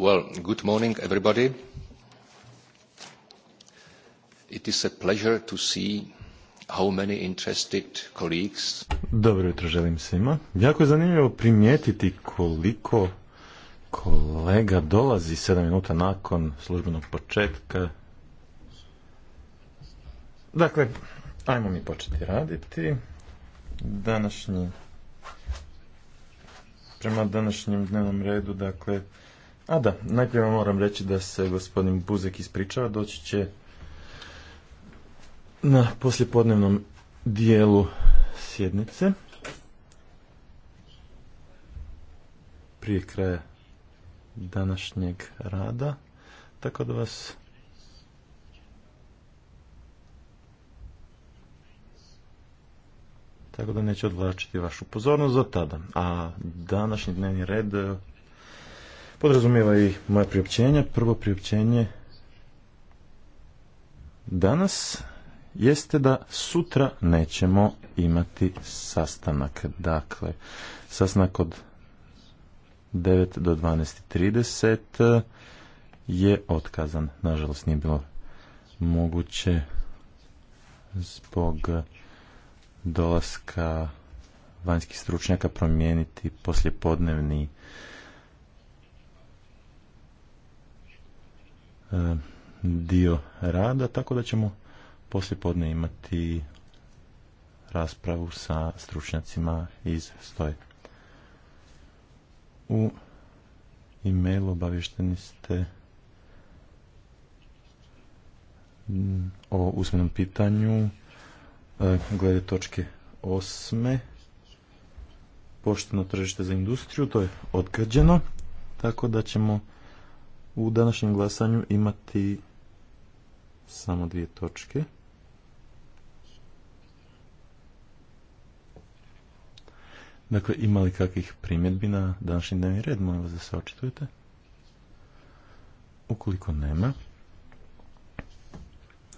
Well, good morning, everybody. It is a pleasure to see how many interested colleagues. Dobro jutro želim svima. Jako je zanimljivo primijetiti koliko kolega dolazi 7 minuta nakon službenog početka. Dakle, ajmo mi početi raditi. Današnji prema današnjem dnevnom redu, dakle, a da, najprije vam moram reći da se gospodin Buzek ispričava, doći će na poslijepodnevnom dijelu sjednice. Prije kraja današnjeg rada, tako da vas tako da neće odvlačiti vašu pozornost do tada. A današnji dnevni red podrazumijeva i moje priopćenje. Prvo priopćenje danas jeste da sutra nećemo imati sastanak. Dakle, sastanak od 9 do 12.30 je otkazan. Nažalost, nije bilo moguće zbog dolaska vanjskih stručnjaka promijeniti poslijepodnevni dio rada, tako da ćemo poslijepodne imati raspravu sa stručnjacima iz stoje. U e-mailu obavješteni ste mm, o usmenom pitanju e, glede točke osme pošteno tržište za industriju, to je odgađeno, tako da ćemo u današnjem glasanju imati samo dvije točke. Dakle, ima li kakvih primjedbi na današnji dnevni red? Molim vas da se očitujete. Ukoliko nema,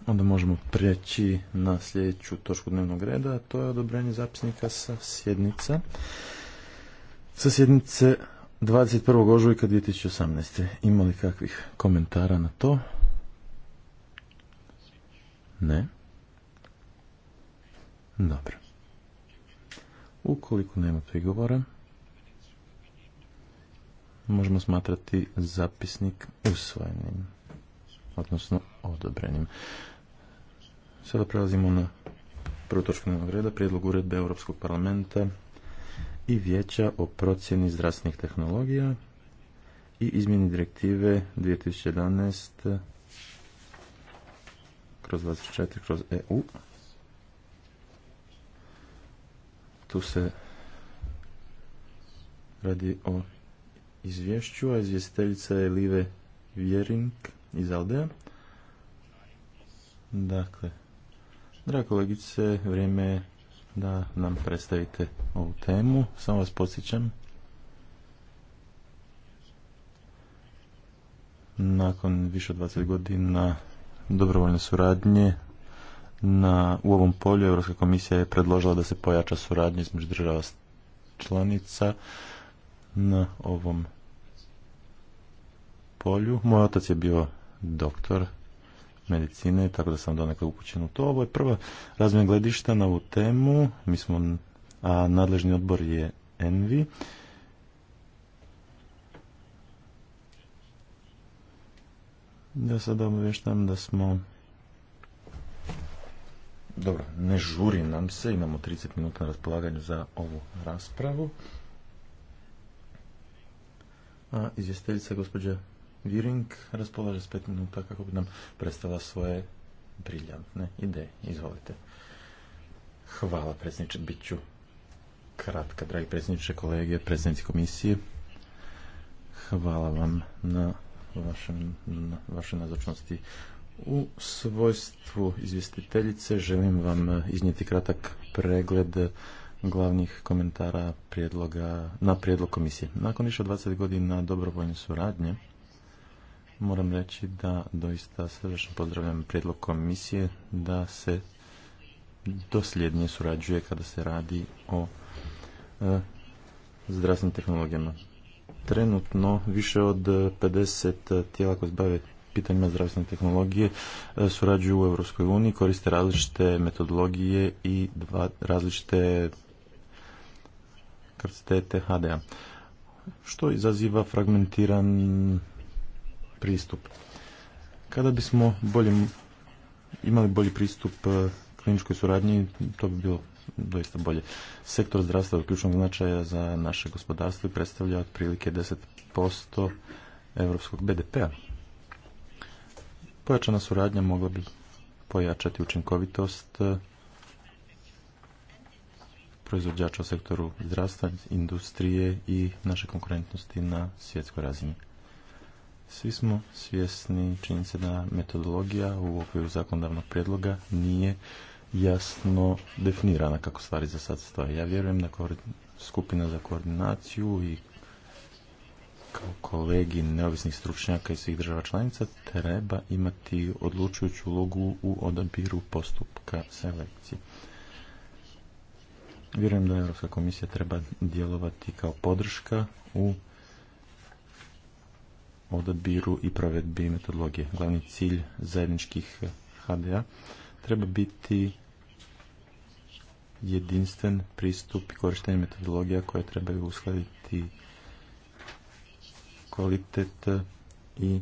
onda možemo preći na sljedeću točku dnevnog reda, a to je odobrenje zapisnika sa sjednica. Sa sjednice 21. ožujka 2018. li kakvih komentara na to? Ne. Dobro. Ukoliko nema prigovora, možemo smatrati zapisnik usvojenim, odnosno odobrenim. Sada prelazimo na prvu točku dnevnog reda, prijedlog uredbe Europskog parlamenta i vijeća o procjeni zdravstvenih tehnologija i izmjeni direktive 2011 kroz 24 kroz EU. Tu se radi o izvješću, a izvjestiteljica je Live Vjering iz Aldeja. Dakle, draga kolegice, vrijeme je da nam predstavite ovu temu. Samo vas podsjećam. Nakon više od 20 godina dobrovoljne suradnje na, u ovom polju Europska komisija je predložila da se pojača suradnja između država članica na ovom polju. Moj otac je bio doktor medicine, tako da sam donekle upućen u to. Ovo je prva razmjena gledišta na ovu temu, mi smo, a nadležni odbor je Envi. Ja sada obavještam da smo... Dobro, ne žuri nam se, imamo 30 minuta na raspolaganju za ovu raspravu. A izvjestiteljica gospođa Viring raspolaže s pet minuta kako bi nam predstavila svoje briljantne ideje. Izvolite. Hvala predsjedniče, Biću kratka, dragi predsjedniče, kolege, predsjednici komisije. Hvala vam na, vašoj nazočnosti. U svojstvu izvjestiteljice želim vam iznijeti kratak pregled glavnih komentara prijedloga, na prijedlog komisije. Nakon više od 20 godina dobrovoljne suradnje, Moram reći da doista srdečno pozdravljam prijedlog komisije da se dosljednije surađuje kada se radi o e, zdravstvenim tehnologijama. Trenutno više od 50 tijela koje se bave pitanjima zdravstvene tehnologije e, surađuju u Europskoj uniji, koriste različite metodologije i dva različite kapacitete HDA, što izaziva fragmentiran pristup. Kada bismo bolje, imali bolji pristup e, kliničkoj suradnji, to bi bilo doista bolje. Sektor zdravstva je od ključnog značaja za naše gospodarstvo i predstavlja otprilike 10% europskog BDP-a. Pojačana suradnja mogla bi pojačati učinkovitost e, proizvođača u sektoru zdravstva, industrije i naše konkurentnosti na svjetskoj razini. Svi smo svjesni činjenice da metodologija u okviru zakonodavnog prijedloga nije jasno definirana kako stvari za sad stoje. Ja vjerujem da skupina za koordinaciju i kao kolegi neovisnih stručnjaka iz svih država članica treba imati odlučujuću ulogu u odabiru postupka selekcije. Vjerujem da Europska komisija treba djelovati kao podrška u odabiru i provedbi metodologije. Glavni cilj zajedničkih HDA eh, treba biti jedinstven pristup i korištenje metodologija koje trebaju uskladiti kvalitet i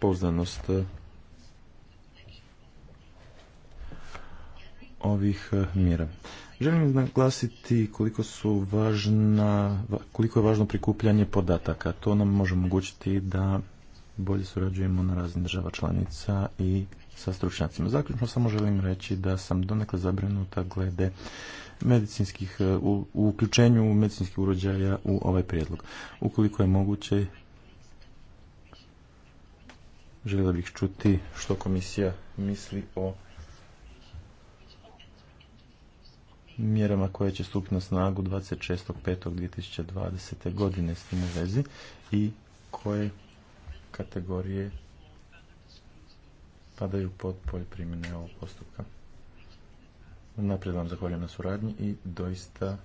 poznanost eh, ovih eh, mjera. Želim naglasiti koliko su važna, koliko je važno prikupljanje podataka. To nam može omogućiti da bolje surađujemo na razini država članica i sa stručnjacima. Zaključno samo želim reći da sam donekle zabrinuta glede medicinskih, e, u, uključenju medicinskih urođaja u ovaj prijedlog. Ukoliko je moguće, želio bih čuti što komisija misli o mjerama koje će stupiti na snagu 26.5.2020. godine s tim u vezi i koje kategorije padaju pod polje primjene ovog postupka. Naprijed vam zahvaljujem na suradnji i doista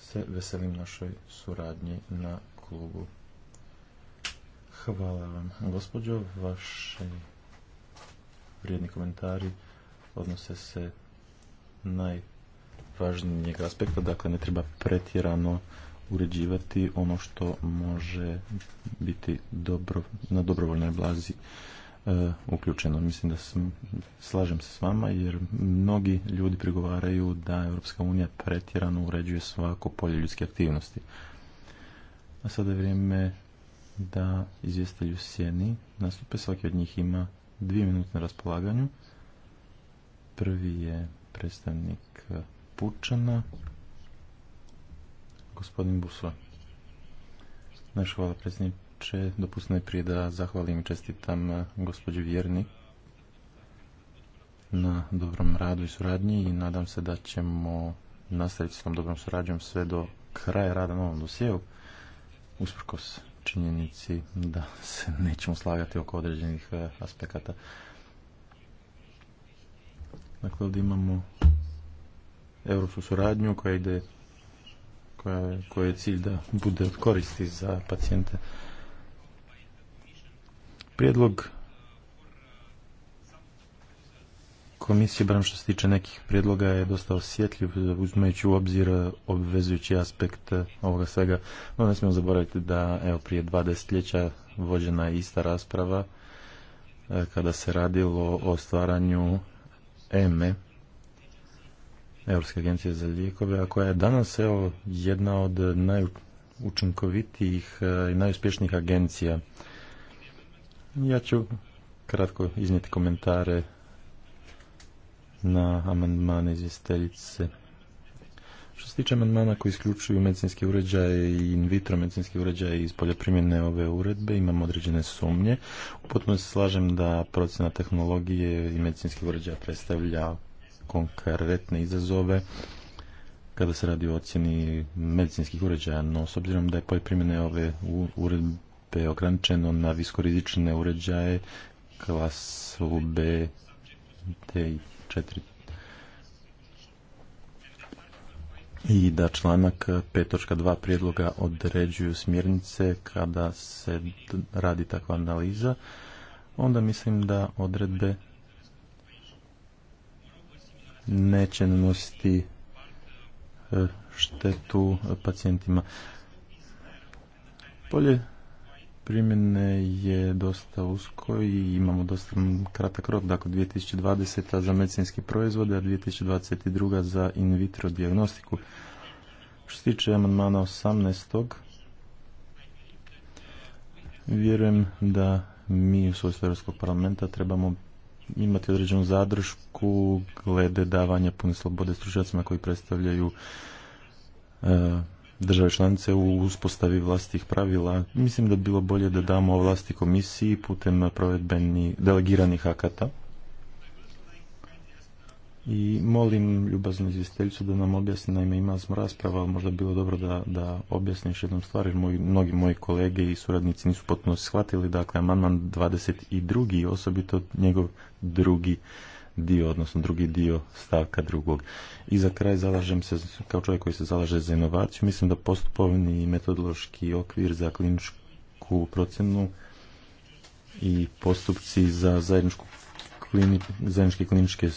se veselim našoj suradnji na klubu. Hvala vam, gospođo. Vaši vrijedni komentari odnose se naj najvažnijeg aspekta, dakle ne treba pretjerano uređivati ono što može biti dobro, na dobrovoljnoj blazi e, uključeno. Mislim da sam, slažem se s vama jer mnogi ljudi prigovaraju da Europska unija pretjerano uređuje svako polje ljudske aktivnosti. A sada je vrijeme da izvjestelju sjeni nastupe. Svaki od njih ima dvije minute na raspolaganju. Prvi je predstavnik pučana. Gospodin Buso. Naš hvala predsjedniče. Dopustno je prije da zahvalim i čestitam eh, gospođu Vjerni na dobrom radu i suradnji i nadam se da ćemo nastaviti s tom dobrom suradnjom sve do kraja rada na ovom dosjeu usprkos činjenici da se nećemo slagati oko određenih eh, aspekata. Dakle, ovdje imamo europsku suradnju koja ide koja, koja je cilj da bude koristi za pacijente. Prijedlog komisije, barem što se tiče nekih prijedloga, je dosta osjetljiv, uzimajući u obzir obvezujući aspekt ovoga svega. No, ne smijemo zaboraviti da evo, prije dva desetljeća vođena je ista rasprava e, kada se radilo o stvaranju EME, Europske agencije za lijekove, a koja je danas evo, jedna od najučinkovitijih e, i najuspješnijih agencija. Ja ću kratko iznijeti komentare na amandmane izvjestiteljice. Što se tiče amandmana koji isključuju medicinski uređaj i in vitro medicinski uređaj iz poljoprimjene ove uredbe, imam određene sumnje. Potpuno se slažem da procjena tehnologije i medicinskih uređaja predstavlja konkretne izazove kada se radi o ocjeni medicinskih uređaja, no s obzirom da je primjene ove uredbe ograničeno na viskorizične uređaje klasu B, D i 4 i da članak 5.2 prijedloga određuju smjernice kada se radi takva analiza, onda mislim da odredbe neće nanositi e, štetu pacijentima. Polje primjene je dosta usko i imamo dosta kratak rok, dakle 2020. za medicinski proizvode, a 2022. za in vitro diagnostiku. Što se tiče amandmana 18. Vjerujem da mi u svojstvu Europskog parlamenta trebamo imati određenu zadršku glede davanja pune slobode stručnjacima koji predstavljaju e, države članice u uspostavi vlastitih pravila. Mislim da bi bilo bolje da damo vlasti komisiji putem provedbenih delegiranih akata i molim ljubaznu izvjestiteljicu da nam objasni, naime imali smo rasprava, ali možda bi bilo dobro da, da objasniš jednom stvar, jer mnogi moji kolege i suradnici nisu potpuno shvatili, dakle, amandman 22. osobito njegov drugi dio, odnosno drugi dio stavka drugog. I za kraj zalažem se, kao čovjek koji se zalaže za inovaciju, mislim da postupovni i metodološki okvir za kliničku procjenu i postupci za zajedničku klini, zajedničke kliničke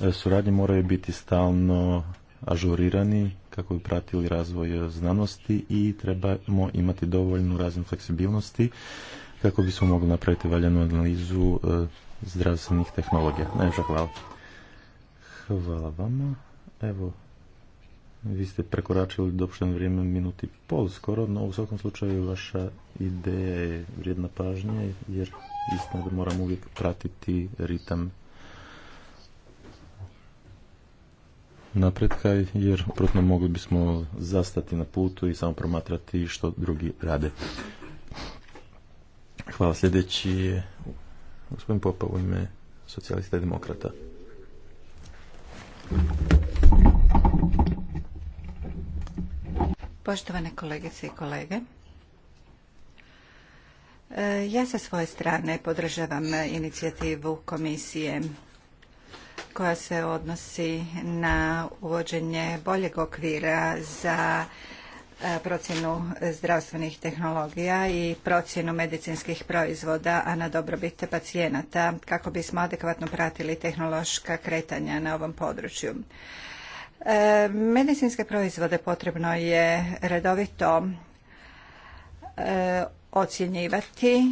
E, suradnje moraju biti stalno ažurirani kako bi pratili razvoj znanosti i trebamo imati dovoljnu razinu fleksibilnosti kako bismo mogli napraviti valjanu analizu e, zdravstvenih tehnologija. Najveća hvala. Hvala vama. Evo, vi ste prekoračili dopušteno vrijeme minuti pol skoro, no u svakom slučaju vaša ideja je vrijedna pažnje jer istina da moramo uvijek pratiti ritam napretka jer protno mogli bismo zastati na putu i samo promatrati što drugi rade. Hvala. Sljedeći je gospodin Popa u ime socijalista i demokrata. Poštovane kolegice i kolege, e, ja sa svoje strane podržavam inicijativu komisije koja se odnosi na uvođenje boljeg okvira za e, procjenu zdravstvenih tehnologija i procjenu medicinskih proizvoda, a na dobrobit pacijenata kako bismo adekvatno pratili tehnološka kretanja na ovom području. E, medicinske proizvode potrebno je redovito e, ocjenjivati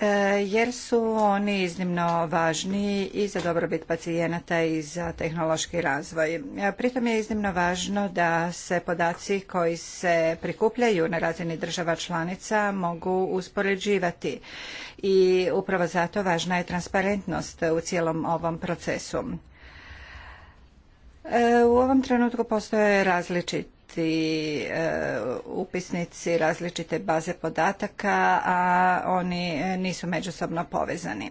E, jer su oni iznimno važni i za dobrobit pacijenata i za tehnološki razvoj. E, pritom je iznimno važno da se podaci koji se prikupljaju na razini država članica mogu uspoređivati i upravo zato važna je transparentnost u cijelom ovom procesu. E, u ovom trenutku postoje različiti biti e, upisnici različite baze podataka, a oni e, nisu međusobno povezani.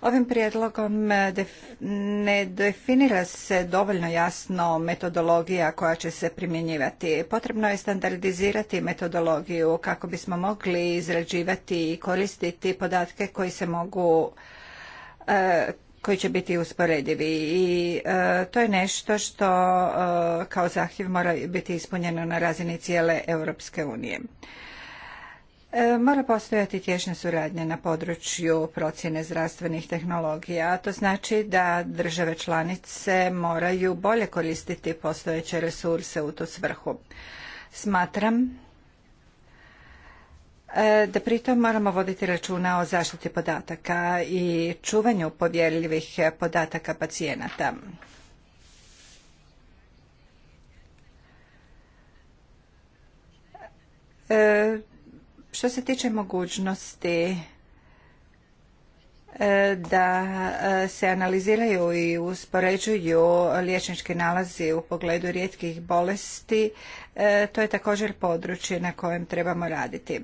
Ovim prijedlogom e, ne definira se dovoljno jasno metodologija koja će se primjenjivati. Potrebno je standardizirati metodologiju kako bismo mogli izrađivati i koristiti podatke koji se mogu koji će biti usporedivi i e, to je nešto što e, kao zahtjev mora biti ispunjeno na razini cijele Europske unije. E, mora postojati tješna suradnja na području procjene zdravstvenih tehnologija, a to znači da države članice moraju bolje koristiti postojeće resurse u tu svrhu. Smatram E, da pritom moramo voditi računa o zaštiti podataka i čuvanju povjerljivih podataka pacijenata. E, što se tiče mogućnosti e, da se analiziraju i uspoređuju liječnički nalazi u pogledu rijetkih bolesti, to je također područje na kojem trebamo raditi.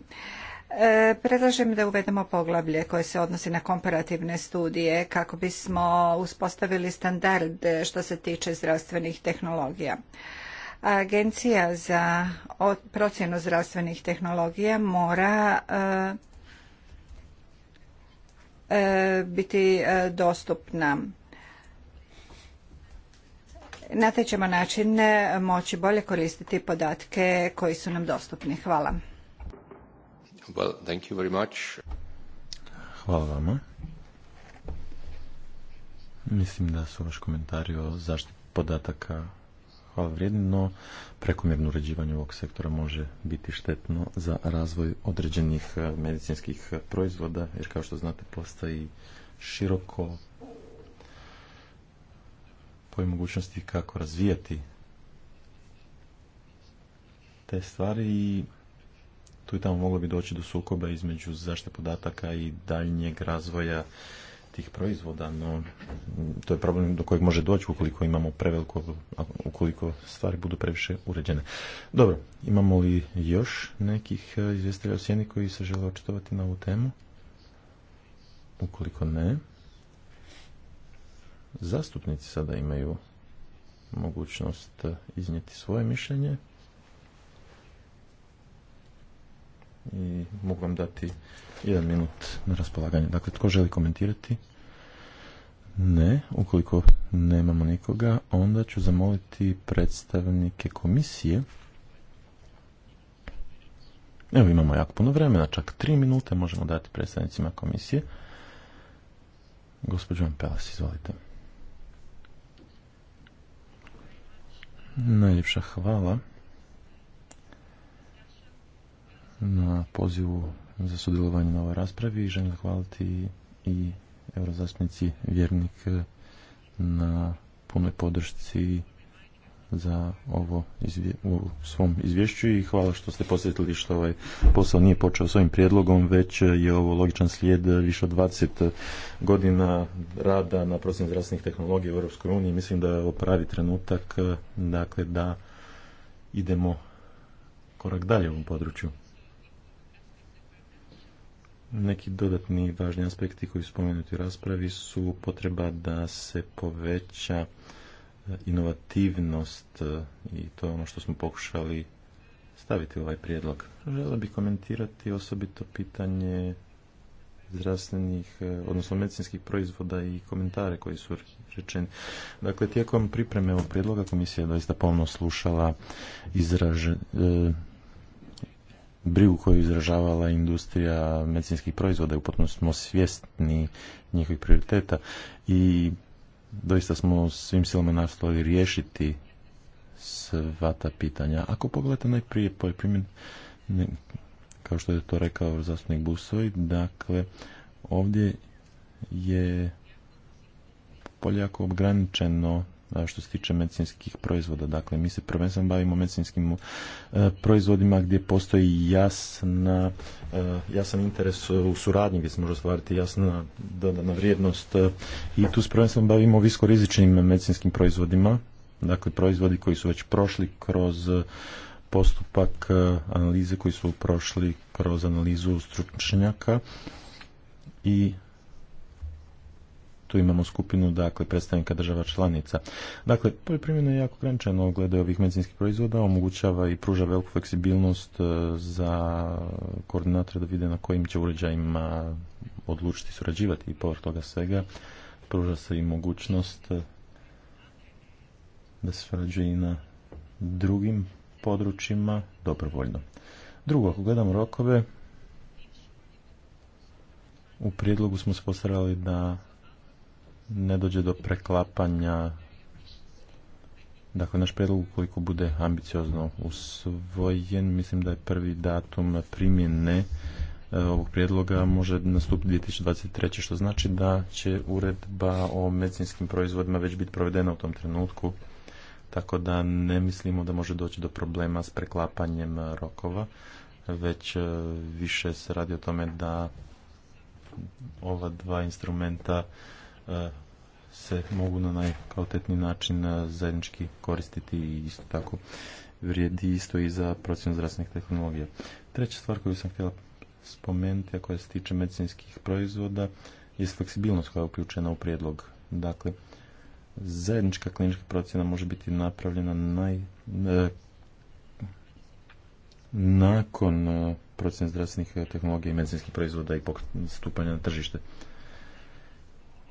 E, predlažem da uvedemo poglavlje koje se odnosi na komparativne studije kako bismo uspostavili standard što se tiče zdravstvenih tehnologija. Agencija za procjenu zdravstvenih tehnologija mora e, e, biti dostupna. Na taj ćemo način moći bolje koristiti podatke koji su nam dostupni. Hvala. Well, thank Hvala vama. Mislim da su vaš komentari o zaštiti podataka hvala vrijedni, no prekomjerno uređivanje ovog sektora može biti štetno za razvoj određenih e, medicinskih proizvoda, jer kao što znate postoji široko po mogućnosti kako razvijati te stvari i tu i tamo moglo bi doći do sukoba između zaštite podataka i daljnjeg razvoja tih proizvoda, no to je problem do kojeg može doći ukoliko imamo preveliko, ukoliko stvari budu previše uređene. Dobro, imamo li još nekih e, izvjestelja u sjeni koji se žele očitovati na ovu temu? Ukoliko ne, zastupnici sada imaju mogućnost e, iznijeti svoje mišljenje. i mogu vam dati jedan minut na raspolaganje. Dakle, tko želi komentirati? Ne, ukoliko nemamo nikoga, onda ću zamoliti predstavnike komisije. Evo imamo jako puno vremena, čak tri minute možemo dati predstavnicima komisije. Gospođo Ampelas, izvolite. Najljepša hvala na pozivu za sudjelovanje na ovoj raspravi i želim zahvaliti i Eurozastnici Vjernik eh, na punoj podršci za ovo u svom izvješću i hvala što ste posjetili što ovaj posao nije počeo s ovim prijedlogom, već je ovo logičan slijed više od 20 godina rada na procjeni zdravstvenih tehnologija u EU. Mislim da je ovo pravi trenutak eh, dakle, da idemo korak dalje u ovom području. Neki dodatni važni aspekti koji su spomenuti u raspravi su potreba da se poveća e, inovativnost e, i to je ono što smo pokušali staviti u ovaj prijedlog. Žele bi komentirati osobito pitanje zdravstvenih, e, odnosno medicinskih proizvoda i komentare koji su rečeni. Dakle, tijekom pripreme ovog prijedloga komisija je doista pomno slušala izraže, brigu koju je izražavala industrija medicinskih proizvoda i upotno smo svjesni njihovih prioriteta i doista smo svim silama nastojali riješiti sva ta pitanja. Ako pogledate najprije poljoprivredne, kao što je to rekao zastupnik Busoj, dakle, ovdje je polje jako ograničeno što se tiče medicinskih proizvoda. Dakle, mi se prvenstveno bavimo medicinskim e, proizvodima gdje postoji jasna, e, jasan interes u suradnji gdje se može ostvariti jasna dodana vrijednost e, i tu se prvenstveno bavimo viskorizičnim medicinskim proizvodima, dakle proizvodi koji su već prošli kroz postupak analize koji su prošli kroz analizu stručnjaka i tu imamo skupinu dakle, predstavnika država članica. Dakle, poljoprivredno je jako ograničeno glede ovih medicinskih proizvoda, omogućava i pruža veliku fleksibilnost e, za koordinatore da vide na kojim će uređajima odlučiti surađivati i povrh toga svega pruža se i mogućnost e, da se surađuje i na drugim područjima dobrovoljno. Drugo, ako gledamo rokove, u prijedlogu smo spostarali da ne dođe do preklapanja Dakle, naš prijedlog ukoliko bude ambiciozno usvojen, mislim da je prvi datum primjene e, ovog prijedloga može nastupiti 2023. što znači da će uredba o medicinskim proizvodima već biti provedena u tom trenutku, tako da ne mislimo da može doći do problema s preklapanjem rokova, već e, više se radi o tome da ova dva instrumenta E, se mogu na najkvalitetniji način e, zajednički koristiti i isto tako vrijedi isto i za procjenu zdravstvenih tehnologija. Treća stvar koju sam htjela spomenuti, a koja se tiče medicinskih proizvoda, je fleksibilnost koja je uključena u prijedlog. Dakle, zajednička klinička procjena može biti napravljena naj, e, nakon procjene zdravstvenih tehnologija i medicinskih proizvoda i stupanja na tržište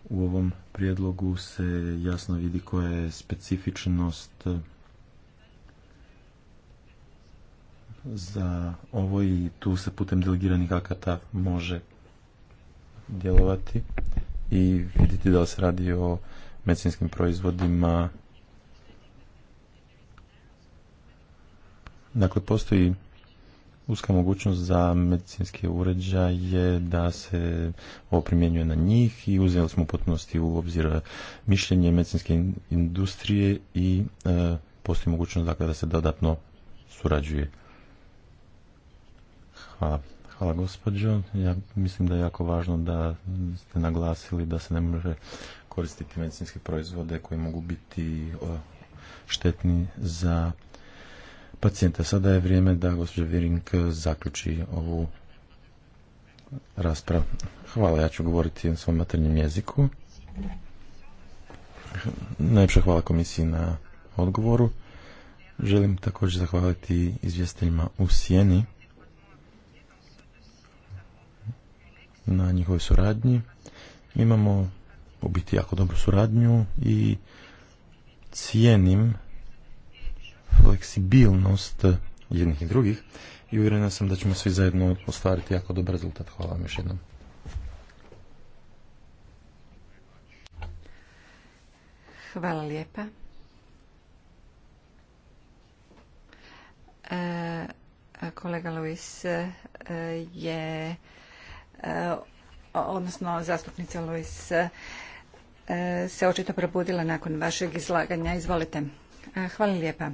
u ovom prijedlogu se jasno vidi koja je specifičnost eh, za ovo i tu se putem delegiranih akata može djelovati i vidjeti da li se radi o medicinskim proizvodima. Dakle, postoji uska mogućnost za medicinske uređaje da se ovo primjenjuje na njih i uzeli smo u potpunosti u obzir mišljenje medicinske industrije i e, postoji mogućnost dakle, da se dodatno surađuje. Hvala. Hvala gospođo. Ja mislim da je jako važno da ste naglasili da se ne može koristiti medicinske proizvode koji mogu biti e, štetni za pacijenta. Sada je vrijeme da gospođa Virink zaključi ovu raspravu. Hvala, ja ću govoriti na svom maternjem jeziku. Najpša hvala komisiji na odgovoru. Želim također zahvaliti izvjestiteljima u Sjeni na njihovoj suradnji. imamo u biti jako dobru suradnju i cijenim fleksibilnost jednih i drugih i uvjerena sam da ćemo svi zajedno ostvariti jako dobar rezultat. Hvala vam još jednom. Hvala lijepa. E, kolega Luis e, je, e, odnosno zastupnica Luis se očito probudila nakon vašeg izlaganja. Izvolite. Hvala lijepa.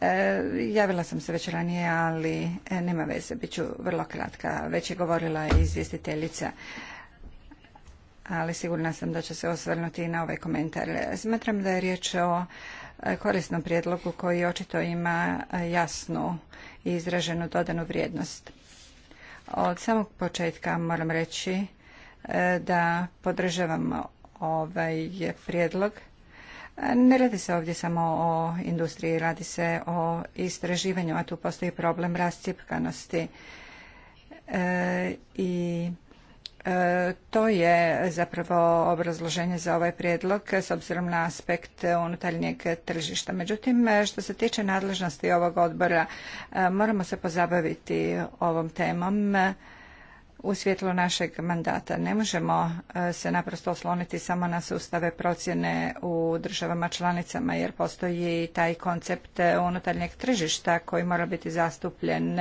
E, javila sam se već ranije, ali e, nema veze, bit ću vrlo kratka. Već je govorila izvjestiteljica, ali sigurna sam da će se osvrnuti i na ovaj komentar. Smatram da je riječ o e, korisnom prijedlogu koji očito ima jasnu i izraženu dodanu vrijednost. Od samog početka moram reći da podržavam ovaj prijedlog ne radi se ovdje samo o industriji, radi se o istraživanju, a tu postoji problem rascjepkanosti. E, I e, to je zapravo obrazloženje za ovaj prijedlog s obzirom na aspekt unutarnjeg tržišta. Međutim, što se tiče nadležnosti ovog odbora, e, moramo se pozabaviti ovom temom u svjetlu našeg mandata. Ne možemo e, se naprosto osloniti samo na sustave procjene u državama članicama jer postoji taj koncept e, unutarnjeg tržišta koji mora biti zastupljen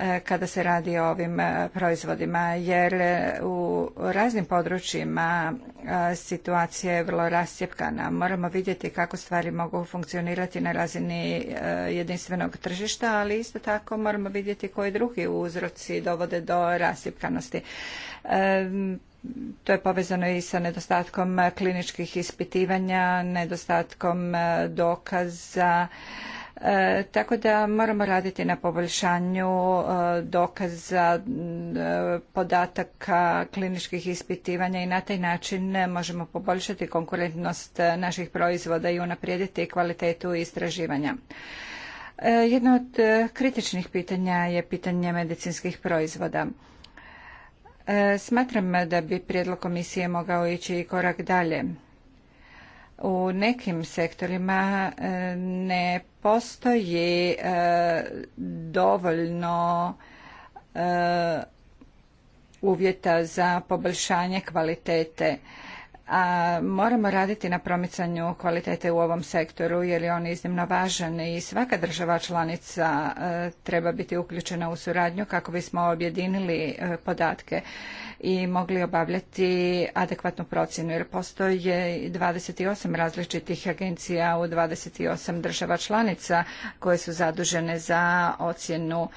E, kada se radi o ovim e, proizvodima jer u raznim područjima e, situacija je vrlo rascjepkana. Moramo vidjeti kako stvari mogu funkcionirati na razini jedinstvenog tržišta, ali isto tako moramo vidjeti koji drugi uzroci dovode do rascjepkanosti. To je povezano i sa nedostatkom kliničkih ispitivanja, nedostatkom dokaza, E, tako da moramo raditi na poboljšanju e, dokaza, e, podataka, kliničkih ispitivanja i na taj način možemo poboljšati konkurentnost naših proizvoda i unaprijediti kvalitetu istraživanja. Jedno od kritičnih pitanja je pitanje medicinskih proizvoda. Smatram da bi prijedlog komisije mogao ići i korak dalje u nekim sektorima e, ne postoji e, dovoljno e, uvjeta za poboljšanje kvalitete a moramo raditi na promicanju kvalitete u ovom sektoru jer je on iznimno važan i svaka država članica e, treba biti uključena u suradnju kako bismo objedinili e, podatke i mogli obavljati adekvatnu procjenu jer postoje 28 različitih agencija u 28 država članica koje su zadužene za ocjenu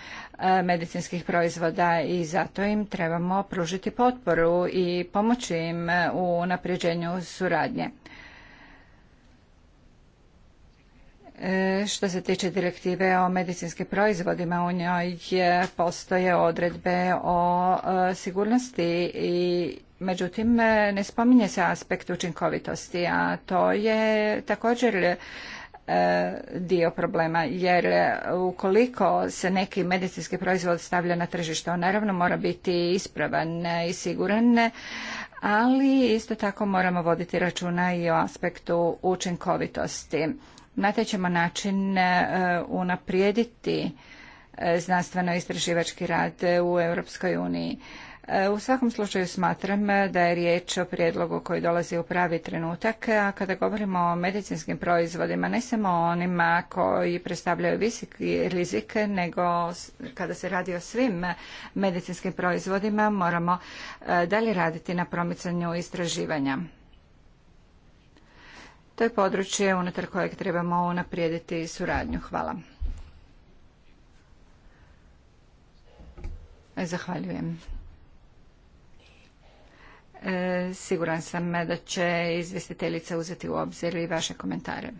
E, medicinskih proizvoda i zato im trebamo pružiti potporu i pomoći im u unapređenju suradnje. E, što se tiče direktive o medicinskim proizvodima, u njoj postoje odredbe o e, sigurnosti i međutim ne spominje se aspekt učinkovitosti, a to je također E, dio problema jer ukoliko se neki medicinski proizvod stavlja na tržište on naravno mora biti ispravan i siguran ali isto tako moramo voditi računa i o aspektu učinkovitosti. Na taj ćemo način e, unaprijediti e, znanstveno istraživački rad u Europskoj uniji. U svakom slučaju smatram da je riječ o prijedlogu koji dolazi u pravi trenutak, a kada govorimo o medicinskim proizvodima, ne samo o onima koji predstavljaju visiki rizik, nego kada se radi o svim medicinskim proizvodima, moramo e, dalje raditi na promicanju istraživanja. To je područje unutar kojeg trebamo unaprijediti suradnju. Hvala. Zahvaljujem. E, siguran sam da će izvjestiteljica uzeti u obzir i vaše komentare.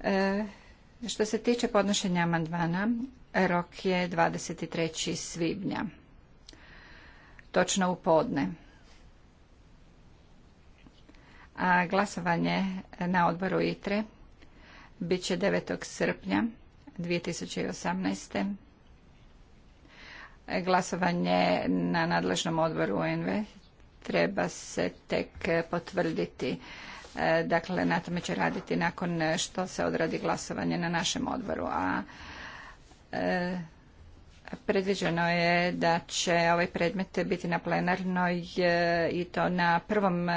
E, što se tiče podnošenja amandmana, rok je 23. svibnja, točno u podne. A glasovanje na odboru ITRE bit će 9. srpnja 2018. Glasovanje na nadležnom odboru UNV. treba se tek potvrditi. E, dakle, na tome će raditi nakon što se odradi glasovanje na našem odboru. A e, predviđeno je da će ovaj predmet biti na plenarnoj e, i to na prvom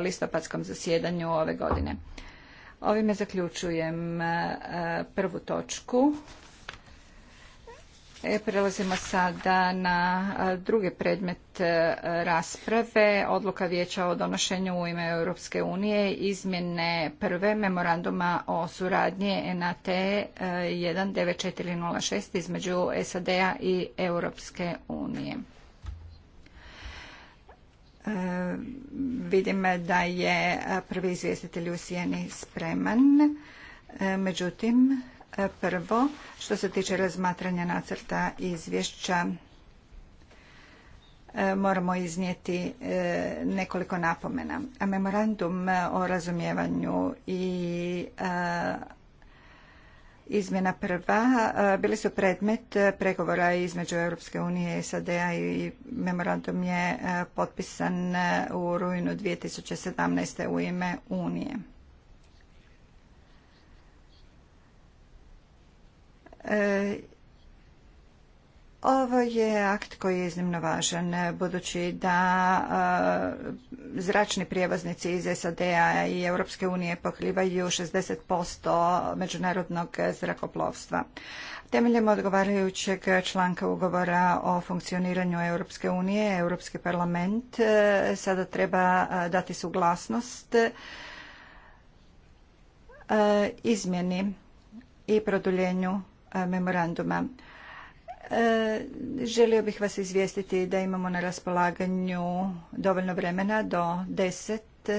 listopadskom zasjedanju ove godine. Ovime zaključujem prvu točku. E, prelazimo sada na e, drugi predmet e, rasprave, odluka vijeća o donošenju u ime Europske unije, izmjene prve memoranduma o suradnji NAT 19406 između SAD-a i Europske unije. Vidim da je prvi izvjestitelj u spreman, međutim E, prvo, što se tiče razmatranja nacrta izvješća, e, moramo iznijeti e, nekoliko napomena. Memorandum o razumijevanju i izmjena prva bili su predmet pregovora između Europske unije i SAD-a i memorandum je potpisan u rujnu 2017. u ime Unije. E, ovo je akt koji je iznimno važan, budući da e, zračni prijevoznici iz SAD-a i Europske unije pokrivaju 60% međunarodnog zrakoplovstva. Temeljem odgovarajućeg članka ugovora o funkcioniranju Europske unije, Europski parlament e, sada treba dati suglasnost izmjeni i produljenju E, memoranduma. E, želio bih vas izvijestiti da imamo na raspolaganju dovoljno vremena do 10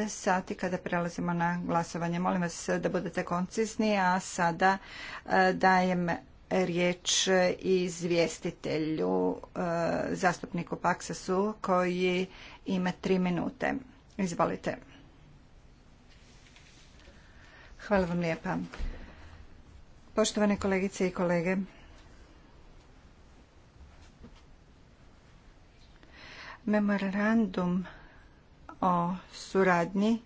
sati kada prelazimo na glasovanje. Molim vas da budete koncizni, a sada e, dajem riječ izvjestitelju, zastupniku Paksasu, koji ima tri minute. Izvolite. Hvala vam lijepa. Poštovane kolegice i kolege, memorandum o suradnji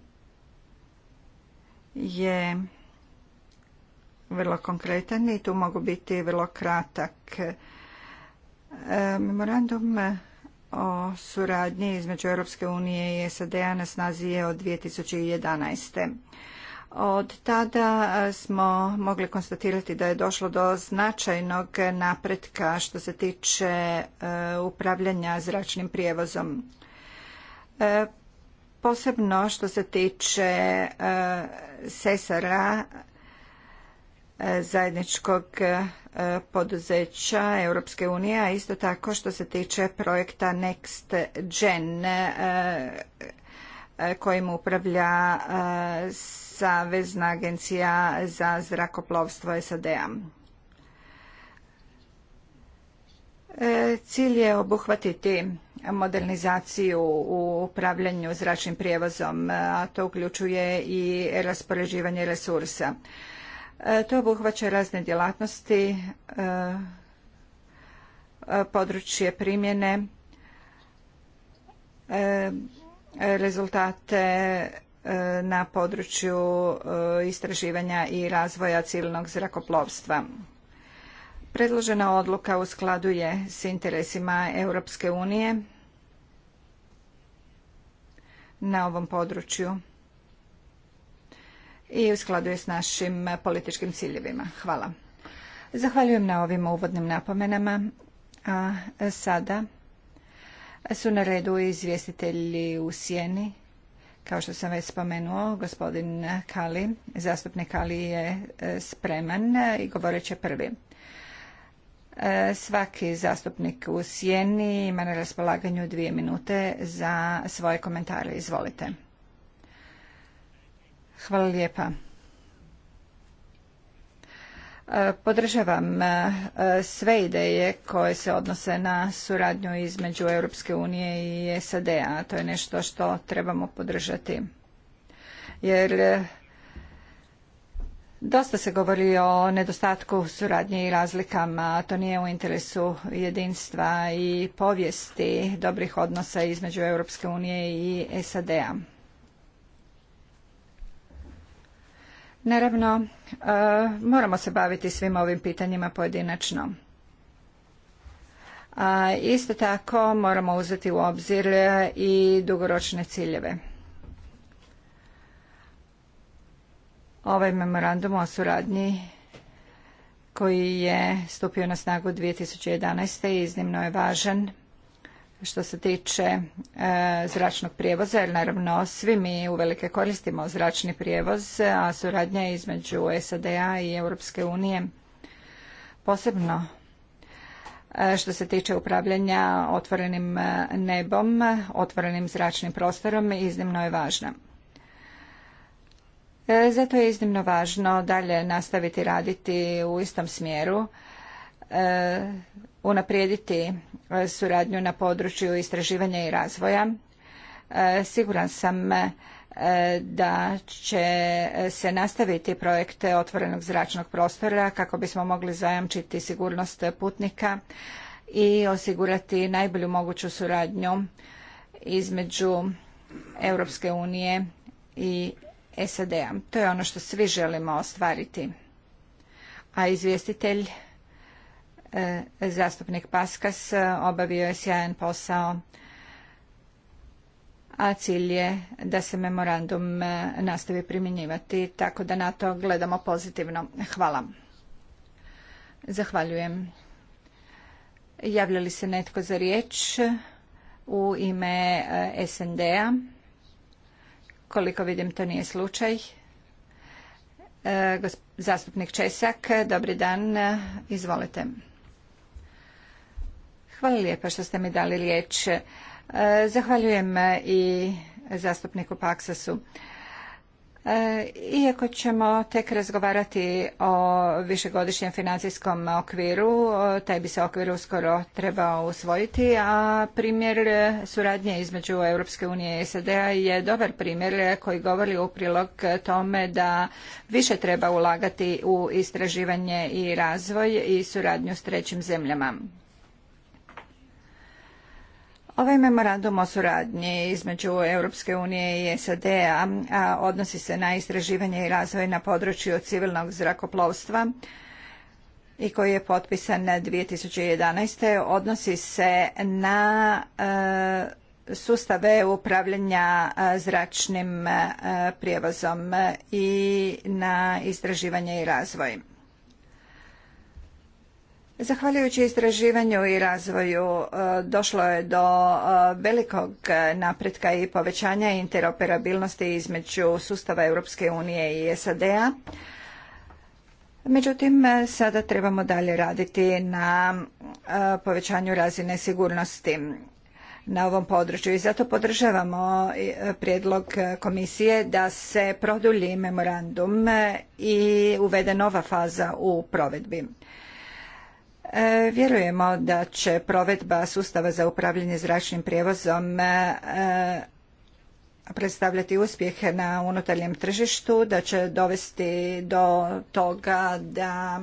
je vrlo konkretan i tu mogu biti vrlo kratak. E, memorandum o suradnji između Europske unije i SAD-a na snazi je od 2011. Od tada e, smo mogli konstatirati da je došlo do značajnog napretka što se tiče e, upravljanja zračnim prijevozom. E, posebno što se tiče Sesara, zajedničkog poduzeća Europske unije, a isto tako što se tiče projekta Next Gen kojim upravlja Savezna agencija za zrakoplovstvo SAD-a. E, cilj je obuhvatiti modernizaciju u upravljanju zračnim prijevozom, a to uključuje i raspoređivanje resursa. E, to obuhvaća razne djelatnosti, e, područje primjene, rezultate E, na području e, istraživanja i razvoja civilnog zrakoplovstva. Predložena odluka u skladu je s interesima Europske unije na ovom području i u skladu je s našim političkim ciljevima. Hvala. Zahvaljujem na ovim uvodnim napomenama. A sada su na redu izvjestitelji u sjeni. Kao što sam već spomenuo, gospodin Kali, zastupnik Kali je e, spreman e, i govorit će prvi. E, svaki zastupnik u sjeni ima na raspolaganju dvije minute za svoje komentare. Izvolite. Hvala lijepa. Podržavam e, sve ideje koje se odnose na suradnju između Europske unije i SAD-a. To je nešto što trebamo podržati. Jer e, dosta se govori o nedostatku suradnje i razlikama. To nije u interesu jedinstva i povijesti dobrih odnosa između Europske unije i SAD-a. Naravno, e, moramo se baviti svim ovim pitanjima pojedinačno. isto tako moramo uzeti u obzir i dugoročne ciljeve. Ovaj memorandum o suradnji koji je stupio na snagu 2011. iznimno je važan što se tiče e, zračnog prijevoza, jer naravno svi mi uvelike koristimo zračni prijevoz, a suradnja između SAD-a i Europske unije posebno e, što se tiče upravljanja otvorenim e, nebom, otvorenim zračnim prostorom iznimno je važna. Zato je iznimno važno dalje nastaviti raditi u istom smjeru unaprijediti e, suradnju na području istraživanja i razvoja. E, siguran sam e, da će se nastaviti projekte otvorenog zračnog prostora kako bismo mogli zajamčiti sigurnost putnika i osigurati najbolju moguću suradnju između Europske unije i SAD-a. To je ono što svi želimo ostvariti. A izvjestitelj E, zastupnik Paskas e, obavio je sjajan posao, a cilj je da se memorandum e, nastavi primjenjivati, tako da na to gledamo pozitivno. Hvala. Zahvaljujem. Javlja li se netko za riječ u ime SND-a? Koliko vidim, to nije slučaj. Zastupnik Česak, dobri dan, izvolite. Hvala lijepa što ste mi dali riječ. E, zahvaljujem e, i zastupniku Paksasu. E, iako ćemo tek razgovarati o višegodišnjem financijskom okviru, taj bi se okvir uskoro trebao usvojiti, a primjer suradnje između Europske unije i SAD-a je dobar primjer koji govori u prilog tome da više treba ulagati u istraživanje i razvoj i suradnju s trećim zemljama. Ovaj memorandum o suradnji između Europske unije i SAD-a odnosi se na istraživanje i razvoj na području civilnog zrakoplovstva i koji je potpisan 2011. odnosi se na e, sustave upravljanja e, zračnim e, prijevozom i na istraživanje i razvoj. Zahvaljujući istraživanju i razvoju e, došlo je do e, velikog napretka i povećanja interoperabilnosti između sustava Europske unije i SAD-a. Međutim, e, sada trebamo dalje raditi na povećanju razine sigurnosti na ovom području i zato podržavamo prijedlog komisije da se produlji memorandum i uvede nova faza u provedbi. E, vjerujemo da će provedba sustava za upravljanje zračnim prijevozom e, predstavljati uspjeh na unutarnjem tržištu, da će dovesti do toga da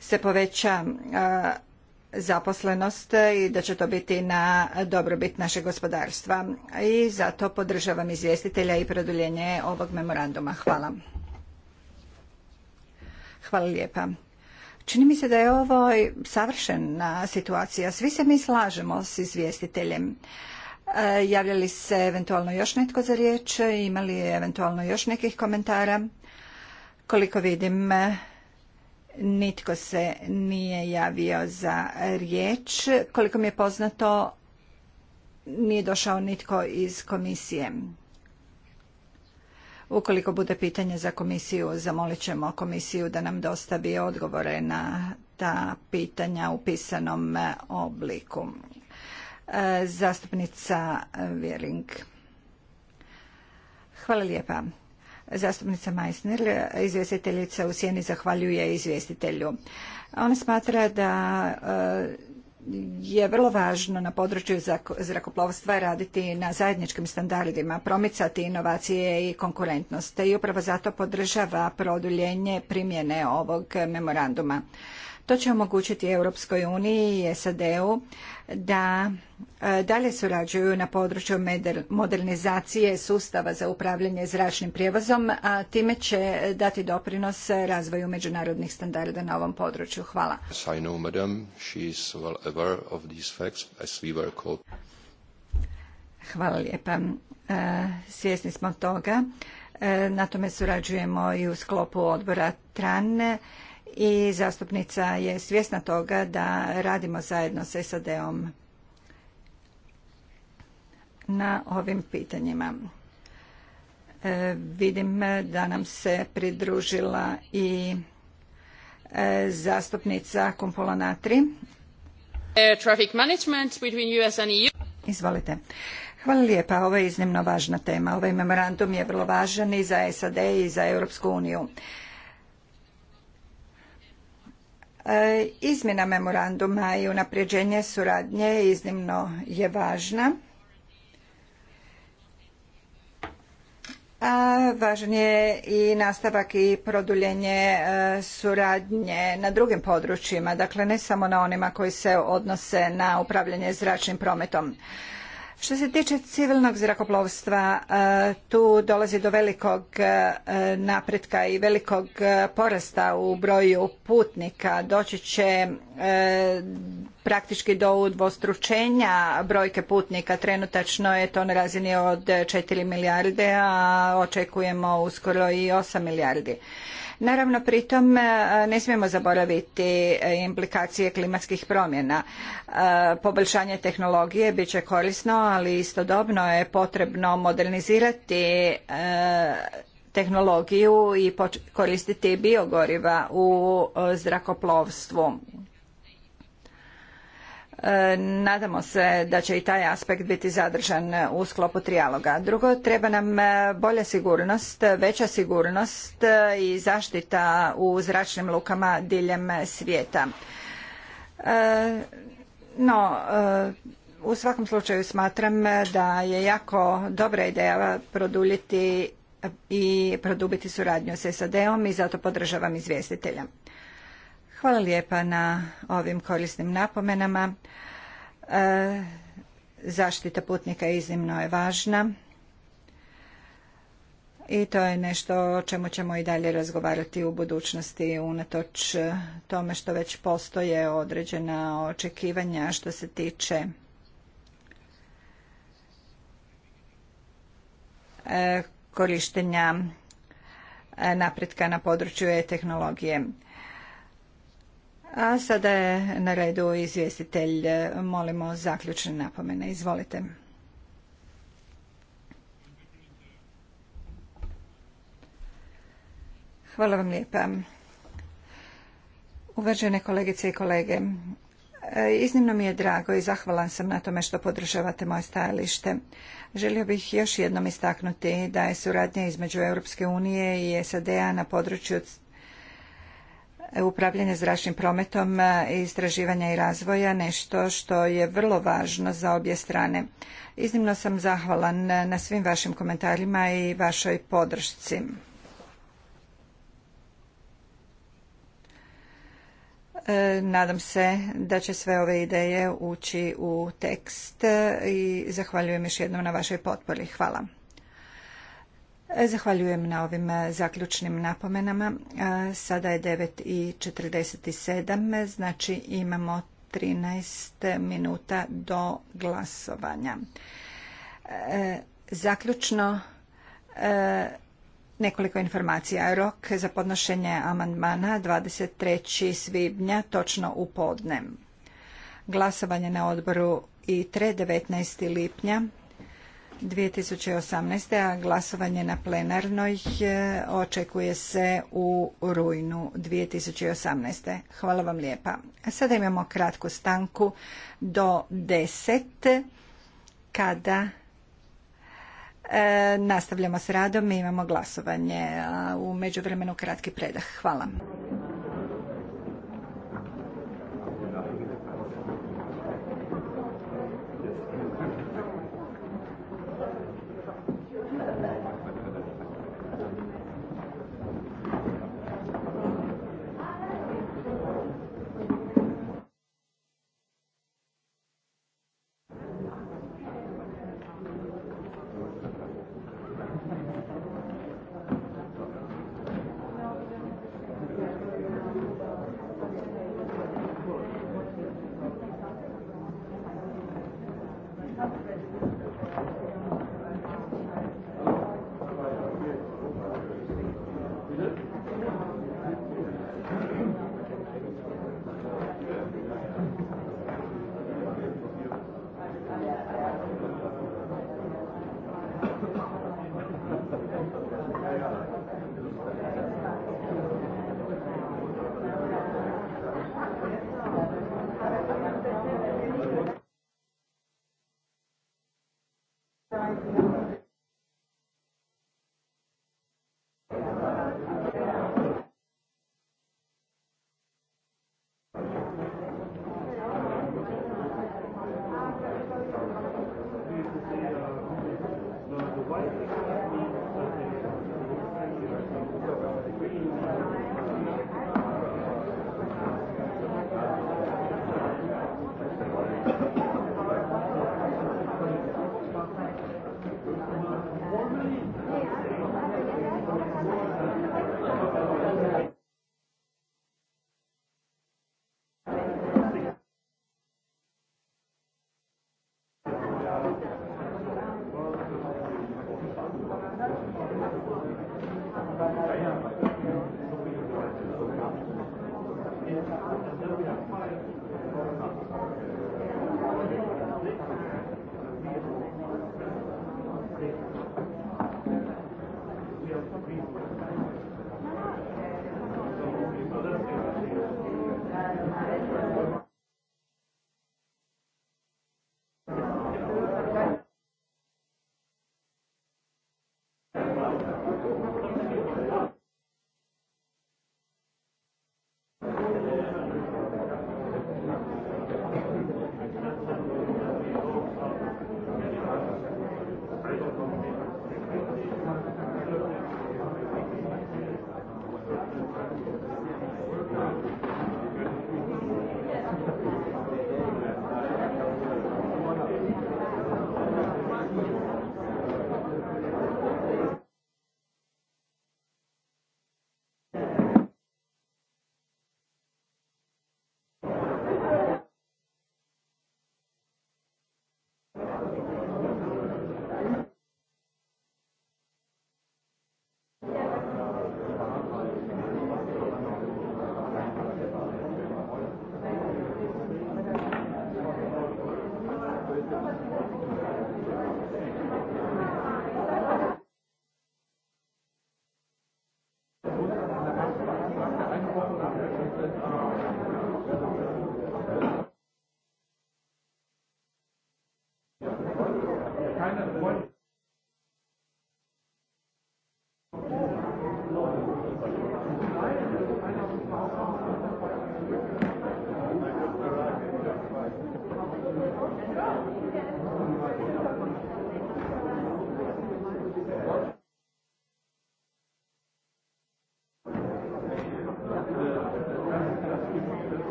se poveća e, zaposlenost i da će to biti na dobrobit našeg gospodarstva. I zato podržavam izvjestitelja i produljenje ovog memoranduma. Hvala. Hvala lijepa. Čini mi se da je ovo savršena situacija. Svi se mi slažemo s izvjestiteljem. E, javljali se eventualno još netko za riječ? Imali je eventualno još nekih komentara? Koliko vidim, nitko se nije javio za riječ. Koliko mi je poznato, nije došao nitko iz komisije. Ukoliko bude pitanje za komisiju, zamolit ćemo komisiju da nam dostavi odgovore na ta pitanja u pisanom e, obliku. E, zastupnica e, Vjering. Hvala lijepa. Zastupnica Majsner, izvjestiteljica u Sjeni, zahvaljuje izvjestitelju. Ona smatra da je vrlo važno na području zrakoplovstva raditi na zajedničkim standardima, promicati inovacije i konkurentnost i upravo zato podržava produljenje primjene ovog memoranduma. To će omogućiti Europskoj uniji i SAD-u da e, dalje surađuju na području modernizacije sustava za upravljanje zračnim prijevozom, a time će dati doprinos razvoju međunarodnih standarda na ovom području. Hvala. Hvala lijepa. E, svjesni smo toga. E, na tome surađujemo i u sklopu odbora TRAN i zastupnica je svjesna toga da radimo zajedno sa SAD-om na ovim pitanjima. E, vidim da nam se pridružila i e, zastupnica Kumpola Natri. E, traffic management between Izvolite. Hvala lijepa, ovo je iznimno važna tema. Ovaj memorandum je vrlo važan i za SAD i za Europsku uniju. E, izmjena memoranduma i unapređenje suradnje iznimno je važna. A važan je i nastavak i produljenje e, suradnje na drugim područjima, dakle ne samo na onima koji se odnose na upravljanje zračnim prometom. Što se tiče civilnog zrakoplovstva, e, tu dolazi do velikog e, napretka i velikog e, porasta u broju putnika. Doći će praktički do udvostručenja brojke putnika. Trenutačno je to na razini od 4 milijarde, a očekujemo uskoro i 8 milijardi. Naravno, pritom e, ne smijemo zaboraviti e, implikacije klimatskih promjena. E, poboljšanje tehnologije bit će korisno, ali istodobno je potrebno modernizirati tehnologiju i koristiti biogoriva u zrakoplovstvu E, nadamo se da će i taj aspekt biti zadržan u sklopu trijaloga. Drugo, treba nam e, bolja sigurnost, veća sigurnost e, i zaštita u zračnim lukama diljem svijeta. No, u svakom slučaju smatram da je jako dobra ideja produljiti i produbiti suradnju s SAD-om i zato podržavam izvjestitelja. Hvala lijepa na ovim korisnim napomenama. E, zaštita putnika iznimno je važna i to je nešto o čemu ćemo i dalje razgovarati u budućnosti unatoč tome što već postoje određena očekivanja što se tiče e, korištenja e, napretka na području e-tehnologije. A sada je na redu izvjestitelj. Molimo zaključne napomene. Izvolite. Hvala vam lijepa. Uvažene kolegice i kolege, iznimno mi je drago i zahvalan sam na tome što podržavate moje stajalište. Želio bih još jednom istaknuti da je suradnja između Europske unije i SAD-a na području E, upravljanje zračnim prometom i e, istraživanja i razvoja nešto što je vrlo važno za obje strane. Iznimno sam zahvalan e, na svim vašim komentarima i vašoj podršci. Nadam se da će sve ove ideje ući u tekst i zahvaljujem još jednom na vašoj potpori. Hvala. Zahvaljujem na ovim e, zaključnim napomenama. E, sada je 9.47, znači imamo 13 minuta do glasovanja. E, zaključno nekoliko informacija. Rok za podnošenje amandmana 23. svibnja, točno u podne. Glasovanje na odboru i 3. 19. lipnja 2018. a glasovanje na plenarnoj e, očekuje se u rujnu 2018. Hvala vam lijepa. Sada imamo kratku stanku do 10 kada e, nastavljamo s radom i imamo glasovanje. U međuvremenu kratki predah. Hvala.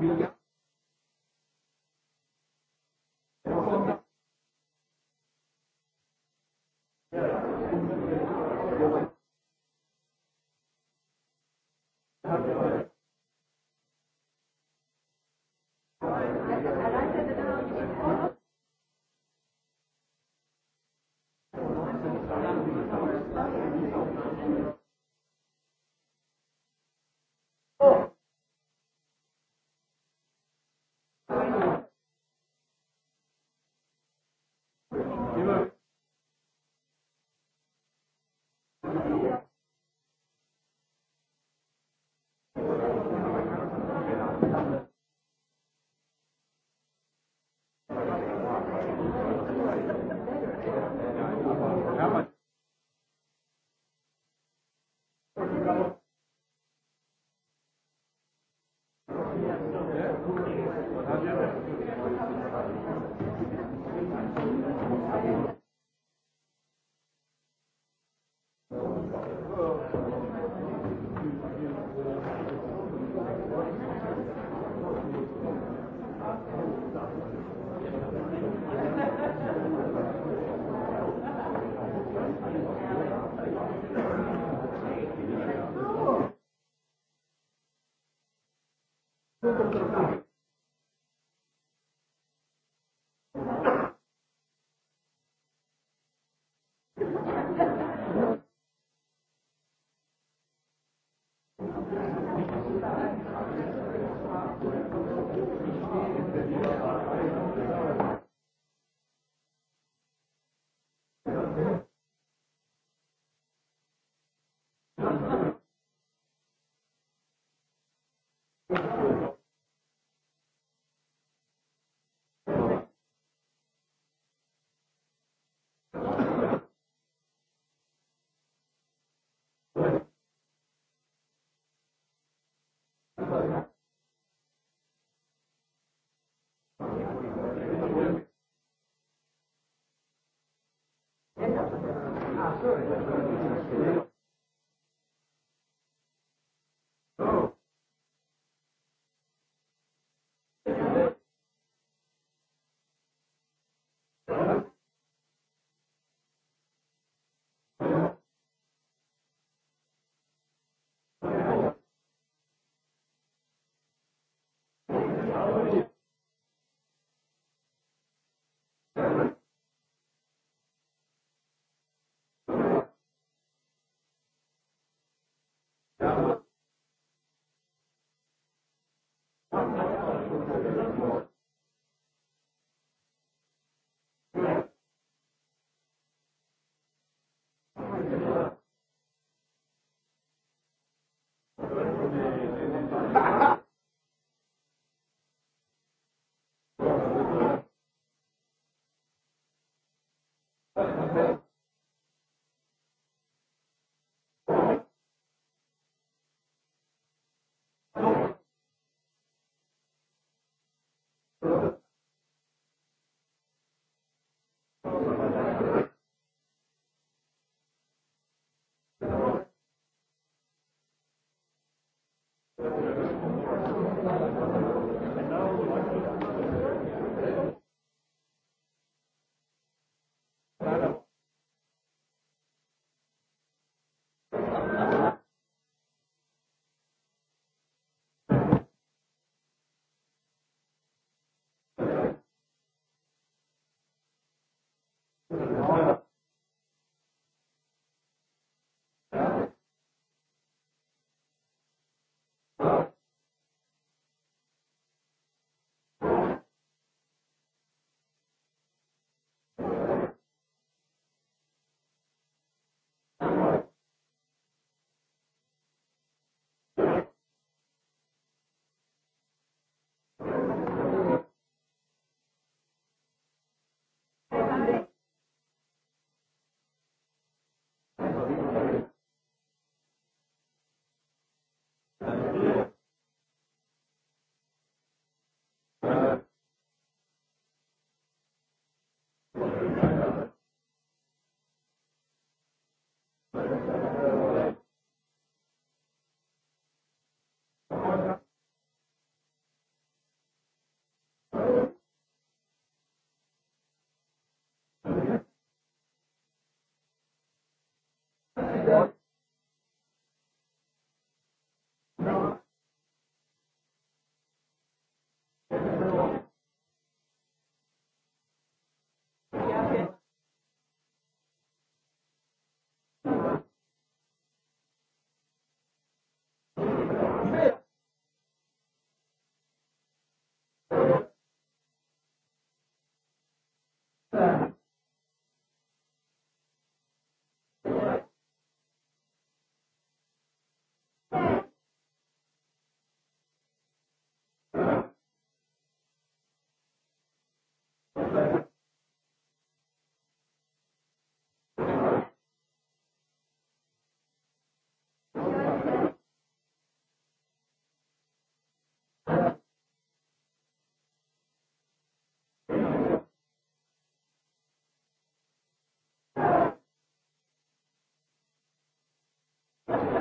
Hvala Hvala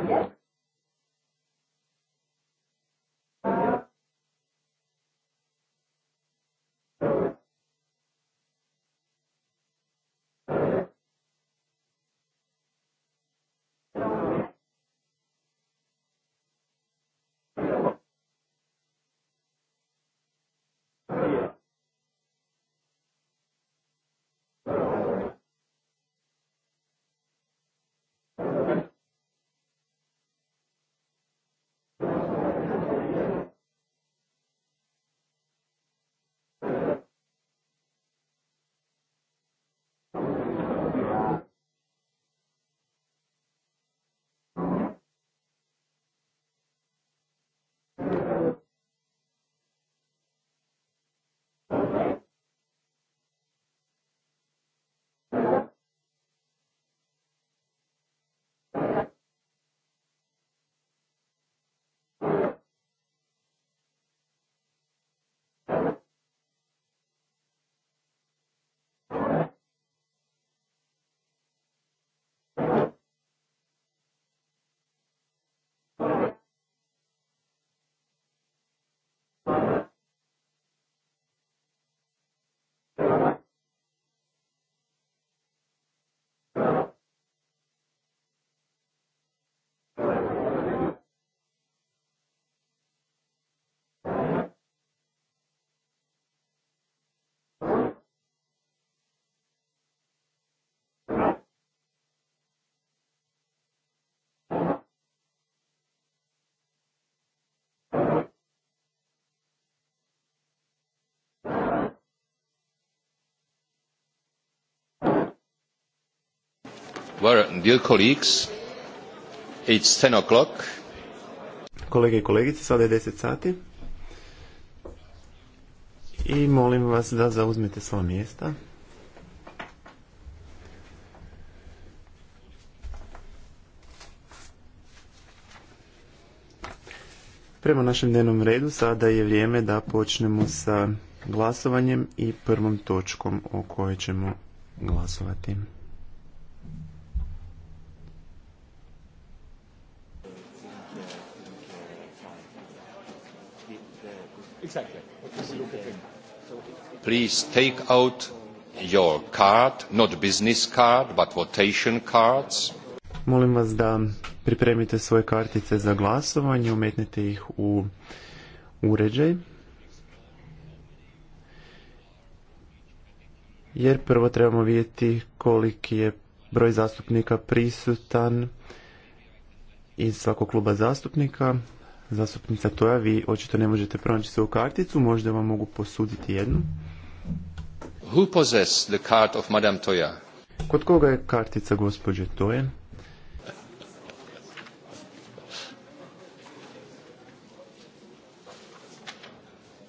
Hvala dear colleagues, Kolege i kolegice, sada je deset sati. I molim vas da zauzmete sva mjesta. Prema našem dnevnom redu sada je vrijeme da počnemo sa glasovanjem i prvom točkom o kojoj ćemo glasovati. please take out your card, not business card, but votation cards. Molim vas da pripremite svoje kartice za glasovanje, umetnite ih u uređaj. Jer prvo trebamo vidjeti koliki je broj zastupnika prisutan iz svakog kluba zastupnika. Zastupnica Toja, vi očito ne možete pronaći svoju karticu, možda vam mogu posuditi jednu. Who possess the card of Madame Toja? Kod koga je kartica gospođe Toje?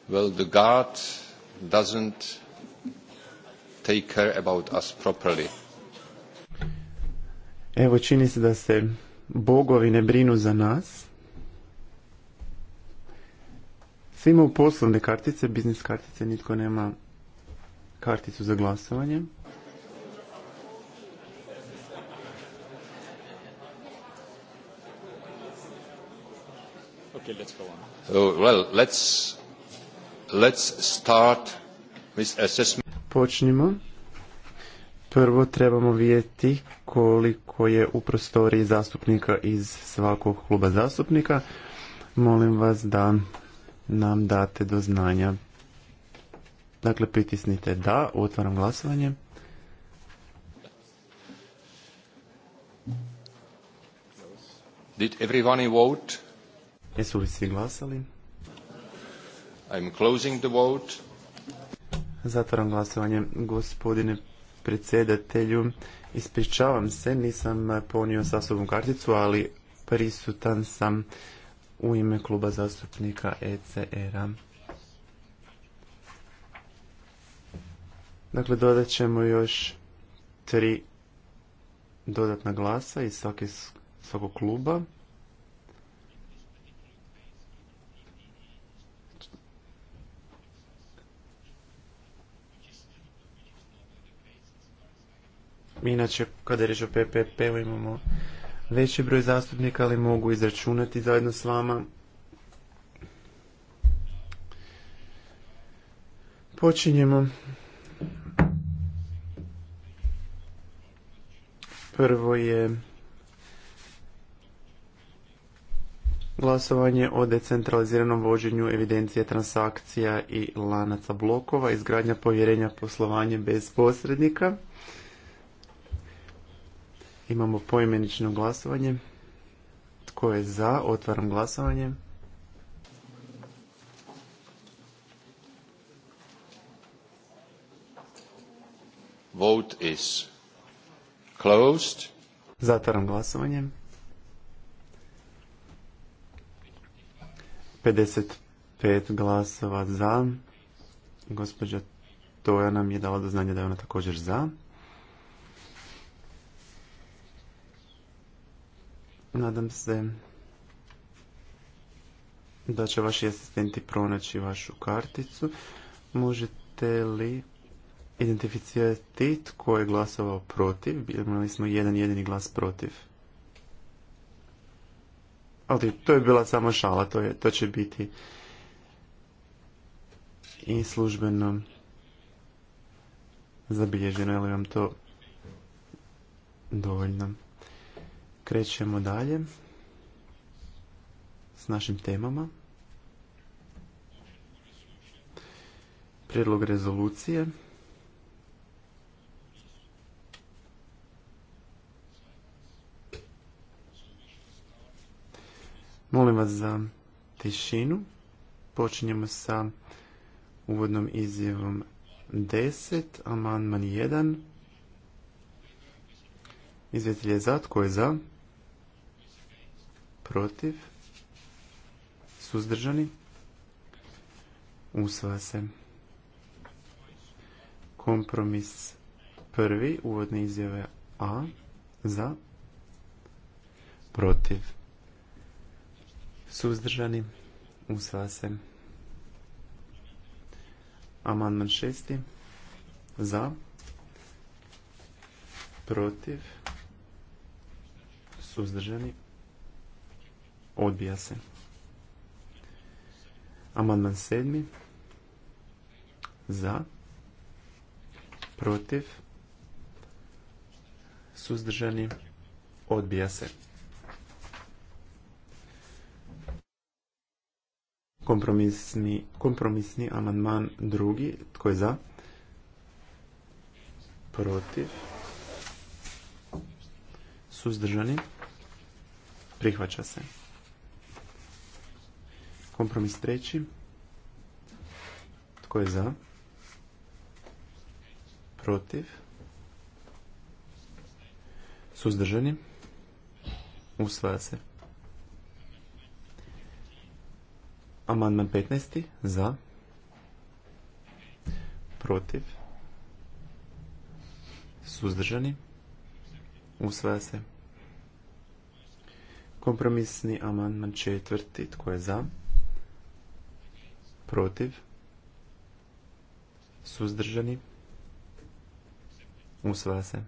Well, the guard doesn't take care about us properly. Evo, čini se da se bogovi ne brinu za nas. Svi imaju poslovne kartice, biznis kartice, nitko nema karticu za glasovanje. Počnimo. Prvo trebamo vidjeti koliko je u prostoriji zastupnika iz svakog kluba zastupnika. Molim vas da nam date do znanja. Dakle, pritisnite da, otvaram glasovanje. Did everyone vote? Jesu li svi glasali? I'm closing the vote. Zatvaram glasovanje, gospodine predsjedatelju. Ispričavam se, nisam ponio sa sobom karticu, ali prisutan sam u ime kluba zastupnika ECR-a. Dakle, dodat ćemo još tri dodatna glasa iz svakog kluba. Inače, kada je reč o PPP-u imamo veći broj zastupnika, ali mogu izračunati zajedno s vama. Počinjemo. Prvo je Glasovanje o decentraliziranom vođenju evidencije transakcija i lanaca blokova, izgradnja povjerenja poslovanje bez posrednika. Imamo poimenično glasovanje. Tko je za? Otvaram glasovanje. Vote is closed. Zatvaram glasovanje. 55 glasova za. Gospođa Toja nam je dala do znanja da je ona također za. Nadam se da će vaši asistenti pronaći vašu karticu. Možete li identificirati tko je glasovao protiv? Imali smo jedan jedini glas protiv. Ali to je bila samo šala, to, je, to će biti i službeno zabilježeno, je li vam to dovoljno? Krećemo dalje s našim temama. Prijedlog rezolucije. Molim vas za tišinu. Počinjemo sa uvodnom izjavom 10, amandman 1. Izvjetelj je za, tko je za? protiv, suzdržani, Usva se. Kompromis prvi, uvodne izjave A, za, protiv, suzdržani, Usva se. Amandman šesti, za, protiv, suzdržani, Odbija se. Amandman sedmi. Za. Protiv. Suzdržani. Odbija se. Kompromisni, kompromisni amandman drugi. Tko je za? Protiv. Suzdržani. Prihvaća se. Kompromis treći. Tko je za? Protiv? Suzdržani? Usvaja se. Amandman 15. Za? Protiv? Suzdržani? Usvaja se. Kompromisni amandman četvrti. Tko je za? protiv, suzdržani, usvaja se.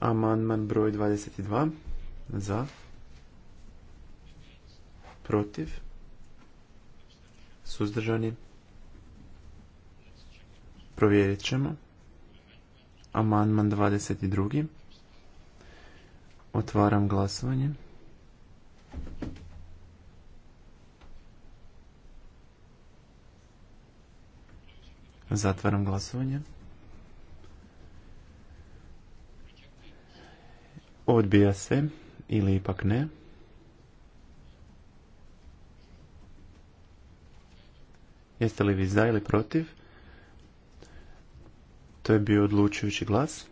Amandman broj 22 za, protiv, suzdržani, provjerit ćemo. Amandman 22. Otvaram glasovanje. Zatvaram glasovanje. Odbija se ili ipak ne. Jeste li vi za ili protiv? To je bio odlučujući glas.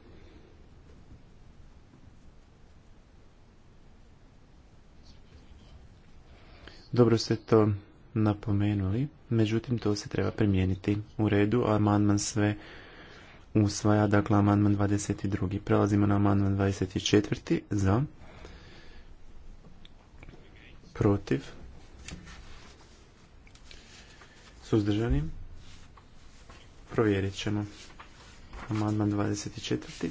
Dobro ste to napomenuli, međutim to se treba primijeniti u redu, a amandman sve usvaja, dakle amandman 22. Prelazimo na amandman 24. za, protiv, suzdržani, provjerit ćemo. Amandman 24.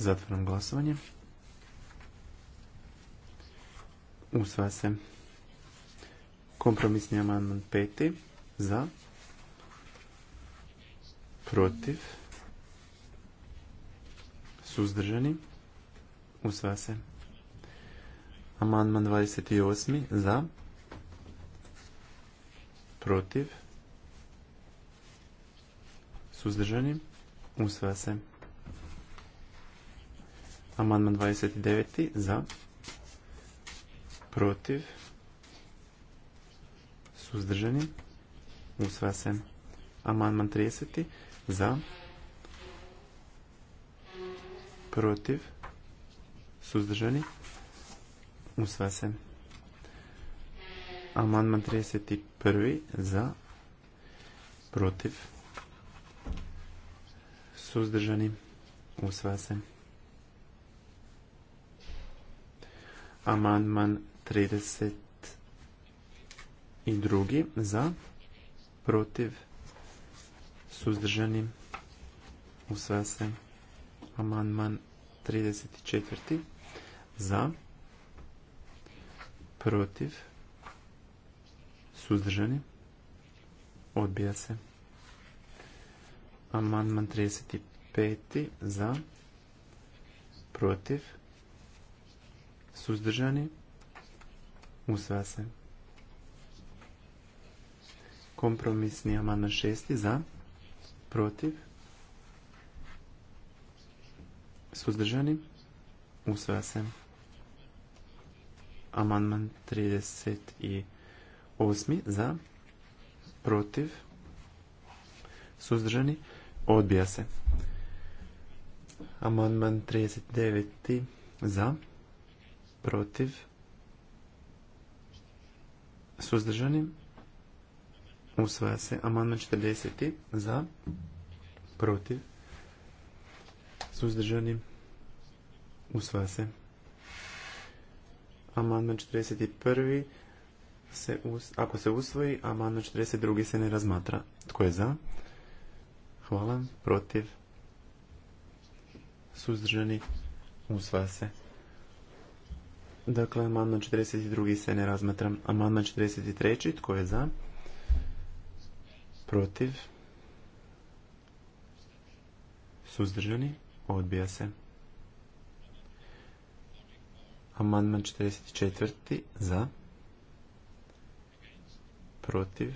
Zatvaram glasovanje. Usva se. Kompromisni amandman peti. Za. Protiv. Suzdržani. Usva se. Amandman 28. Za. Protiv. Suzdržani. Usva se. Amandman 29. za. Protiv. Suzdržani. Usvaja se. Amandman 30. za. Protiv. Suzdržani. Usvaja se. Amandman 31. za. Protiv. Suzdržani. Usvaja se. Amandman drugi Za. Protiv. Suzdržani. Usvaja se. Amandman 34. Za. Protiv. Suzdržani. Odbija se. Amandman 35. Za. Protiv suzdržani, usvaja se. Kompromisni amandman šesti za, protiv, suzdržani, usvaja se. Amandman 38 za, protiv, suzdržani, odbija se. Amandman 39 za, protiv, protiv, suzdržani, usvaja se amandman 40. za, protiv, suzdržani, usvaja se. Amandman 41. Se ako se usvoji, amandman 42. se ne razmatra. Tko je za? Hvala. Protiv? Suzdržani? Usvaja se. Dakle, amandman 42. se ne razmatra. Amandman 43. Tko je za? Protiv? Suzdržani? Odbija se. Amandman 44. Za? Protiv?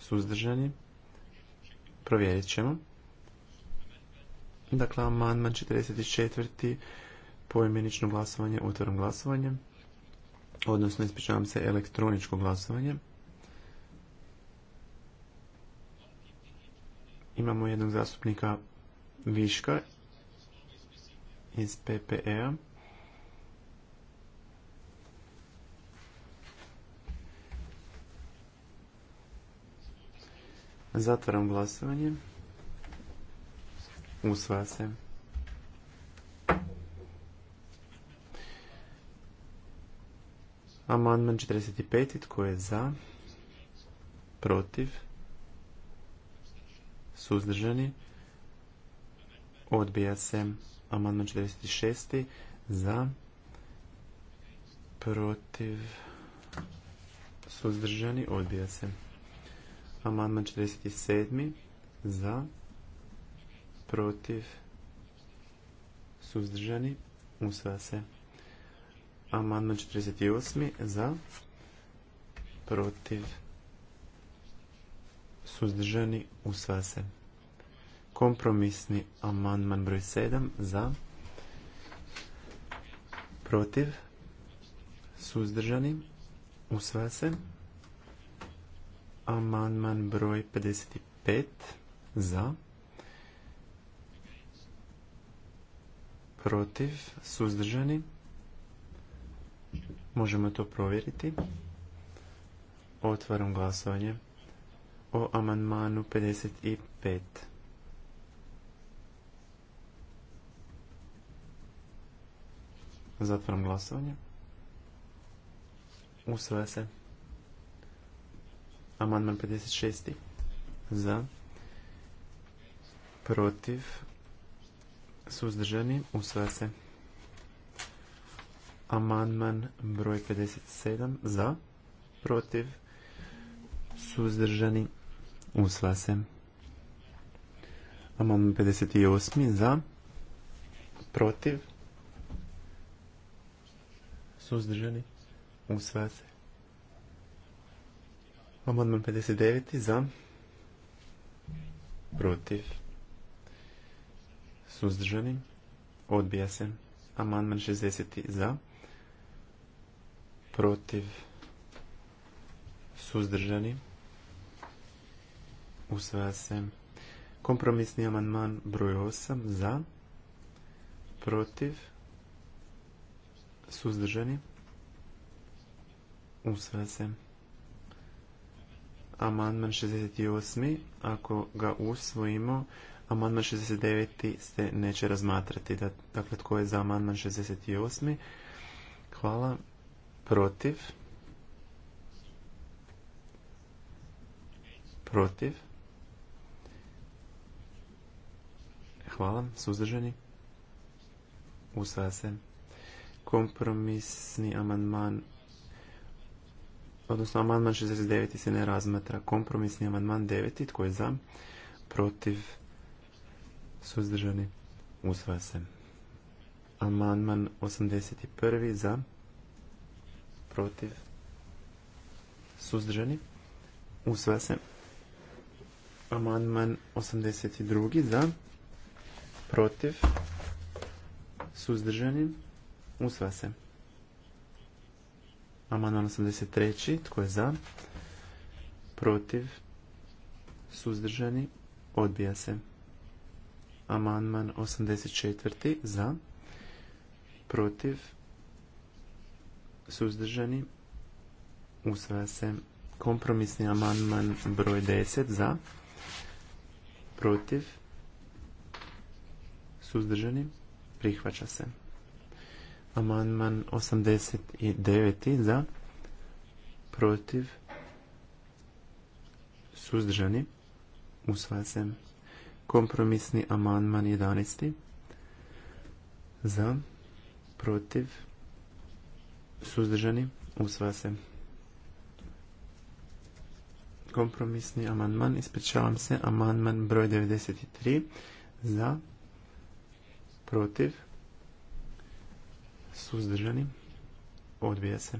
Suzdržani? Provjerit ćemo. Dakle, amandman 44 poimenično glasovanje, otvorom glasovanje, odnosno ispričavam se elektroničko glasovanje. Imamo jednog zastupnika Viška iz PPE-a. Zatvaram glasovanje. Usvaja se. Amandman 45. Tko je za? Protiv? Suzdržani? Odbija se. Amandman 46. Za? Protiv? Suzdržani? Odbija se. Amandman 47. Za? Protiv? Suzdržani? Usvaja se. Amandman 48. za, protiv, suzdržani, usva se. Kompromisni amandman broj 7 za, protiv, suzdržani, usva se. Amandman broj 55 za, protiv, suzdržani, Možemo to provjeriti. Otvaram glasovanje o amandmanu 55. Zatvaram glasovanje. Usvaja se. Amandman 56. Za. Protiv. Suzdržani. Usvaja se. Amandman broj 57 za, protiv, suzdržani, usva se. Amandman 58 za, protiv, suzdržani, usva se. Amandman 59 za, protiv, suzdržani, odbija se. Amandman 60 za, protiv, suzdržani, usvaja se. Kompromisni amandman broj 8 za, protiv, suzdržani, usvaja se. Amandman 68. Ako ga usvojimo, amandman 69. se neće razmatrati. Dakle, tko je za amandman 68. Hvala protiv, protiv, hvala, suzdržani, usvaja kompromisni amandman, odnosno amandman 69. se ne razmatra, kompromisni amandman 9. tko je za, protiv, suzdržani, usvaja se. Amandman 81. za, protiv, suzdržani, usva se. Amandman 82. za, protiv, suzdržani, usva se. Amandman 83. tko je za, protiv, suzdržani, odbija se. Amandman 84. za, protiv, suzdržani, usvaja se kompromisni amandman broj 10 za, protiv, suzdržani, prihvaća se. Amandman 89 za, protiv, suzdržani, usvaja se. Kompromisni amandman 11 za, protiv, suzdržani, usvaja se. Kompromisni amandman, ispričavam se, amandman broj 93 za, protiv, suzdržani, odbija se.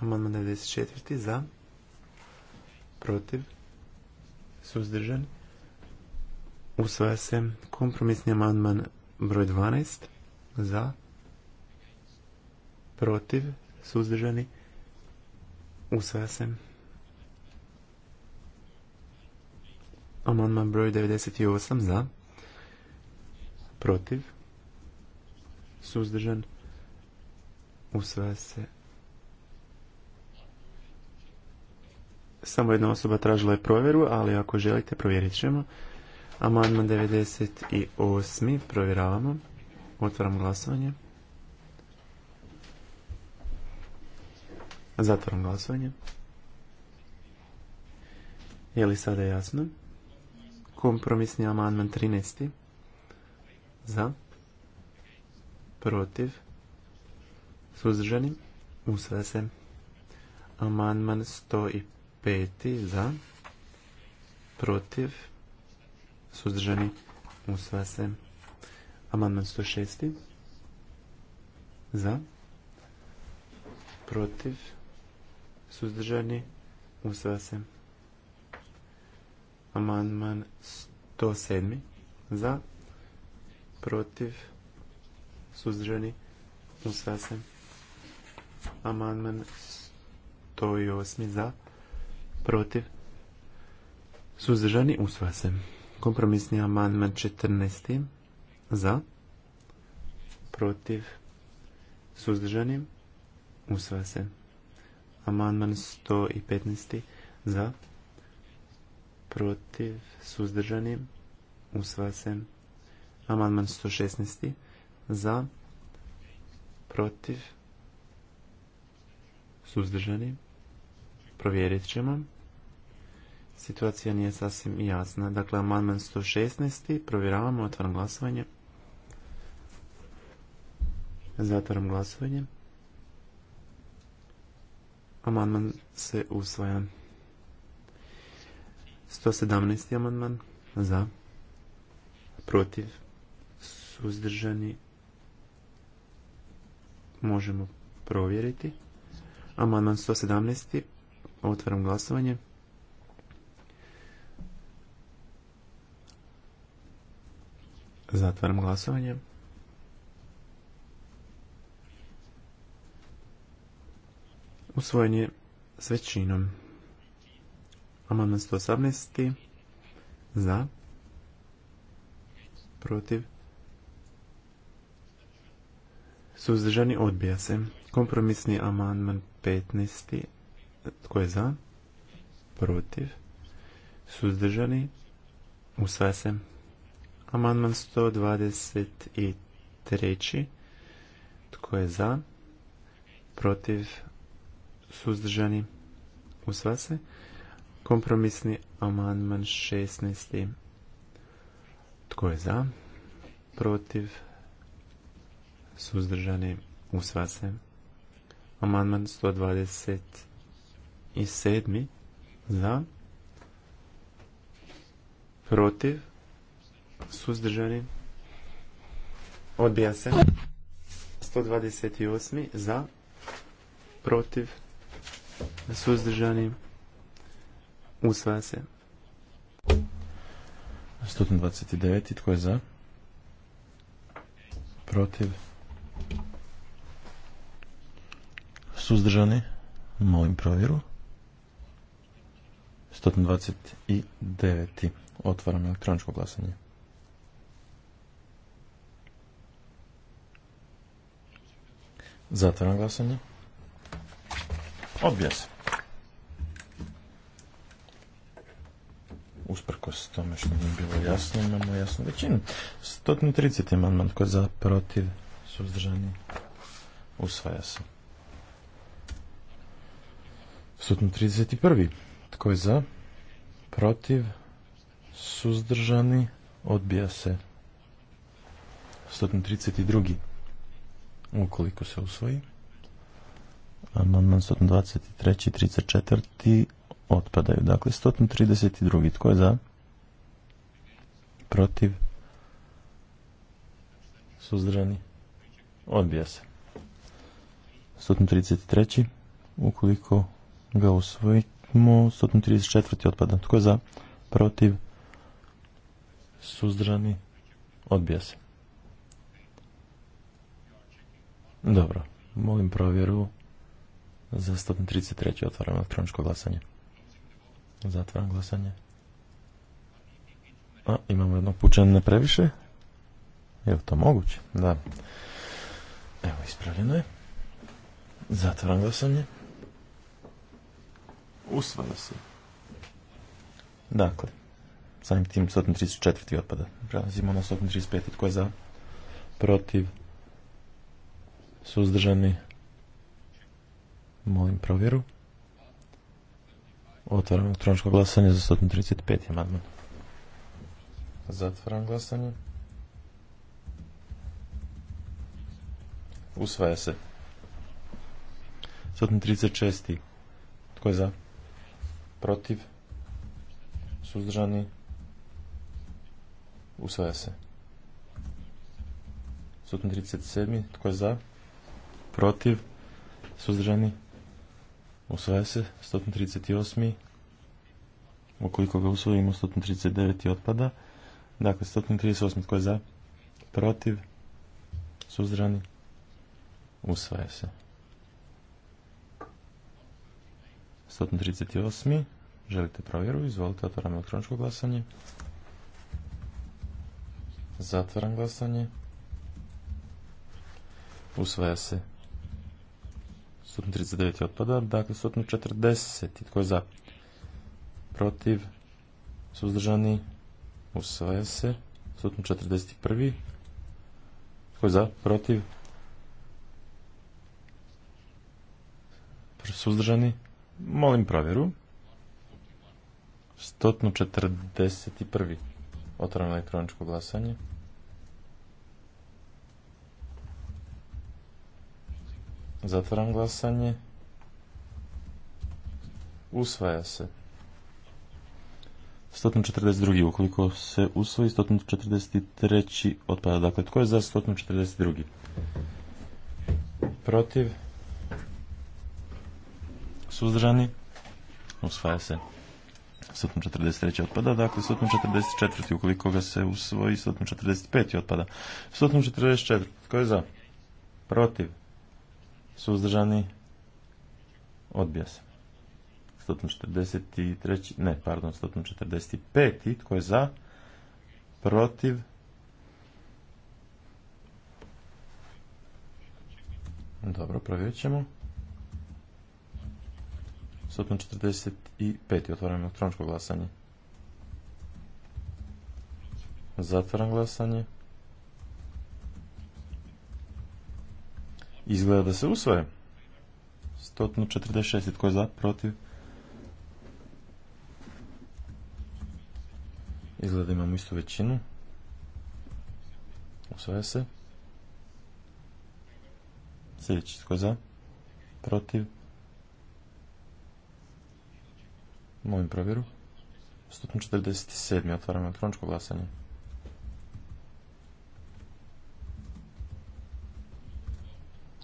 Amandman 94. za, protiv, suzdržan, usvaja se kompromisni amandman broj 12 za, protiv, suzdržani, usvaja se. Amandman broj 98 za, protiv, suzdržan, usvaja se. Samo jedna osoba tražila je provjeru, ali ako želite provjerit ćemo. Amandman 98. Provjeravamo. Otvaram glasovanje. Zatvoram glasovanje. Je li sada jasno? Kompromisni amandman 13. Za. Protiv. Suzdržani. Usvaja se. Amandman 105. Za. Protiv. Suzdržani. Usvaja se. Amandman 106. Za. Protiv suzdržani, usva se. Amandman 107. Za, protiv, suzdržani, usva se. Amandman 108. Za, protiv, suzdržani, usva se. Kompromisni amandman 14. Za, protiv, suzdržani, usva se. Amandman 115. za, protiv, suzdržani, Usva se. Amandman 116. za, protiv, suzdržani, provjerit ćemo. Situacija nije sasvim jasna. Dakle, amandman 116. provjeravamo, otvaram glasovanje. Zatvaram glasovanje. Amandman se usvaja. 117. amandman za protiv suzdržani možemo provjeriti. Amandman 117. Otvaram glasovanje. Zatvaram glasovanje. Usvojen je s većinom. Amandman 118. Za. Protiv. Suzdržani odbija se. Kompromisni amandman 15. Tko je za? Protiv. Suzdržani. Usvaja se. Amandman 123. Tko je za? Protiv suzdržani, u se. Kompromisni amandman 16. Tko je za? Protiv? Suzdržani? u se. Amandman 127. Za? Protiv? Suzdržani? Odbija se. 128. Za? Protiv? suzdržani, usvaja se. 129. Tko je za? Protiv? Suzdržani? Molim provjeru. 129. Otvaram elektroničko glasanje. Zatvaram glasanje. Odbija usprkos tome što nije bilo jasno, imamo jasnu većinu. 130. amandman tko je za, protiv, suzdržani, usvaja se. 131. Tko je za, protiv, suzdržani, odbija se. 132. Ukoliko se usvoji. Amandman 123. 34 otpadaju. Dakle, 132. Tko je za? Protiv? Suzdrani? Odbija se. 133. Ukoliko ga usvojimo, 134. otpada. Tko je za? Protiv? Suzdrani? Odbija se. Dobro, molim provjeru za 133. otvaram elektroničko glasanje. Zatvaram glasanje. A, imamo jedno pučenje previše. Je li to moguće? Da. Evo, ispravljeno je. Zatvaram glasanje. Usvaja se. Dakle, samim tim 134. otpada. Prelazimo na 135. Tko je za? Protiv? Suzdržani? Molim provjeru. Otvaram elektroničko glasanje za 135. amandman. Zatvaram glasanje. Usvaja se. 136. Tko je za? Protiv? Suzdržani? Usvaja se. 137. Tko je za? Protiv? Suzdržani? Usvaja se 138. Ukoliko ga usvojimo 139. otpada. Dakle, 138. tko je za? Protiv? Suzrani. Usvaja se. 138. Želite provjeru? Izvolite, otvaram elektroničko glasanje. Zatvaram glasanje. Usvaja se. 139. otpada, dakle 140. Tko je za? Protiv? Suzdržani? Usvaja se. 141. Tko je za? Protiv? Suzdržani? Molim provjeru. 141. Otvaram elektroničko glasanje. Zatvaram glasanje. Usvaja se. 142. Ukoliko se usvoji, 143. otpada. Dakle, tko je za 142? Protiv? Suzdržani? Usvaja se. 143. otpada, dakle 144. ukoliko ga se usvoji, 145. otpada. 144. Tko je za? Protiv? suzdržani, odbija se. 143, ne, pardon, 145, tko je za, protiv, dobro, provjerit ćemo. 145, otvaram elektroničko glasanje. Zatvaram glasanje. izgleda da se usvoje. 146. Tko je za? Protiv? Izgleda da imamo istu većinu. Usvaja se. Sljedeći. Tko je za? Protiv? Molim provjeru. 147. Otvaram elektroničko glasanje.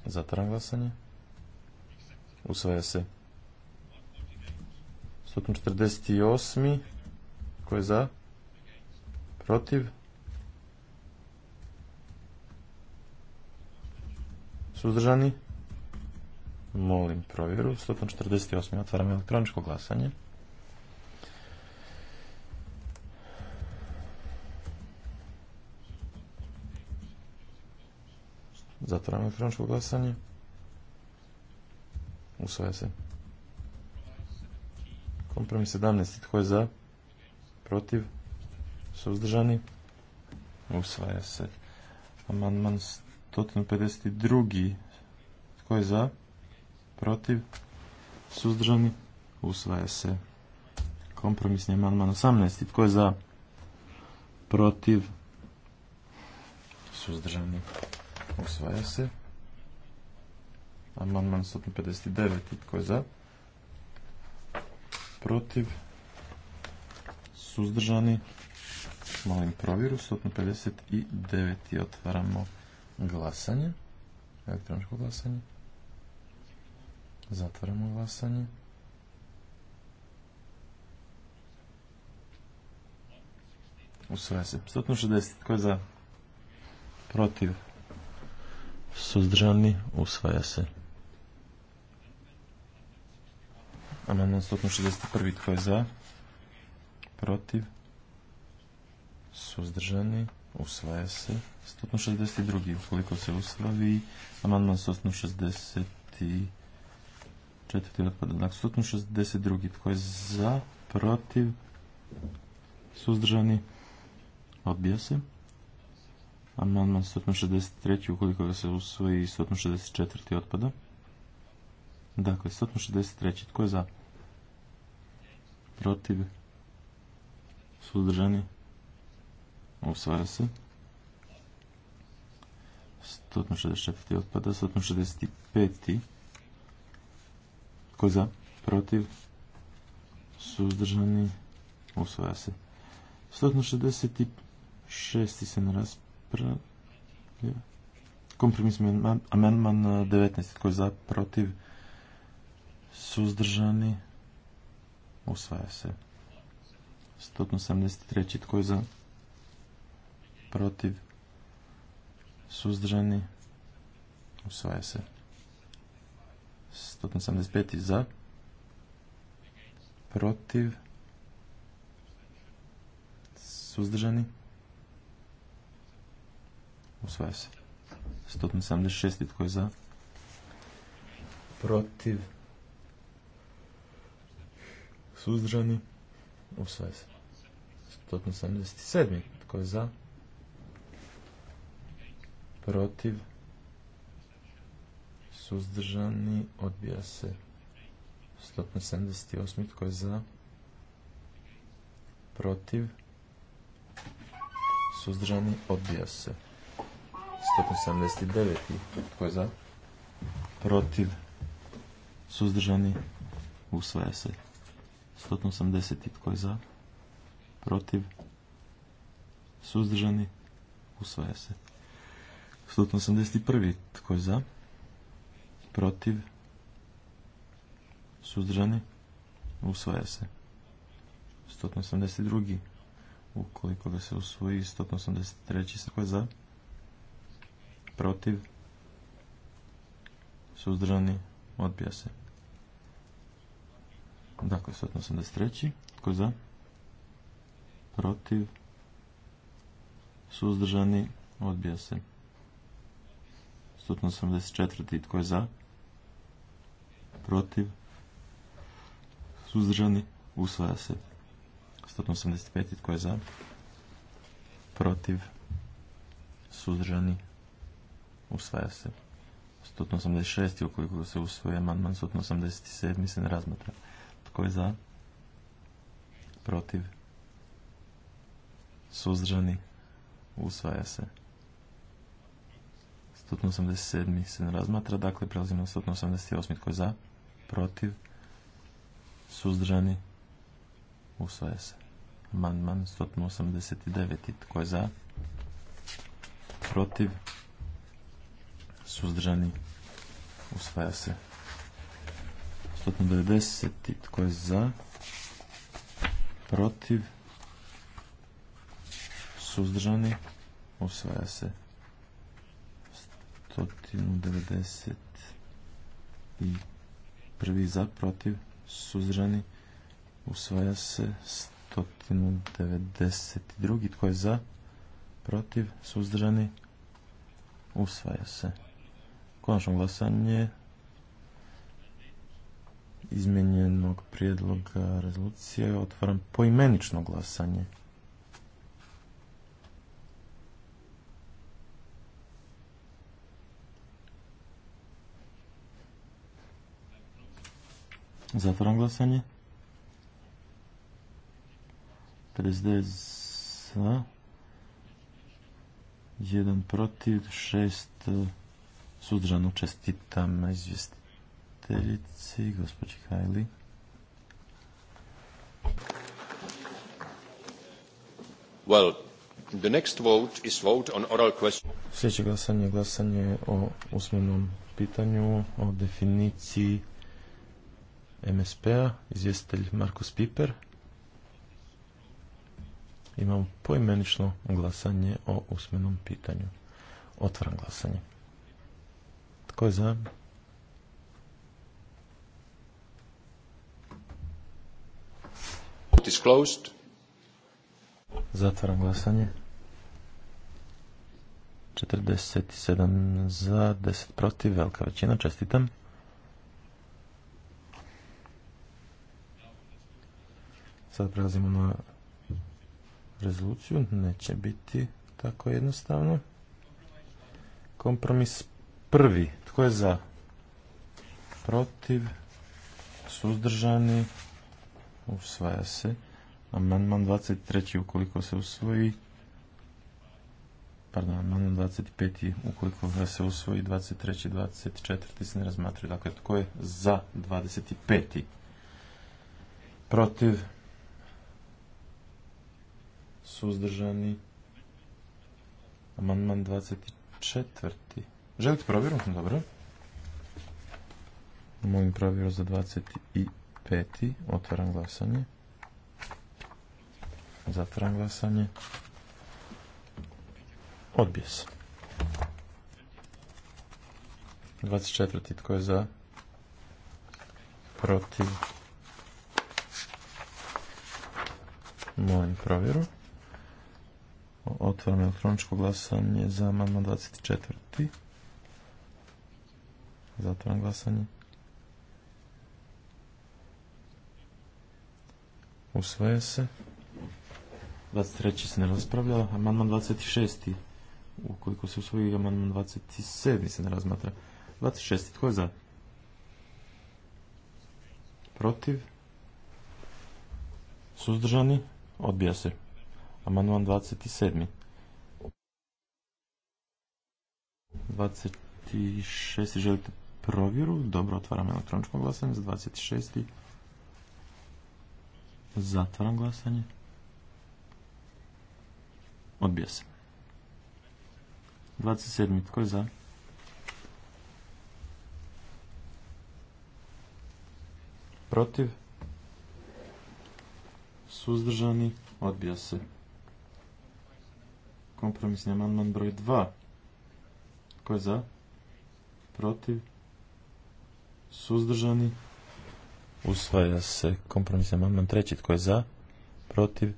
Zatvaram glasanje. Usvaja se. 148. Ko je za? Protiv? Suzdržani? Molim provjeru. 148. Otvaram elektroničko glasanje. Zatvaram elektroničko glasanje. Usvaja se. Kompromis 17. Tko je za? Protiv? Suzdržani? Usvaja se. Amandman 152. Tko je za? Protiv? Suzdržani? Usvaja se. Kompromisni amandman 18. Tko je za? Protiv? Suzdržani? Usvaja se. Amandman 159. Tko je za? Protiv? Suzdržani? Molim provjeru. 159. Otvaramo glasanje. Elektroničko glasanje. Zatvaramo glasanje. Usvaja se. 160. Tko je za? Protiv? suzdržani, usvaja se. Amandman 161. Tko je za? Protiv? Suzdržani? Usvaja se. 162. Ukoliko se usvavi, amandman 164. otpada. Dakle, 162. Tko je za? Protiv? Suzdržani? Odbija se. Amandman 163. ukoliko ga se usvoji 164. otpada. Dakle, 163. Tko je za? Protiv? Suzdržani? Usvaja se. 164. otpada. 165. Tko je za? Protiv? Suzdržani? Usvaja se. 166. se ne kompromis Kompromisni amendman 19. koji za? Protiv? Suzdržani? Usvaja se. 173. Tko je za? Protiv? Suzdržani? Usvaja se. 175. Za? Protiv? Suzdržani? Usvaja se. 176. Tko je za? Protiv. Suzdržani. Usvaja se. 177. Tko je za? Protiv. Suzdržani. Odbija se. 178. Tko je za? Protiv. Suzdržani. Odbija se. 179. Tko je za? Protiv. Suzdržani. Usvaja se. 180. Tko je za? Protiv. Suzdržani. Usvaja se. 181. Tko je za? Protiv. Suzdržani. Usvaja se. 182. Ukoliko ga se usvoji, 183. Tko je za? protiv, suzdržani, odbija se. Dakle, 183. Tko za? Protiv, suzdržani, odbija se. 184. Tko je za? Protiv, suzdržani, usvaja se. 185. Tko je za? Protiv, suzdržani, usvaja se. 186. ukoliko se usvoje amandman 187. se ne razmatra. Tko je za? Protiv? Suzdržani? Usvaja se. 187. se ne razmatra. Dakle, prelazimo na 188. Tko je za? Protiv? Suzdržani? Usvaja se. Amandman 189. Tko je za? Protiv? suzdržani, usvaja se. 190. Tko je za? Protiv? Suzdržani? Usvaja se. 190. I prvi za, protiv? Suzdržani? Usvaja se. 192. Tko je za? Protiv? Suzdržani? Usvaja se konačno glasanje izmijenjenog prijedloga rezolucije otvaram poimenično glasanje. Zatvaram glasanje. 59 za, 1 protiv, 6 suzdržano čestitam izvjestiteljici, gospođi Hajli. Well, the next vote is vote on oral question. Sljedeće glasanje je glasanje o usmenom pitanju, o definiciji MSP-a, izvjestitelj Markus Piper. Imamo poimenično glasanje o usmenom pitanju. Otvaram glasanje. Tko je za? Zatvaram glasanje. 47 za, 10 protiv, velika većina, čestitam. Sad prelazimo na rezoluciju, neće biti tako jednostavno. Kompromis Prvi, tko je za? Protiv, suzdržani, usvaja se. Amandman 23. ukoliko se usvoji, pardon, amandman 25. ukoliko ga se usvoji, 23. 24. se ne razmatraju. Dakle, tko je za 25. Protiv, suzdržani, amandman 24. Želite provjeru? Dobro. Molim provjeru za 25. Otvaram glasanje. Zatvaram glasanje. Odbije se. 24. Tko je za? Protiv. Molim provjeru. Otvaram elektroničko glasanje za amandman 24. Zatvoram glasanje. Usvaja se. 23. se ne raspravlja. Amandman 26. Ukoliko se usvoji, amandman 27. se ne razmatra. 26. Tko je za? Protiv? Suzdržani? Odbija se. Amandman 27. 26. želite provjeru. Dobro, otvaram elektroničko glasanje za 26. Zatvaram glasanje. Odbija se. 27. Tko je za? Protiv? Suzdržani? Odbija se. Kompromisni amandman broj 2. Tko je za? Protiv? suzdržani, usvaja se kompromisni amandman treći, tko je za, protiv,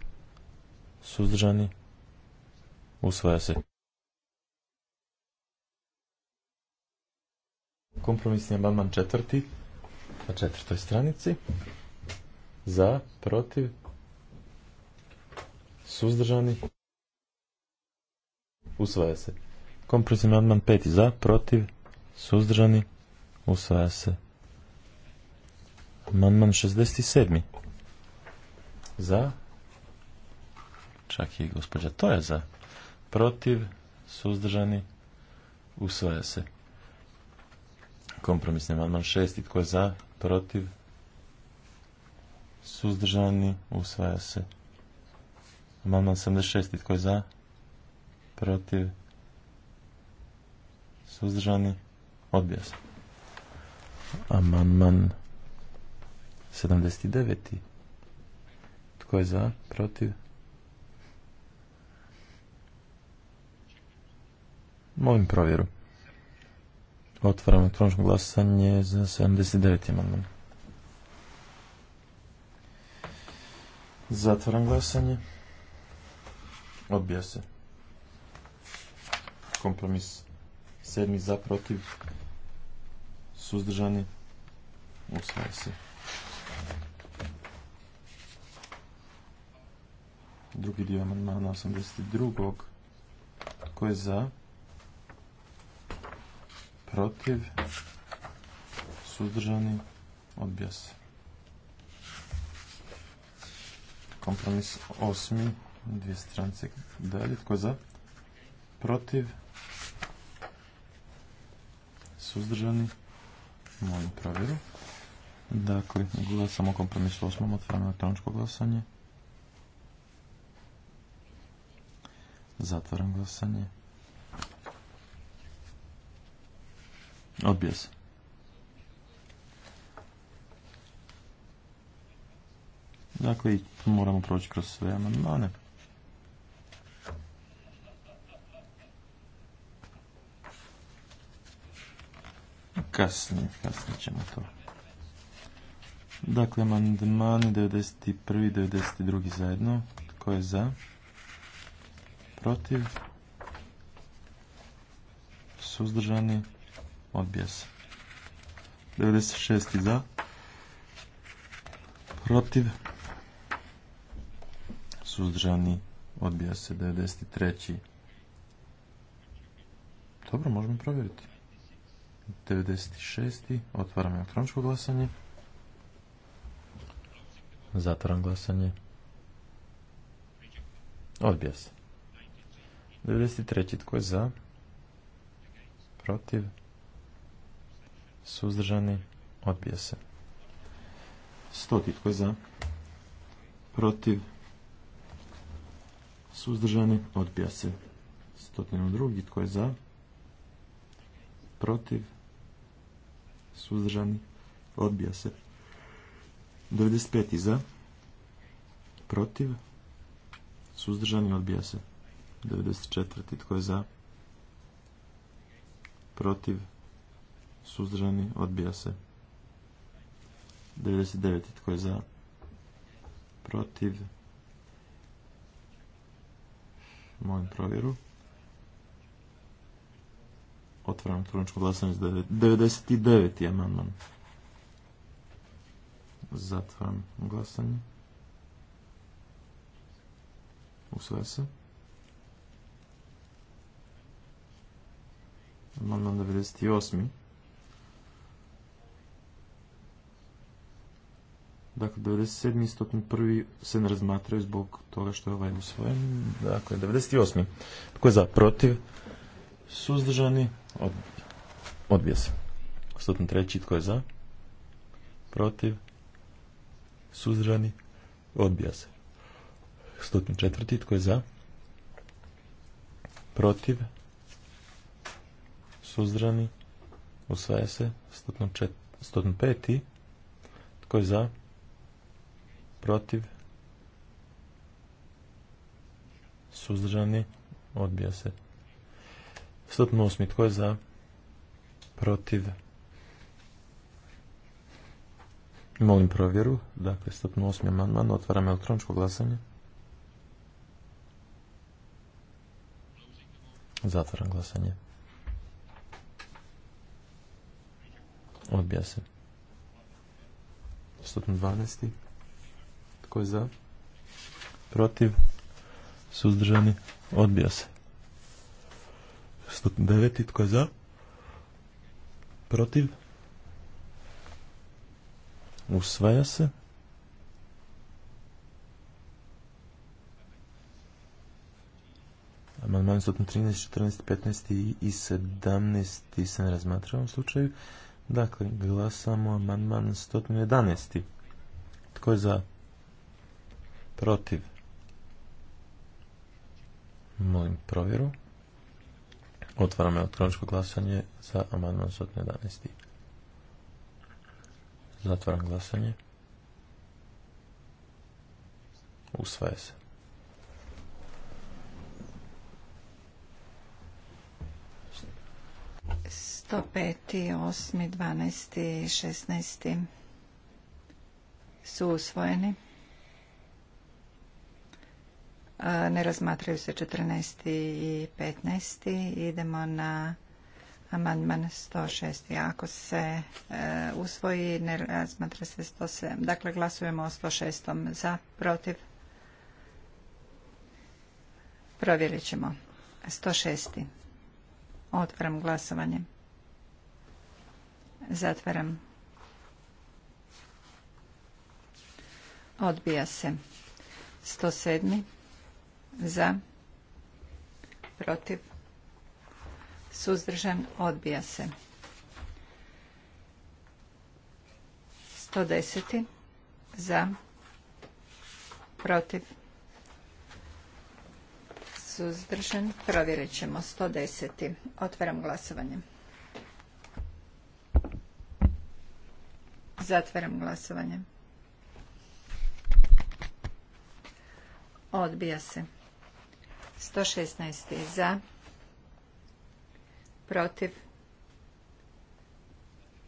suzdržani, usvaja se. Kompromisni amandman četvrti, na četvrtoj stranici, za, protiv, suzdržani, usvaja se. Kompromisni amandman peti, za, protiv, suzdržani, usvaja se. Amandman 67. Za. Čak i gospođa je za. Protiv. Suzdržani. Usvaja se. Kompromisni amandman 6. Tko je za? Protiv. Suzdržani. Usvaja se. Amandman 76. Tko je za? Protiv. Suzdržani. Odbija se. Amandman 79. Tko je za? Protiv? Molim provjeru. Otvaram elektroničko glasanje za 79. amandman. Zatvaram glasanje. Odbija se. Kompromis. Sedmi za protiv. Suzdržani. Usvaja se. drugi dio amandmana 82. Tko je za? Protiv? Suzdržani? Odbija se. Kompromis osmi, dvije strance dalje. Tko je za? Protiv? Suzdržani? Molim provjeru. Dakle, samo kompromis osmom, Otvaram elektroničko glasanje. Zatvaram glasanje. Odbija se. Dakle, moramo proći kroz sve amandmane. Kasnije, kasnije ćemo to. Dakle, amandmani 91. i 92. zajedno. Tko je za? protiv, suzdržani, odbija se. 96. za, protiv, suzdržani, odbija se. 93. Dobro, možemo provjeriti. 96. Otvaram elektroničko glasanje. Zatvaram glasanje. Odbija se. 93. Tko je za? Protiv? Suzdržani? Odbija se. 100. Tko je za? Protiv? Suzdržani? Odbija se. 102. Tko je za? Protiv? Suzdržani? Odbija se. 95. Za? Protiv? Suzdržani? Odbija se. 94. Tko je za? Protiv? Suzdržani? Odbija se. 99. Tko je za? Protiv? Molim provjeru. Otvaram turničko glasanje za 99. amandman. Zatvaram glasanje. Usvaja se. Amandman 98. Dakle, 97. i Prvi se ne razmatraju zbog toga što je ovaj usvojen. Dakle, 98. Tko je za? Protiv? Suzdržani? Od... Odbija se. 103. Tko je za? Protiv? Suzdržani? Odbija se. 104. Tko je za? Protiv? Suzdrani. Usvaja se. 105. Tko je za? Protiv. Suzdrani. Odbija se. 108. Tko je za? Protiv. Molim provjeru. Dakle, 108. amandman. Otvaram elektroničko glasanje. Zatvaram glasanje. Odbija se. 112. Tko je za? Protiv? Suzdržani? Odbija se. 109. Tko je za? Protiv? Usvaja se. Amandman 113, 14, 15 i 17 se ne razmatra u ovom slučaju. Dakle, glasamo amandman 111. Tko je za? Protiv? Molim provjeru. Otvaram elektroničko glasanje za amandman 111. Zatvaram glasanje. Usvaje se. 105., 8., 12. 16. su usvojeni. E, ne razmatraju se 14. i 15. Idemo na amandman 106. Ako se e, usvoji, ne razmatra se 107. Dakle, glasujemo o 106. Za, protiv. Provjerit ćemo. 106. Otvaram glasovanje. Zatvaram. Odbija se. 107. Za. Protiv. Suzdržan. Odbija se. 110. Za. Protiv. Suzdržan. Provjerit ćemo. 110. Otvaram glasovanje. Zatvaram glasovanje. Odbija se. 116. za. Protiv.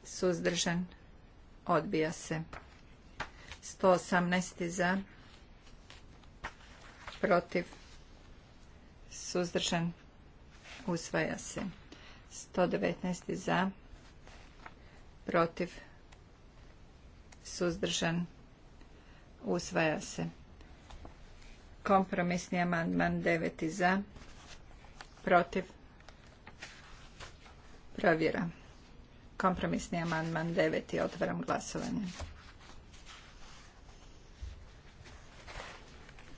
Suzdržan. Odbija se. 118. za. Protiv. Suzdržan. Usvaja se. 119. za. Protiv suzdržan, usvaja se. Kompromisni amandman 9 za, protiv, provjera. Kompromisni amandman 9. Otvaram glasovanje.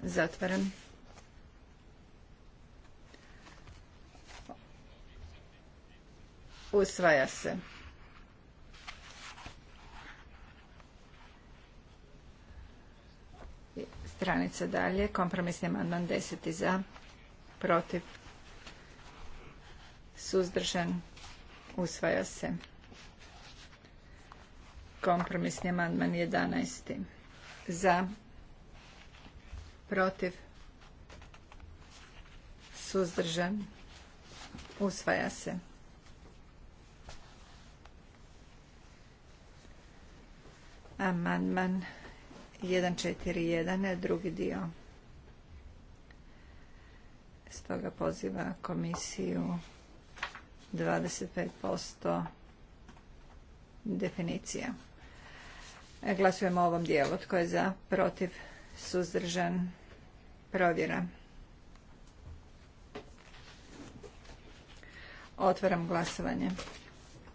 Zatvaram. Usvaja se. stranica dalje. Kompromisni amandman 10. za, protiv, suzdržan, usvaja se. Kompromisni amandman 11. za, protiv, suzdržan, usvaja se. Amandman 141, drugi dio. Stoga poziva komisiju 25% definicija. E, glasujemo o ovom dijelu. Tko je za, protiv, suzdržan, provjera. Otvaram glasovanje.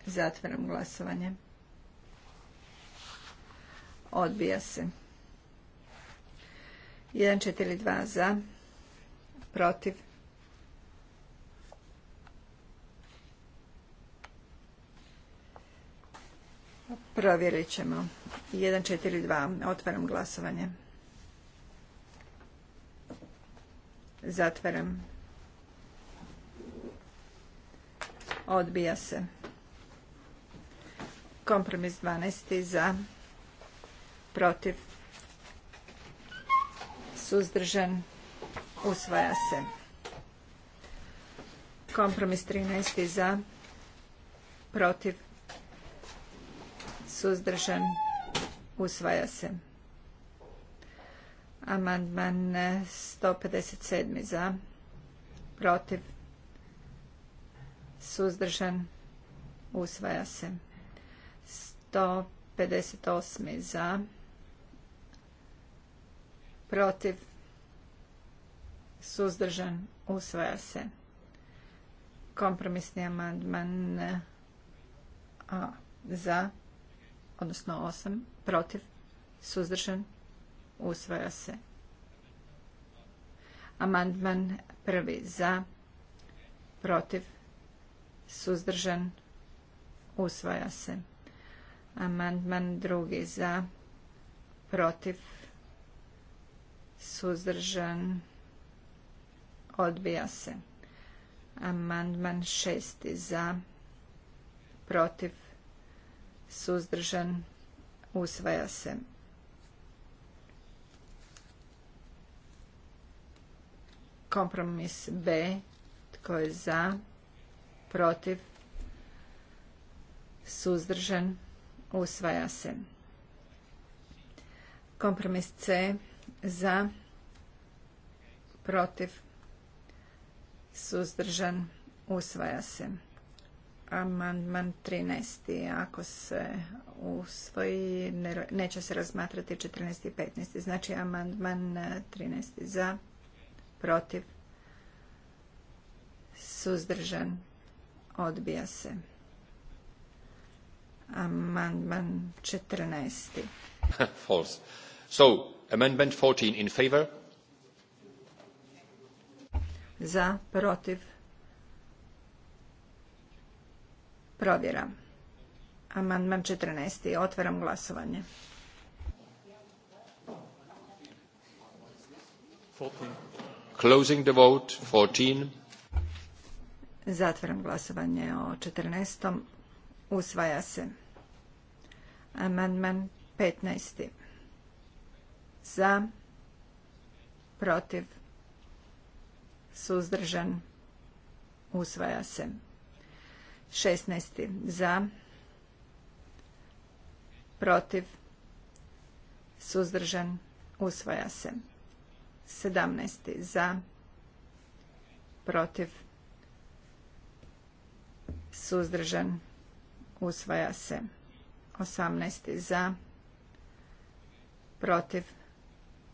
Zatvaram glasovanje. Odbija se. 142 za, protiv. Provjerit ćemo. 142. Otvaram glasovanje. Zatvaram. Odbija se. Kompromis 12. za, protiv suzdržan, usvaja se. Kompromis 13. za, protiv, suzdržan, usvaja se. Amandman 157. za, protiv, suzdržan, usvaja se. 158. za, protiv, suzdržan, usvaja se. Kompromisni amandman A za, odnosno osam protiv, suzdržan, usvaja se. Amandman prvi za, protiv, suzdržan, usvaja se. Amandman drugi za, protiv, suzdržan, odbija se. Amandman šesti za, protiv, suzdržan, usvaja se. Kompromis B, tko je za, protiv, suzdržan, usvaja se. Kompromis C, za protiv suzdržan usvaja se amandman 13. ako se usvoji neće se razmatrati 14. i 15. znači amandman 13. za protiv suzdržan odbija se amandman 14. False. So, Amendment 14 in favor. Za, protiv. Provjera. Amandman 14. Otvaram glasovanje. 14. Closing the vote. 14. Zatvaram glasovanje o 14. Usvaja se. Amandman 15 za, protiv, suzdržan, usvaja se. 16. za, protiv, suzdržan, usvaja se. 17. za, protiv, suzdržan, usvaja se. 18. za, protiv,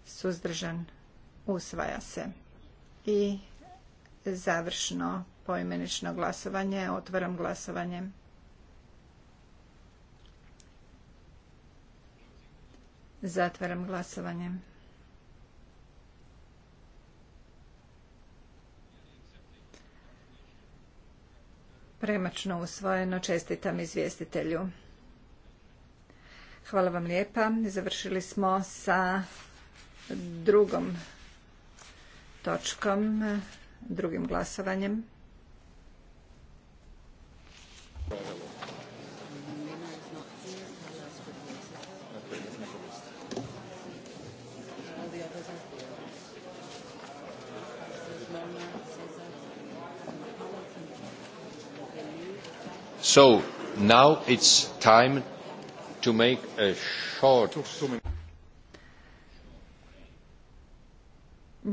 suzdržan, usvaja se. I završno poimenično glasovanje, otvaram glasovanje. Zatvaram glasovanje. Premačno usvojeno čestitam izvjestitelju. Hvala vam lijepa. Završili smo sa drugom točkom, drugim glasovanjem. So now it's time to make a short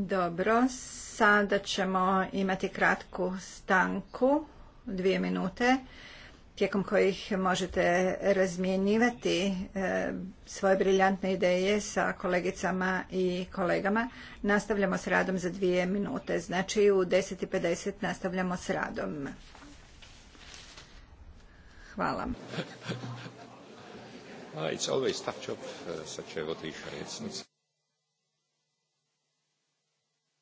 Dobro, sada ćemo imati kratku stanku, dvije minute, tijekom kojih možete razmjenjivati e, svoje briljantne ideje sa kolegicama i kolegama. Nastavljamo s radom za dvije minute, znači u 10.50 nastavljamo s radom. Hvala. Ah, it's always tough job, uh,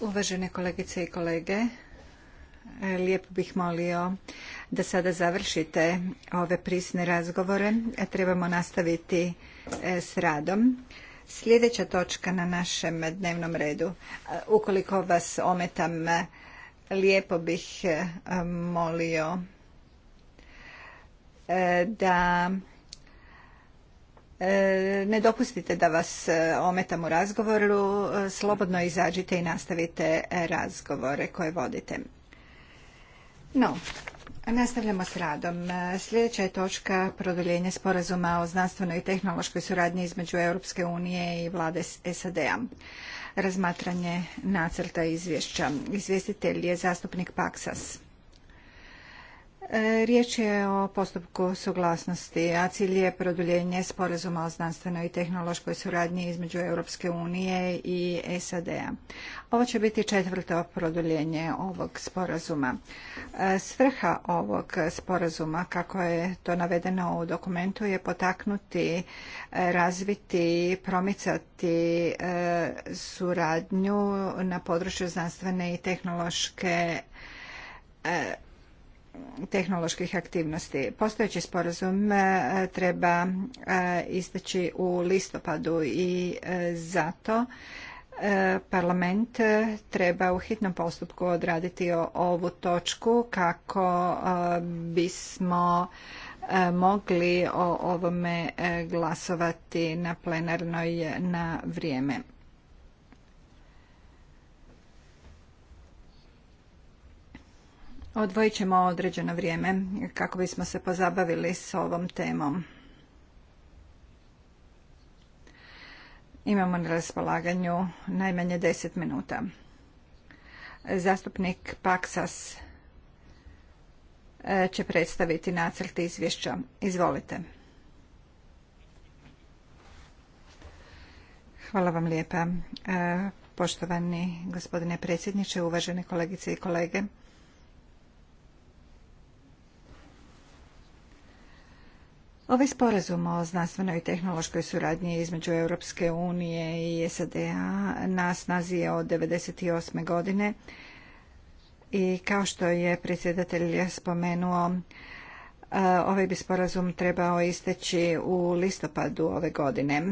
Uvažene kolegice i kolege, lijepo bih molio da sada završite ove prisne razgovore. Trebamo nastaviti e, s radom. Sljedeća točka na našem dnevnom redu. E, ukoliko vas ometam, lijepo bih e, molio da E, ne dopustite da vas e, ometam u razgovoru, e, slobodno izađite i nastavite razgovore koje vodite. No, Nastavljamo s radom. Sljedeća je točka produljenje sporazuma o znanstvenoj i tehnološkoj suradnji između Europske unije i vlade SAD-a. Razmatranje nacrta izvješća. Izvjestitelj je zastupnik Paksas. E, riječ je o postupku suglasnosti, a cilj je produljenje sporazuma o znanstvenoj i tehnološkoj suradnji između Europske unije i SAD-a. Ovo će biti četvrto produljenje ovog sporazuma. E, svrha ovog sporazuma, kako je to navedeno u dokumentu, je potaknuti, e, razviti, promicati suradnju na području znanstvene i tehnološke tehnoloških aktivnosti. Postojeći sporazum e, treba e, isteći u listopadu i e, zato parlament treba u hitnom postupku odraditi ovu točku kako bismo mogli o ovome glasovati na plenarnoj na vrijeme. Odvojit ćemo određeno vrijeme kako bismo se pozabavili s ovom temom. Imamo na raspolaganju najmanje deset minuta. Zastupnik Paksas e, će predstaviti nacrt izvješća. Izvolite. Hvala vam lijepa. E, poštovani gospodine predsjedniče, uvažene kolegice i kolege. Ovaj sporazum o znanstvenoj i tehnološkoj suradnji između Europske unije i SAD-a na snazi je od 1998. godine i kao što je predsjedatelj spomenuo, eh, ovaj bi sporazum trebao isteći u listopadu ove godine.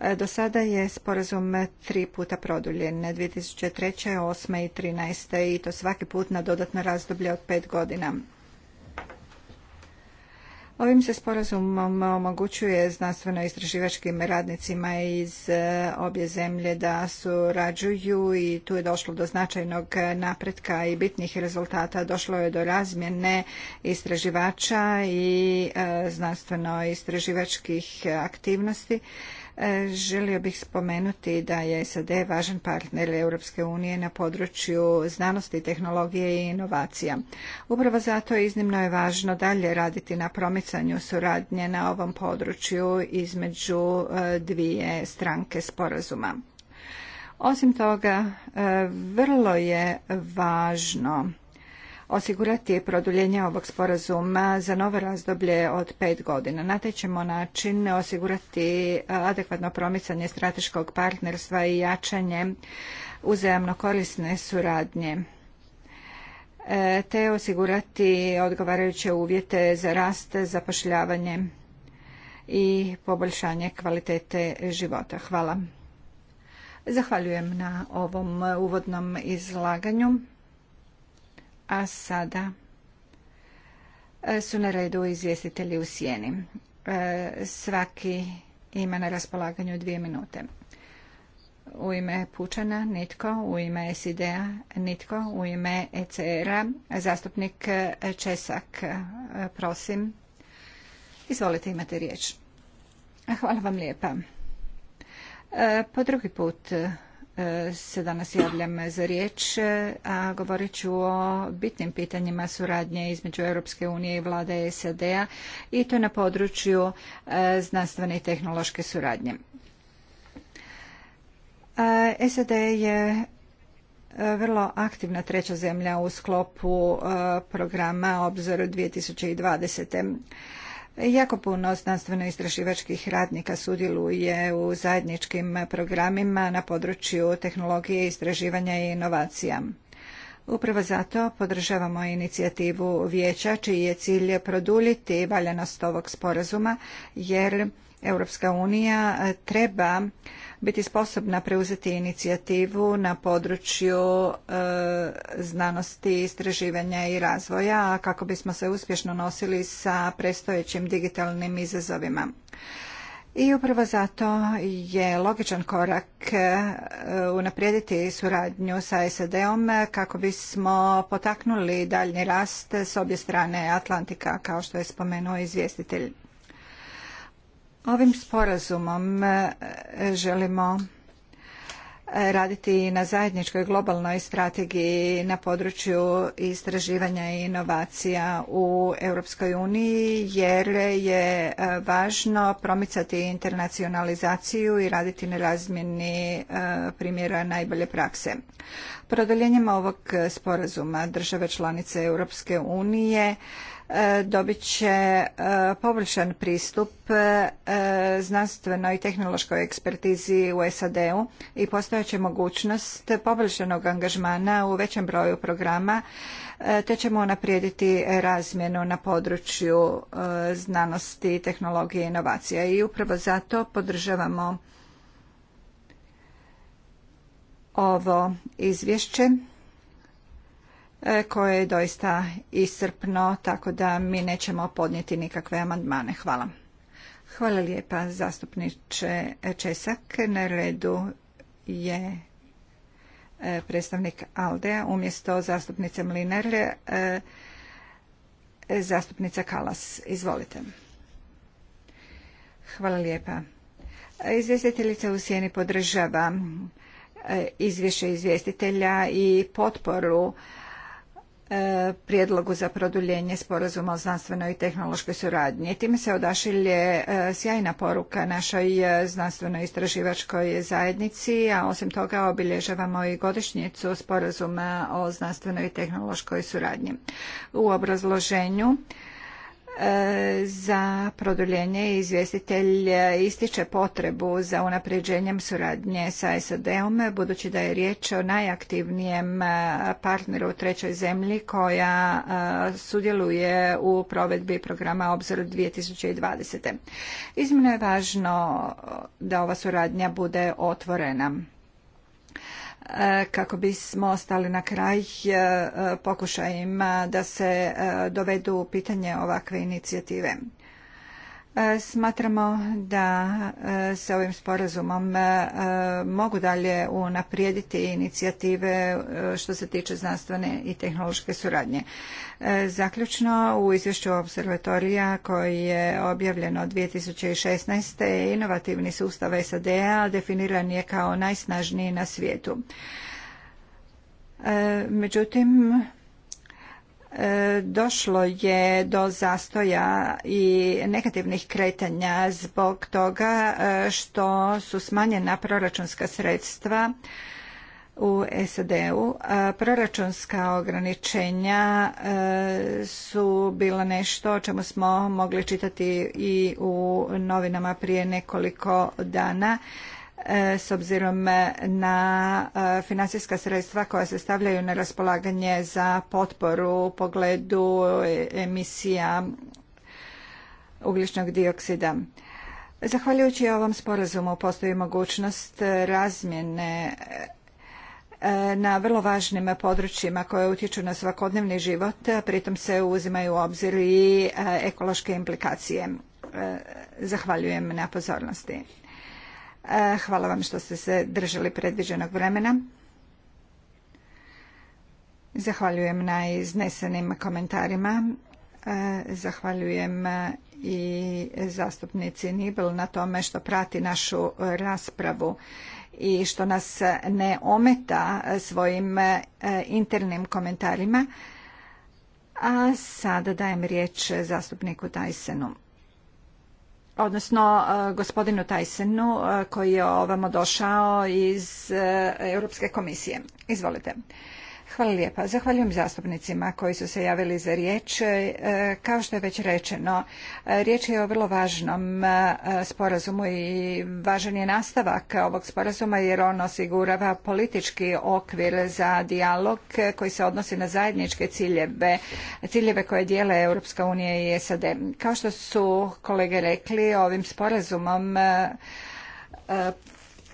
Eh, do sada je sporazum tri puta produljen, 2003., 2008. i 2013. i to svaki put na dodatno razdoblje od pet godina. Ovim se sporazumom omogućuje znanstveno-istraživačkim radnicima iz e, obje zemlje da surađuju i tu je došlo do značajnog napretka i bitnih rezultata. Došlo je do razmjene istraživača i e, znanstveno-istraživačkih aktivnosti E, želio bih spomenuti da je SAD važan partner Europske unije na području znanosti, tehnologije i inovacija. Upravo zato iznimno je važno dalje raditi na promicanju suradnje na ovom području između e, dvije stranke sporazuma. Osim toga, e, vrlo je važno osigurati produljenje ovog sporazuma za novo razdoblje od pet godina. Na taj ćemo način osigurati e, adekvatno promicanje strateškog partnerstva i jačanje uzajamno korisne suradnje e, te osigurati odgovarajuće uvjete za rast, zapošljavanje i poboljšanje kvalitete života. Hvala. Zahvaljujem na ovom uvodnom izlaganju. A sada e, su na redu izvjestitelji u sjeni. E, svaki ima na raspolaganju dvije minute. U ime Pučana nitko, u ime SID-a nitko, u ime ECR-a zastupnik Česak, e, prosim. Izvolite, imate riječ. Hvala vam lijepa. Po drugi put se danas javljam za riječ, a govorit ću o bitnim pitanjima suradnje između Europske unije i vlade SAD-a i to na području e, znanstvene i tehnološke suradnje. E, SAD je e, vrlo aktivna treća zemlja u sklopu programa Obzor 2020 Jako puno znanstveno-istraživačkih radnika sudjeluje u zajedničkim programima na području tehnologije, istraživanja i inovacija. Upravo zato podržavamo inicijativu vijeća čiji je cilj produljiti valjanost ovog sporazuma jer Europska unija treba biti sposobna preuzeti inicijativu na području e, znanosti, istraživanja i razvoja, a kako bismo se uspješno nosili sa prestojećim digitalnim izazovima. I upravo zato je logičan korak e, unaprijediti suradnju sa SAD-om kako bismo potaknuli daljnji rast s obje strane Atlantika, kao što je spomenuo izvjestitelj. Ovim sporazumom e, želimo e, raditi na zajedničkoj globalnoj strategiji na području istraživanja i inovacija u Europskoj uniji jer je e, važno promicati internacionalizaciju i raditi na razmjeni primjera najbolje prakse. Produljenjem ovog sporazuma države članice Europske unije E, dobit će e, poboljšan pristup e, znanstvenoj i tehnološkoj ekspertizi u SAD-u i će mogućnost poboljšanog angažmana u većem broju programa te ćemo unaprijediti razmjenu na području znanosti, tehnologije i inovacija. I upravo zato podržavamo ovo izvješće E, koje je doista iscrpno, tako da mi nećemo podnijeti nikakve amandmane. Hvala. Hvala lijepa zastupniče Česak. Na redu je e, predstavnik Aldea umjesto zastupnice Mlinar e, zastupnica Kalas. Izvolite. Hvala lijepa. Izvjestiteljica u Sjeni podržava izvješće izvjestitelja i potporu E, prijedlogu za produljenje sporazuma o znanstvenoj i tehnološkoj suradnji. Time se odašilje e, sjajna poruka našoj e, znanstveno istraživačkoj zajednici, a osim toga obilježavamo i godišnjicu sporazuma o znanstvenoj i tehnološkoj suradnji. U obrazloženju E, za produljenje izvjestitelj e, ističe potrebu za unapređenjem suradnje sa SAD-om budući da je riječ o najaktivnijem e, partneru u trećoj zemlji koja sudjeluje u provedbi programa Obzor 2020. iznimno je važno da ova suradnja bude otvorena kako bismo ostali na kraj e, e, pokušajima da se e, dovedu u pitanje ovakve inicijative. Smatramo da e, se ovim sporazumom e, mogu dalje unaprijediti inicijative e, što se tiče znanstvene i tehnološke suradnje. Zaključno u izvješću observatorija koji je objavljeno 2016. inovativni sustav SAD-a definiran je kao najsnažniji na svijetu. Međutim, došlo je do zastoja i negativnih kretanja zbog toga e, što su smanjena proračunska sredstva u SAD-u. E, proračunska ograničenja e, su bila nešto o čemu smo mogli čitati i u novinama prije nekoliko dana s obzirom na e, financijska sredstva koja se stavljaju na raspolaganje za potporu u pogledu emisija ugljičnog dioksida. Zahvaljujući ovom sporazumu postoji mogućnost razmjene e, na vrlo važnim područjima koje utječu na svakodnevni život, pritom se uzimaju u obzir i e, ekološke implikacije. Zahvaljujem na pozornosti. E, hvala vam što ste se držali predviđenog vremena. Zahvaljujem na iznesenim komentarima. E, zahvaljujem i zastupnici Nibel na tome što prati našu raspravu i što nas ne ometa svojim e, internim komentarima. A sada dajem riječ zastupniku Tajsenu odnosno e, gospodinu Tajsenu e, koji je ovamo došao iz e, Europske komisije. Izvolite. Hvala lijepa. Zahvaljujem zastupnicima koji su se javili za riječ. E, kao što je već rečeno, e, riječ je o vrlo važnom e, sporazumu i važan je nastavak ovog sporazuma jer on osigurava politički okvir za dijalog koji se odnosi na zajedničke ciljeve, ciljeve koje dijele Europska unija i SAD. Kao što su kolege rekli, ovim sporazumom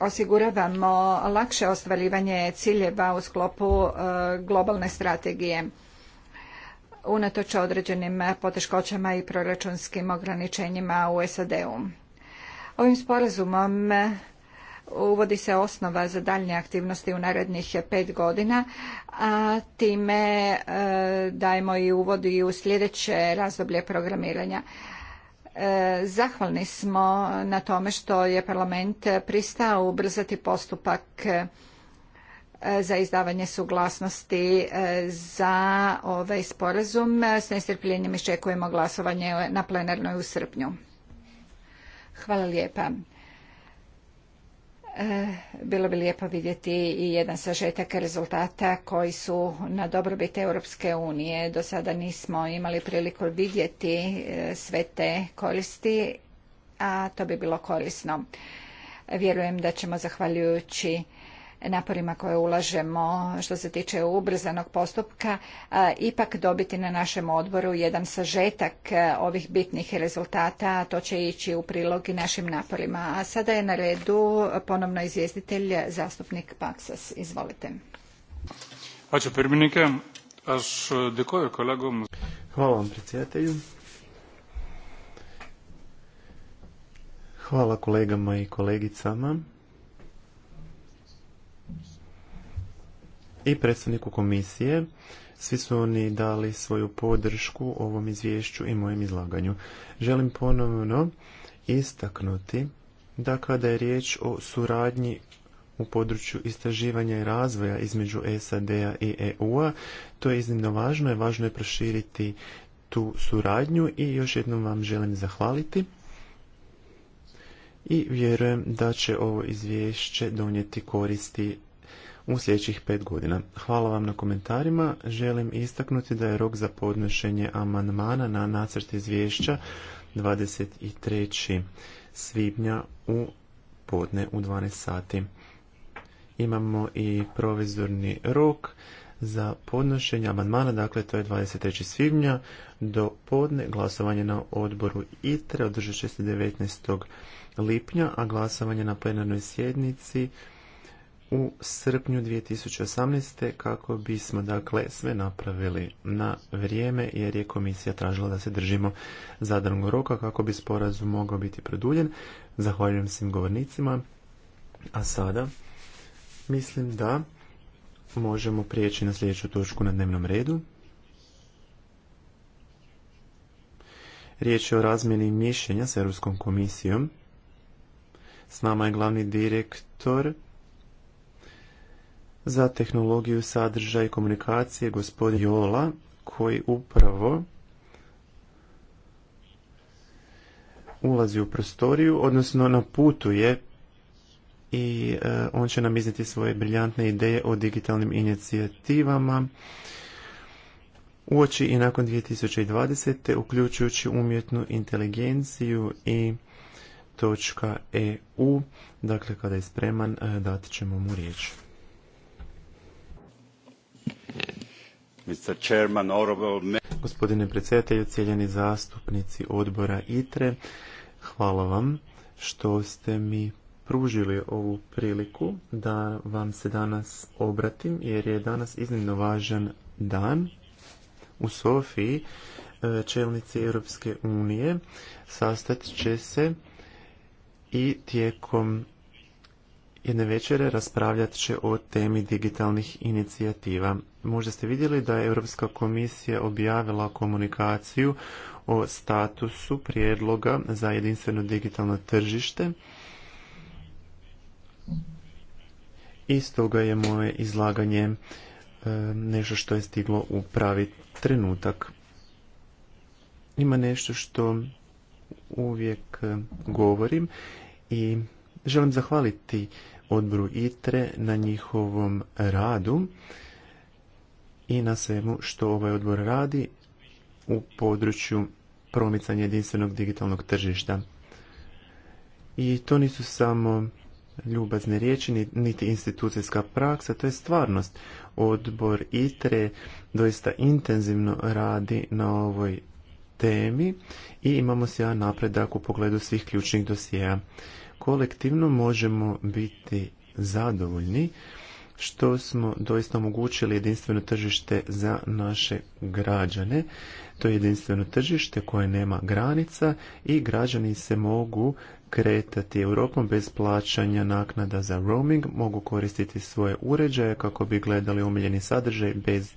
osiguravamo lakše ostvarivanje ciljeva u sklopu e, globalne strategije unatoč određenim poteškoćama i proračunskim ograničenjima u SAD-u. Ovim sporazumom e, uvodi se osnova za daljnje aktivnosti u narednih pet godina, a time e, dajemo i uvodi u sljedeće razdoblje programiranja. E, zahvalni smo na tome što je parlament pristao ubrzati postupak e, za izdavanje suglasnosti e, za ovaj sporazum. S nestrpljenjem iščekujemo glasovanje na plenarnoj u srpnju. Hvala lijepa. Eh, bilo bi lijepo vidjeti i jedan sažetak rezultata koji su na dobrobit Europske unije. Do sada nismo imali priliku vidjeti eh, sve te koristi, a to bi bilo korisno. Vjerujem da ćemo zahvaljujući naporima koje ulažemo što se tiče ubrzanog postupka ipak dobiti na našem odboru jedan sažetak ovih bitnih rezultata. To će ići u prilog i našim naporima. A sada je na redu ponovno izvjestitelj zastupnik Paksas. Izvolite. Hvala vam predsjedatelju. Hvala kolegama i kolegicama i predstavniku komisije. Svi su oni dali svoju podršku ovom izvješću i mojem izlaganju. Želim ponovno istaknuti da kada je riječ o suradnji u području istraživanja i razvoja između SAD-a i EU-a, to je iznimno važno i važno je proširiti tu suradnju i još jednom vam želim zahvaliti i vjerujem da će ovo izvješće donijeti koristi u sljedećih pet godina. Hvala vam na komentarima. Želim istaknuti da je rok za podnošenje amandmana na nacrt izvješća 23. svibnja u podne u 12 sati. Imamo i provizorni rok za podnošenje amandmana, dakle to je 23. svibnja do podne glasovanje na odboru ITRE održat će se 19. lipnja, a glasovanje na plenarnoj sjednici u srpnju 2018. kako bismo dakle sve napravili na vrijeme jer je komisija tražila da se držimo zadanog roka kako bi sporazum mogao biti produljen. Zahvaljujem svim govornicima. A sada mislim da možemo prijeći na sljedeću točku na dnevnom redu. Riječ je o razmjeni mišljenja s Europskom komisijom. S nama je glavni direktor za tehnologiju, sadržaja i komunikacije gospodin Jola koji upravo ulazi u prostoriju, odnosno na putu je i e, on će nam iznijeti svoje briljantne ideje o digitalnim inicijativama uoči i nakon 2020. uključujući umjetnu inteligenciju i točka EU. Dakle, kada je spreman, e, dati ćemo mu riječ. Gospodine predsjedatelju, cijenjeni zastupnici odbora ITRE, hvala vam što ste mi pružili ovu priliku da vam se danas obratim jer je danas iznimno važan dan u Sofiji e, čelnici Europske unije sastat će se i tijekom jedne večere raspravljat će o temi digitalnih inicijativa. Možda ste vidjeli da je Europska komisija objavila komunikaciju o statusu prijedloga za jedinstveno digitalno tržište. I stoga je moje izlaganje e, nešto što je stiglo u pravi trenutak. Ima nešto što uvijek e, govorim i Želim zahvaliti odboru ITRE na njihovom radu i na svemu što ovaj odbor radi u području promicanja jedinstvenog digitalnog tržišta. I to nisu samo ljubazne riječi, niti institucijska praksa, to je stvarnost. Odbor ITRE doista intenzivno radi na ovoj temi i imamo sjajan napredak u pogledu svih ključnih dosijeja kolektivno možemo biti zadovoljni što smo doista omogućili jedinstveno tržište za naše građane. To je jedinstveno tržište koje nema granica i građani se mogu kretati Europom bez plaćanja naknada za roaming, mogu koristiti svoje uređaje kako bi gledali omiljeni sadržaj bez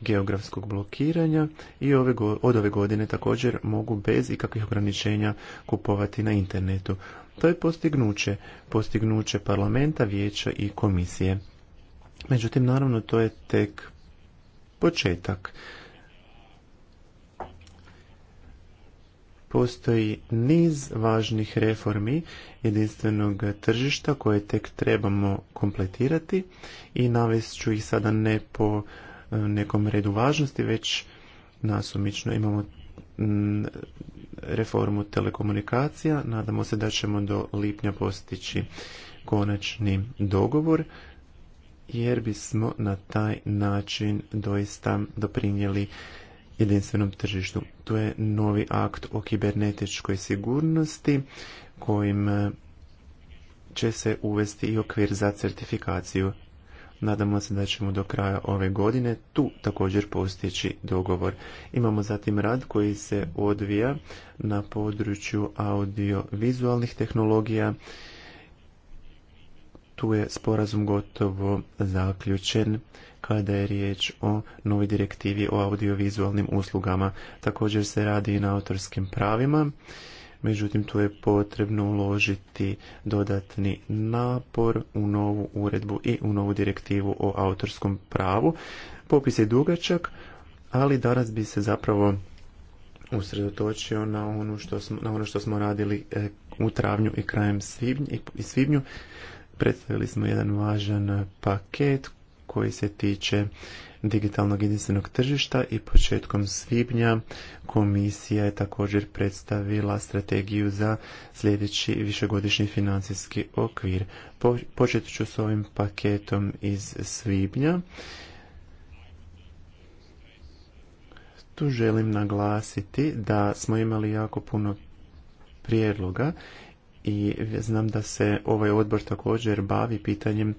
geografskog blokiranja i ove, od ove godine također mogu bez ikakvih ograničenja kupovati na internetu. To je postignuće, postignuće parlamenta, vijeća i komisije. Međutim, naravno, to je tek početak. Postoji niz važnih reformi jedinstvenog tržišta koje tek trebamo kompletirati i navest ću ih sada ne po eh, nekom redu važnosti, već nasumično imamo mm, reformu telekomunikacija. Nadamo se da ćemo do lipnja postići konačni dogovor jer bismo na taj način doista doprinijeli jedinstvenom tržištu. To je novi akt o kibernetičkoj sigurnosti kojim će se uvesti i okvir za certifikaciju Nadamo se da ćemo do kraja ove godine tu također postići dogovor. Imamo zatim rad koji se odvija na području audiovizualnih tehnologija. Tu je sporazum gotovo zaključen kada je riječ o novoj direktivi o audiovizualnim uslugama. Također se radi i na autorskim pravima međutim tu je potrebno uložiti dodatni napor u novu uredbu i u novu direktivu o autorskom pravu. Popis je dugačak, ali danas bi se zapravo usredotočio na ono što smo, na ono što smo radili e, u travnju i krajem svibnju, i svibnju. Predstavili smo jedan važan paket koji se tiče digitalnog jedinstvenog tržišta i početkom svibnja komisija je također predstavila strategiju za sljedeći višegodišnji financijski okvir. Počet ću s ovim paketom iz svibnja. Tu želim naglasiti da smo imali jako puno prijedloga i znam da se ovaj odbor također bavi pitanjem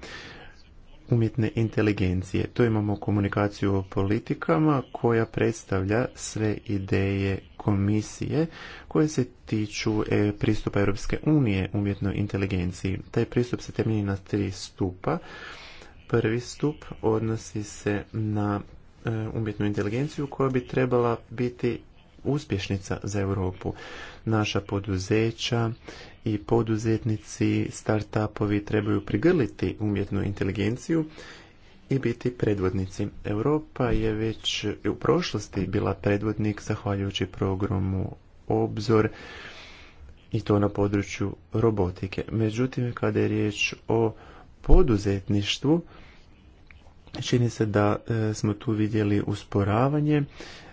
umjetne inteligencije. Tu imamo komunikaciju o politikama koja predstavlja sve ideje komisije koje se tiču e, pristupa Europske unije umjetnoj inteligenciji. Taj pristup se temelji na tri stupa. Prvi stup odnosi se na e, umjetnu inteligenciju koja bi trebala biti uspješnica za Europu. Naša poduzeća i poduzetnici, startupovi trebaju prigrliti umjetnu inteligenciju i biti predvodnici. Europa je već u prošlosti bila predvodnik zahvaljujući programu Obzor i to na području robotike. Međutim, kada je riječ o poduzetništvu, čini se da e, smo tu vidjeli usporavanje,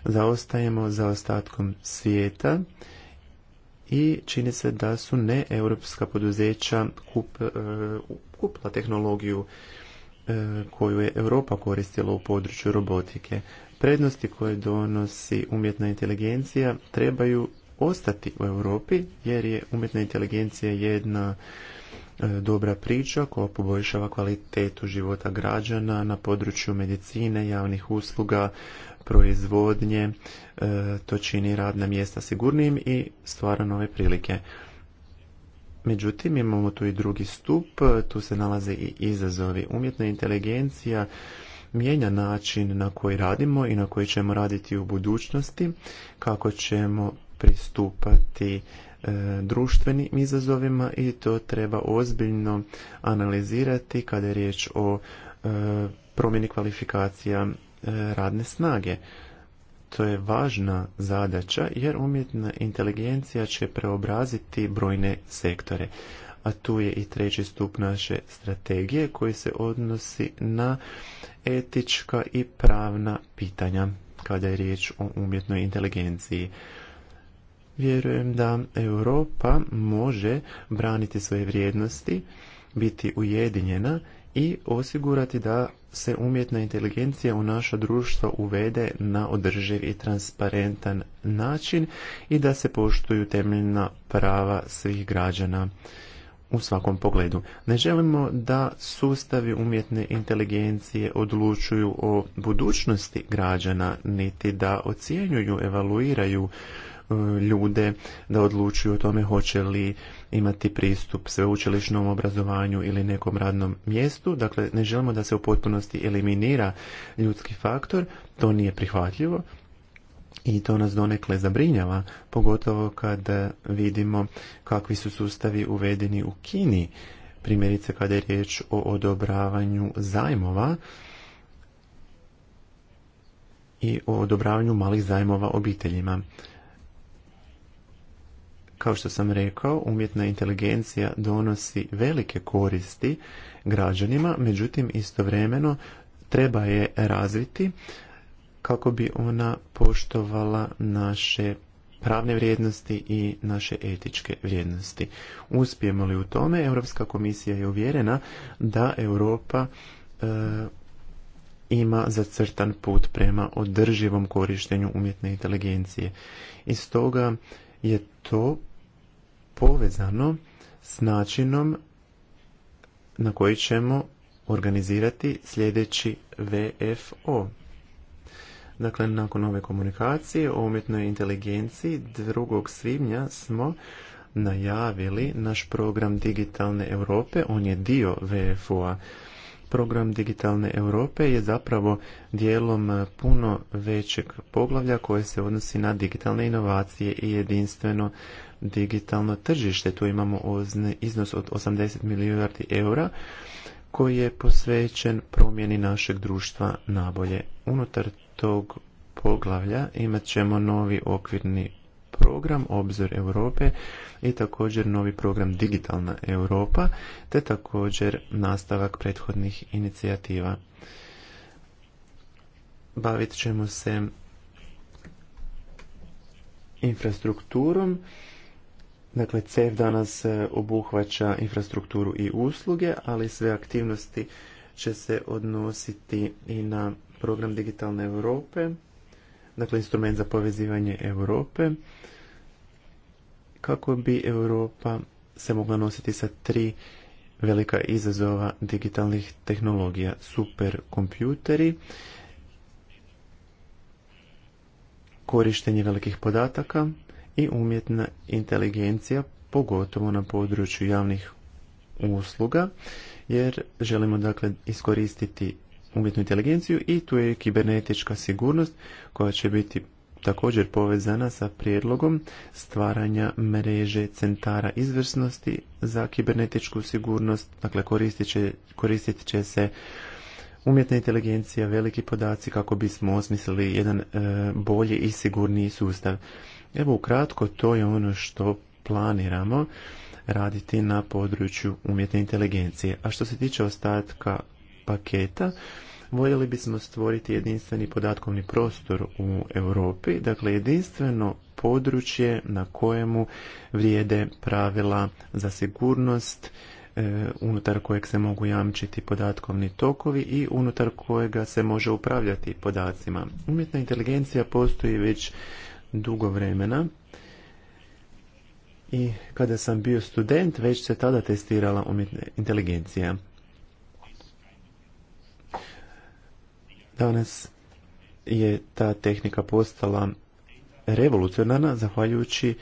zaostajemo za ostatkom svijeta i čini se da su ne europska poduzeća kup, e, tehnologiju e, koju je Europa koristila u području robotike. Prednosti koje donosi umjetna inteligencija trebaju ostati u Europi jer je umjetna inteligencija jedna e, dobra priča koja poboljšava kvalitetu života građana na području medicine, javnih usluga, proizvodnje, e, to čini radna mjesta sigurnijim i stvara nove prilike. Međutim, imamo tu i drugi stup, tu se nalaze i izazovi. Umjetna inteligencija mijenja način na koji radimo i na koji ćemo raditi u budućnosti, kako ćemo pristupati e, društvenim izazovima i to treba ozbiljno analizirati kada je riječ o e, promjeni kvalifikacija radne snage. To je važna zadaća jer umjetna inteligencija će preobraziti brojne sektore. A tu je i treći stup naše strategije koji se odnosi na etička i pravna pitanja kada je riječ o umjetnoj inteligenciji. Vjerujem da Europa može braniti svoje vrijednosti, biti ujedinjena i osigurati da se umjetna inteligencija u naša društvo uvede na održiv i transparentan način i da se poštuju temeljna prava svih građana u svakom pogledu. Ne želimo da sustavi umjetne inteligencije odlučuju o budućnosti građana, niti da ocjenjuju, evaluiraju E, ljude da odlučuju o tome hoće li imati pristup sveučilišnom obrazovanju ili nekom radnom mjestu. Dakle, ne želimo da se u potpunosti eliminira ljudski faktor, to nije prihvatljivo i to nas donekle zabrinjava, pogotovo kada vidimo kakvi su sustavi uvedeni u Kini, primjerice kada je riječ o odobravanju zajmova i o odobravanju malih zajmova obiteljima. Kao što sam rekao, umjetna inteligencija donosi velike koristi građanima, međutim istovremeno treba je razviti kako bi ona poštovala naše pravne vrijednosti i naše etičke vrijednosti. Uspijemo li u tome, Europska komisija je uvjerena da Europa e, ima zacrtan put prema održivom korištenju umjetne inteligencije. I stoga je to povezano s načinom na koji ćemo organizirati sljedeći VFO. Dakle, nakon ove komunikacije o umjetnoj inteligenciji 2. svibnja smo najavili naš program Digitalne Europe. On je dio VFO-a. Program Digitalne Europe je zapravo dijelom puno većeg poglavlja koje se odnosi na digitalne inovacije i jedinstveno digitalno tržište. Tu imamo iznos od 80 milijardi eura koji je posvećen promjeni našeg društva nabolje. Unutar tog poglavlja imat ćemo novi okvirni program Obzor Europe i također novi program Digitalna Europa te također nastavak prethodnih inicijativa. Bavit ćemo se infrastrukturom Dakle, CEF danas e, obuhvaća infrastrukturu i usluge, ali sve aktivnosti će se odnositi i na program Digitalne Europe, dakle instrument za povezivanje Europe, kako bi Europa se mogla nositi sa tri velika izazova digitalnih tehnologija, superkompjuteri, korištenje velikih podataka, i umjetna inteligencija, pogotovo na području javnih usluga, jer želimo dakle iskoristiti umjetnu inteligenciju i tu je kibernetička sigurnost koja će biti također povezana sa prijedlogom stvaranja mreže centara izvrsnosti za kibernetičku sigurnost. Dakle, koristit će, koristit će se umjetna inteligencija, veliki podaci kako bismo osmislili jedan e, bolji i sigurniji sustav. Evo ukratko, to je ono što planiramo raditi na području umjetne inteligencije. A što se tiče ostatka paketa, voljeli bismo stvoriti jedinstveni podatkovni prostor u Europi, dakle jedinstveno područje na kojemu vrijede pravila za sigurnost, e, unutar kojeg se mogu jamčiti podatkovni tokovi i unutar kojega se može upravljati podacima. Umjetna inteligencija postoji već dugo vremena i kada sam bio student već se tada testirala umjetna inteligencija. Danas je ta tehnika postala revolucionarna zahvaljujući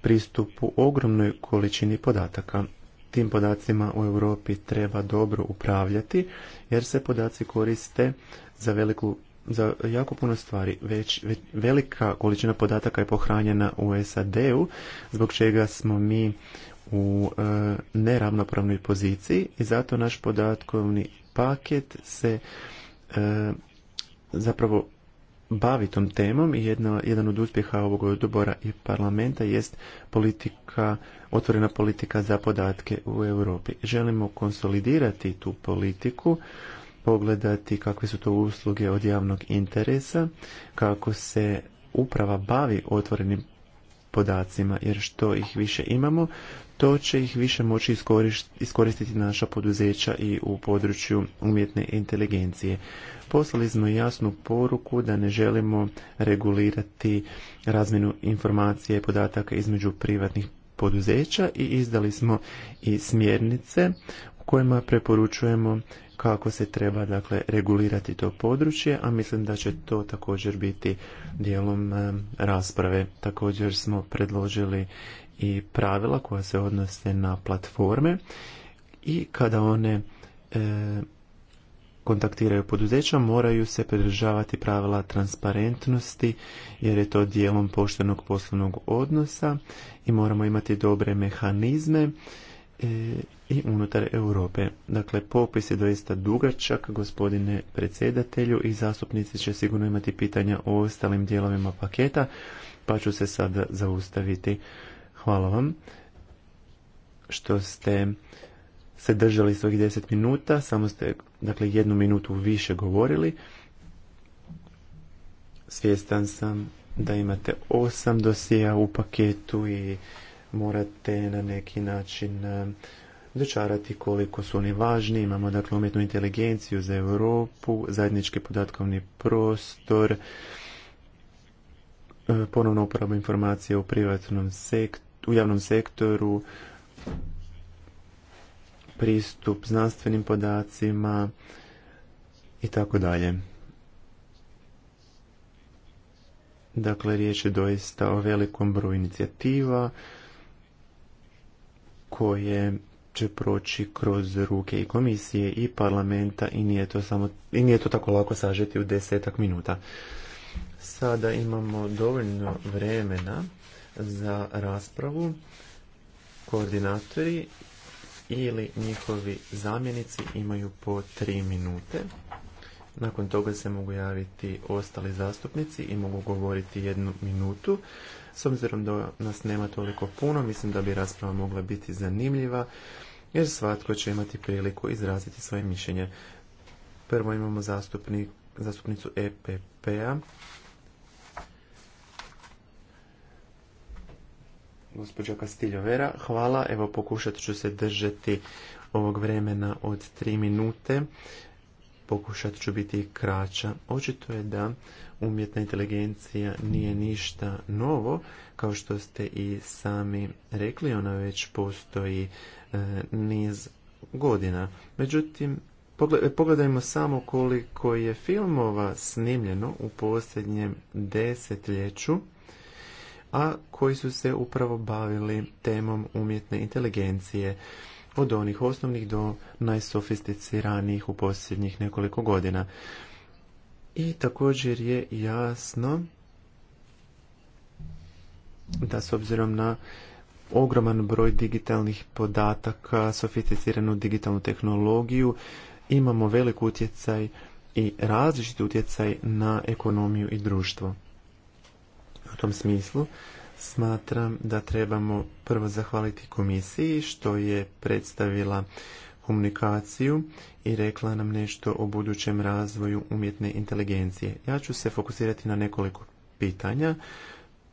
pristupu ogromnoj količini podataka. Tim podacima u Europi treba dobro upravljati jer se podaci koriste za veliku za jako puno stvari. Već, već velika količina podataka je pohranjena u SAD-u, zbog čega smo mi u e, neravnopravnoj poziciji i zato naš podatkovni paket se e, zapravo bavi tom temom i jedna, jedan od uspjeha ovog odbora i parlamenta jest politika, otvorena politika za podatke u Europi. Želimo konsolidirati tu politiku pogledati kakve su to usluge od javnog interesa, kako se uprava bavi otvorenim podacima, jer što ih više imamo, to će ih više moći iskoristiti naša poduzeća i u području umjetne inteligencije. Poslali smo jasnu poruku da ne želimo regulirati razmjenu informacije i podataka između privatnih poduzeća i izdali smo i smjernice u kojima preporučujemo kako se treba dakle regulirati to područje, a mislim da će to također biti dijelom e, rasprave. Također smo predložili i pravila koja se odnose na platforme i kada one e, kontaktiraju poduzeća moraju se pridržavati pravila transparentnosti jer je to dijelom poštenog poslovnog odnosa i moramo imati dobre mehanizme E, i unutar Europe. Dakle, popis je doista dugačak, gospodine predsjedatelju, i zastupnici će sigurno imati pitanja o ostalim dijelovima paketa, pa ću se sada zaustaviti. Hvala vam što ste se držali svojih deset minuta, samo ste dakle, jednu minutu više govorili. Svjestan sam da imate osam dosija u paketu i morate na neki način dočarati e, koliko su oni važni. Imamo dakle umjetnu inteligenciju za Europu, zajednički podatkovni prostor, e, ponovno uporabu informacija u privatnom sektoru, u javnom sektoru, pristup znanstvenim podacima i tako dalje. Dakle, riječ je doista o velikom broju inicijativa koje će proći kroz ruke i komisije i parlamenta i nije to, samo, i nije to tako lako sažeti u desetak minuta. Sada imamo dovoljno vremena za raspravu. Koordinatori ili njihovi zamjenici imaju po tri minute. Nakon toga se mogu javiti ostali zastupnici i mogu govoriti jednu minutu. S obzirom da nas nema toliko puno, mislim da bi rasprava mogla biti zanimljiva, jer svatko će imati priliku izraziti svoje mišljenje. Prvo imamo zastupnik, zastupnicu EPP-a. Gospođo Kastiljo Vera, hvala. Evo pokušat ću se držati ovog vremena od tri minute. Pokušat ću biti kraća. Očito je da umjetna inteligencija nije ništa novo, kao što ste i sami rekli, ona već postoji e, niz godina. Međutim, pogledajmo samo koliko je filmova snimljeno u posljednjem desetljeću, a koji su se upravo bavili temom umjetne inteligencije od onih osnovnih do najsofisticiranijih u posljednjih nekoliko godina. I također je jasno da s obzirom na ogroman broj digitalnih podataka, sofisticiranu digitalnu tehnologiju, imamo velik utjecaj i različit utjecaj na ekonomiju i društvo. U tom smislu smatram da trebamo prvo zahvaliti komisiji što je predstavila komunikaciju i rekla nam nešto o budućem razvoju umjetne inteligencije. Ja ću se fokusirati na nekoliko pitanja.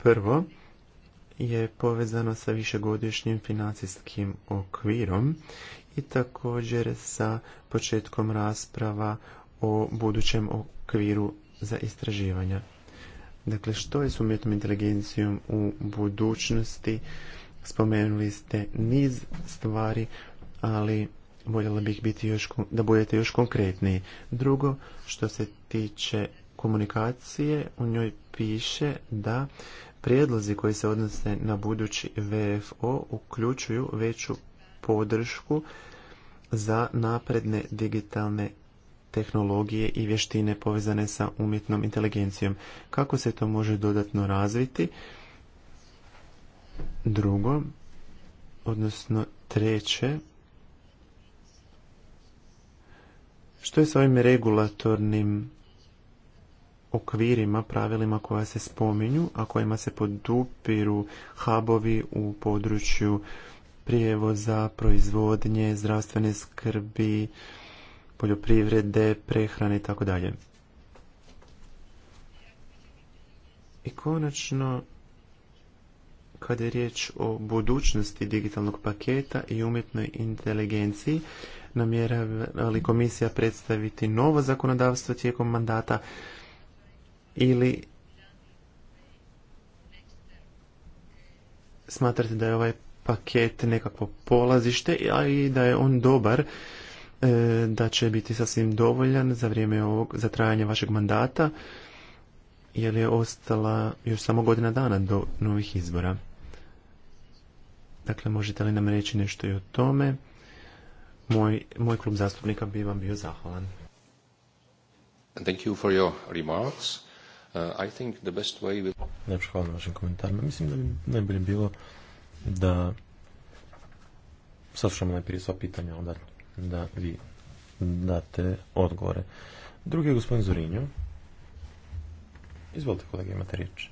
Prvo je povezano sa višegodišnjim financijskim okvirom i također sa početkom rasprava o budućem okviru za istraživanja. Dakle, što je s umjetnom inteligencijom u budućnosti? Spomenuli ste niz stvari, ali voljela bih biti još, da budete još konkretniji. Drugo, što se tiče komunikacije, u njoj piše da prijedlozi koji se odnose na budući VFO uključuju veću podršku za napredne digitalne tehnologije i vještine povezane sa umjetnom inteligencijom. Kako se to može dodatno razviti? Drugo, odnosno treće, Što je s ovim regulatornim okvirima, pravilima koja se spominju, a kojima se podupiru hubovi u području prijevoza, proizvodnje, zdravstvene skrbi, poljoprivrede, prehrane i tako dalje. I konačno, kada je riječ o budućnosti digitalnog paketa i umjetnoj inteligenciji, namjera li komisija predstaviti novo zakonodavstvo tijekom mandata ili smatrate da je ovaj paket nekakvo polazište, a i da je on dobar, e, da će biti sasvim dovoljan za vrijeme ovog, za trajanje vašeg mandata, jer je ostala još samo godina dana do novih izbora. Dakle, možete li nam reći nešto i o tome? moj, moj klub zastupnika bi vam bio zahvalan. Thank you for your remarks. Uh, I think best way hvala na vašim komentarima. Mislim da bi najbolje bilo da saslušamo najprije sva pitanja, onda da vi date odgovore. Drugi je gospodin Zorinjo. Izvolite kolega, imate riječ.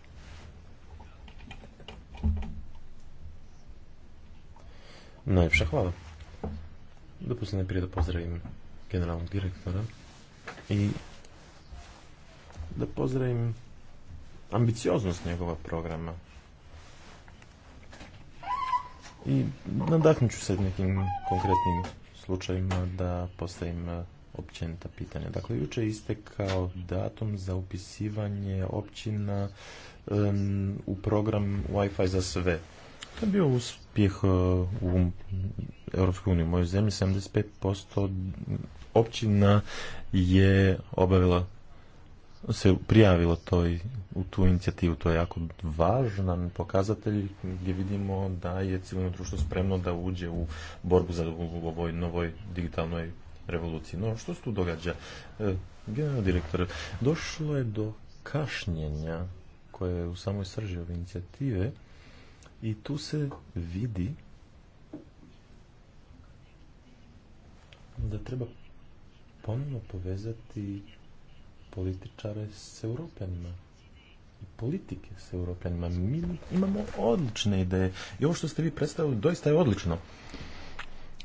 Najljepša hvala. Dopustite najprije da pozdravim generalnog direktora i da pozdravim ambicioznost njegova programa. I nadahnut ću se nekim konkretnim slučajima da postavim e, općenita pitanja. Dakle, jučer je istekao datum za upisivanje općina u program Wi-Fi za sve. To je bio uspjeh e, u EU? U mojoj zemlji 75% općina je obavila se prijavilo toj, u tu inicijativu. To je jako važan pokazatelj gdje vidimo da je civilno društvo spremno da uđe u borbu za u ovoj novoj digitalnoj revoluciji. No, što se tu događa? E, direktor, došlo je do kašnjenja koje je u samoj srži ove inicijative i tu se vidi da treba ponovno povezati političare s europljanima i politike s europljanima. Mi imamo odlične ideje i ovo što ste vi predstavili doista je odlično.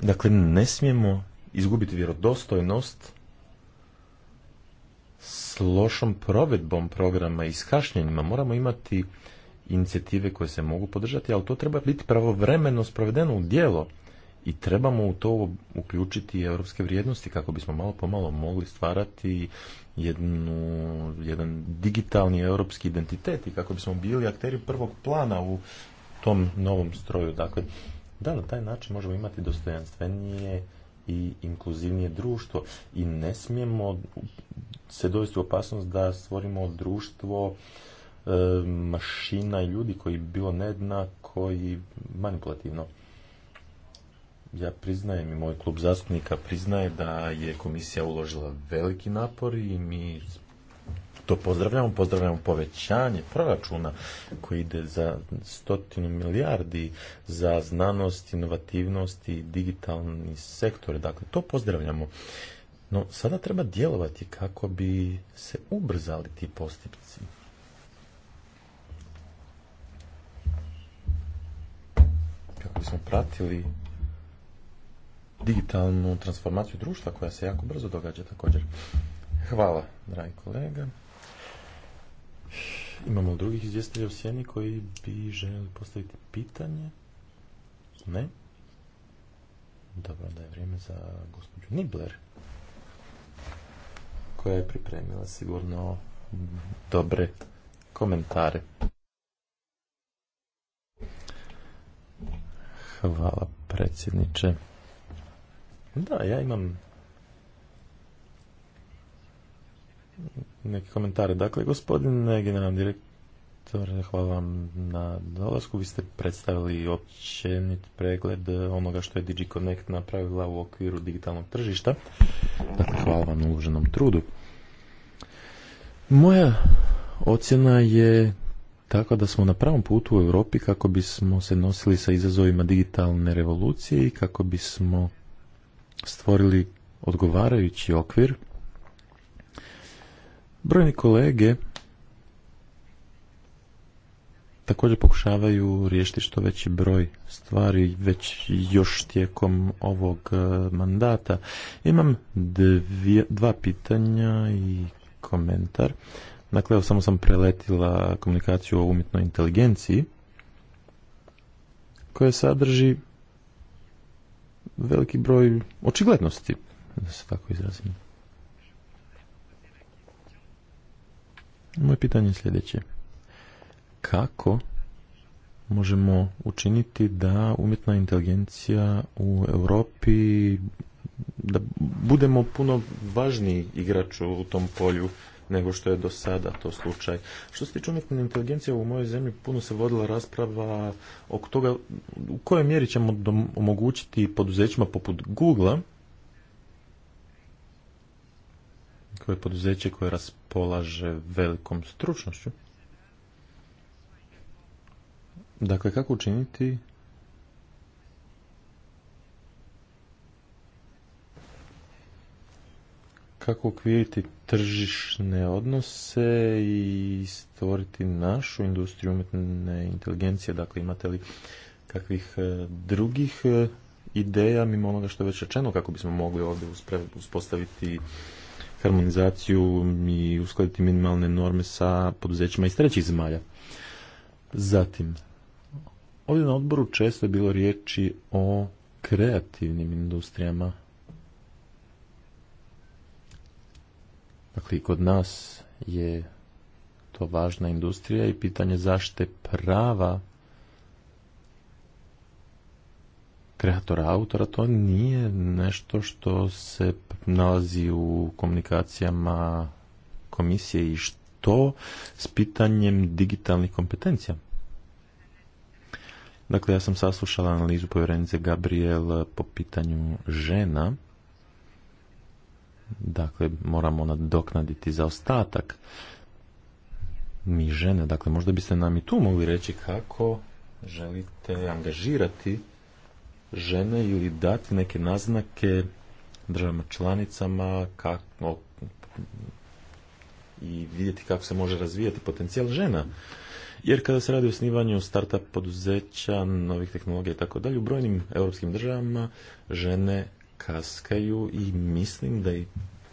Dakle, ne smijemo izgubiti vjerodostojnost s lošom provedbom programa i s Moramo imati inicijative koje se mogu podržati, ali to treba biti pravovremeno sprovedeno u djelo i trebamo u to uključiti europske vrijednosti kako bismo malo pomalo mogli stvarati jednu, jedan digitalni europski identitet i kako bismo bili akteri prvog plana u tom novom stroju. Dakle, da na taj način možemo imati dostojanstvenije i inkluzivnije društvo i ne smijemo se dovesti u opasnost da stvorimo društvo E, mašina ljudi koji bilo nedna, koji manipulativno. Ja priznajem i moj klub zastupnika priznaje da je komisija uložila veliki napor i mi to pozdravljamo, pozdravljamo povećanje proračuna koji ide za stotinu milijardi za znanost, inovativnost i digitalni sektor. Dakle, to pozdravljamo. No, sada treba djelovati kako bi se ubrzali ti postupci. kako bismo pratili digitalnu transformaciju društva koja se jako brzo događa također. Hvala, dragi kolega. Imamo drugih izvjestitelja u sjeni koji bi željeli postaviti pitanje? Ne? Dobro, da je vrijeme za gospođu Nibler, koja je pripremila sigurno dobre komentare. Hvala predsjedniče. Da, ja imam neke komentare. Dakle, gospodine generalni direktor, hvala vam na dolasku. Vi ste predstavili općenit pregled onoga što je DigiConnect napravila u okviru digitalnog tržišta. Dakle, hvala vam na uloženom trudu. Moja ocjena je tako da smo na pravom putu u Europi kako bismo se nosili sa izazovima digitalne revolucije i kako bismo stvorili odgovarajući okvir. Brojni kolege također pokušavaju riješiti što veći broj stvari već još tijekom ovog e, mandata. Imam dva pitanja i komentar. Dakle, evo samo sam preletila komunikaciju o umjetnoj inteligenciji koja sadrži veliki broj očiglednosti, da se tako izrazim. Moje pitanje je sljedeće. Kako možemo učiniti da umjetna inteligencija u Europi da budemo puno važniji igrač u tom polju nego što je do sada to slučaj. Što se tiče umjetne inteligencije, u mojoj zemlji puno se vodila rasprava oko toga u kojoj mjeri ćemo omogućiti poduzećima poput google koje poduzeće koje raspolaže velikom stručnošću, Dakle, kako učiniti kako okviriti tržišne odnose i stvoriti našu industriju umjetne inteligencije, dakle imate li kakvih e, drugih e, ideja mimo onoga što je već rečeno kako bismo mogli ovdje uspostaviti harmonizaciju i uskladiti minimalne norme sa poduzećima iz trećih zemalja. Zatim, ovdje na odboru često je bilo riječi o kreativnim industrijama Dakle, kod nas je to važna industrija i pitanje zaštite prava kreatora, autora, to nije nešto što se nalazi u komunikacijama komisije i što s pitanjem digitalnih kompetencija. Dakle, ja sam saslušala analizu povjerenice Gabriel po pitanju žena Dakle, moramo nadoknaditi za ostatak. Mi žene, dakle, možda biste nam i tu mogli reći kako želite angažirati žene ili dati neke naznake državama članicama kako, i vidjeti kako se može razvijati potencijal žena. Jer kada se radi o osnivanju startup poduzeća, novih tehnologija i tako dalje, u brojnim europskim državama žene kaskaju i mislim da i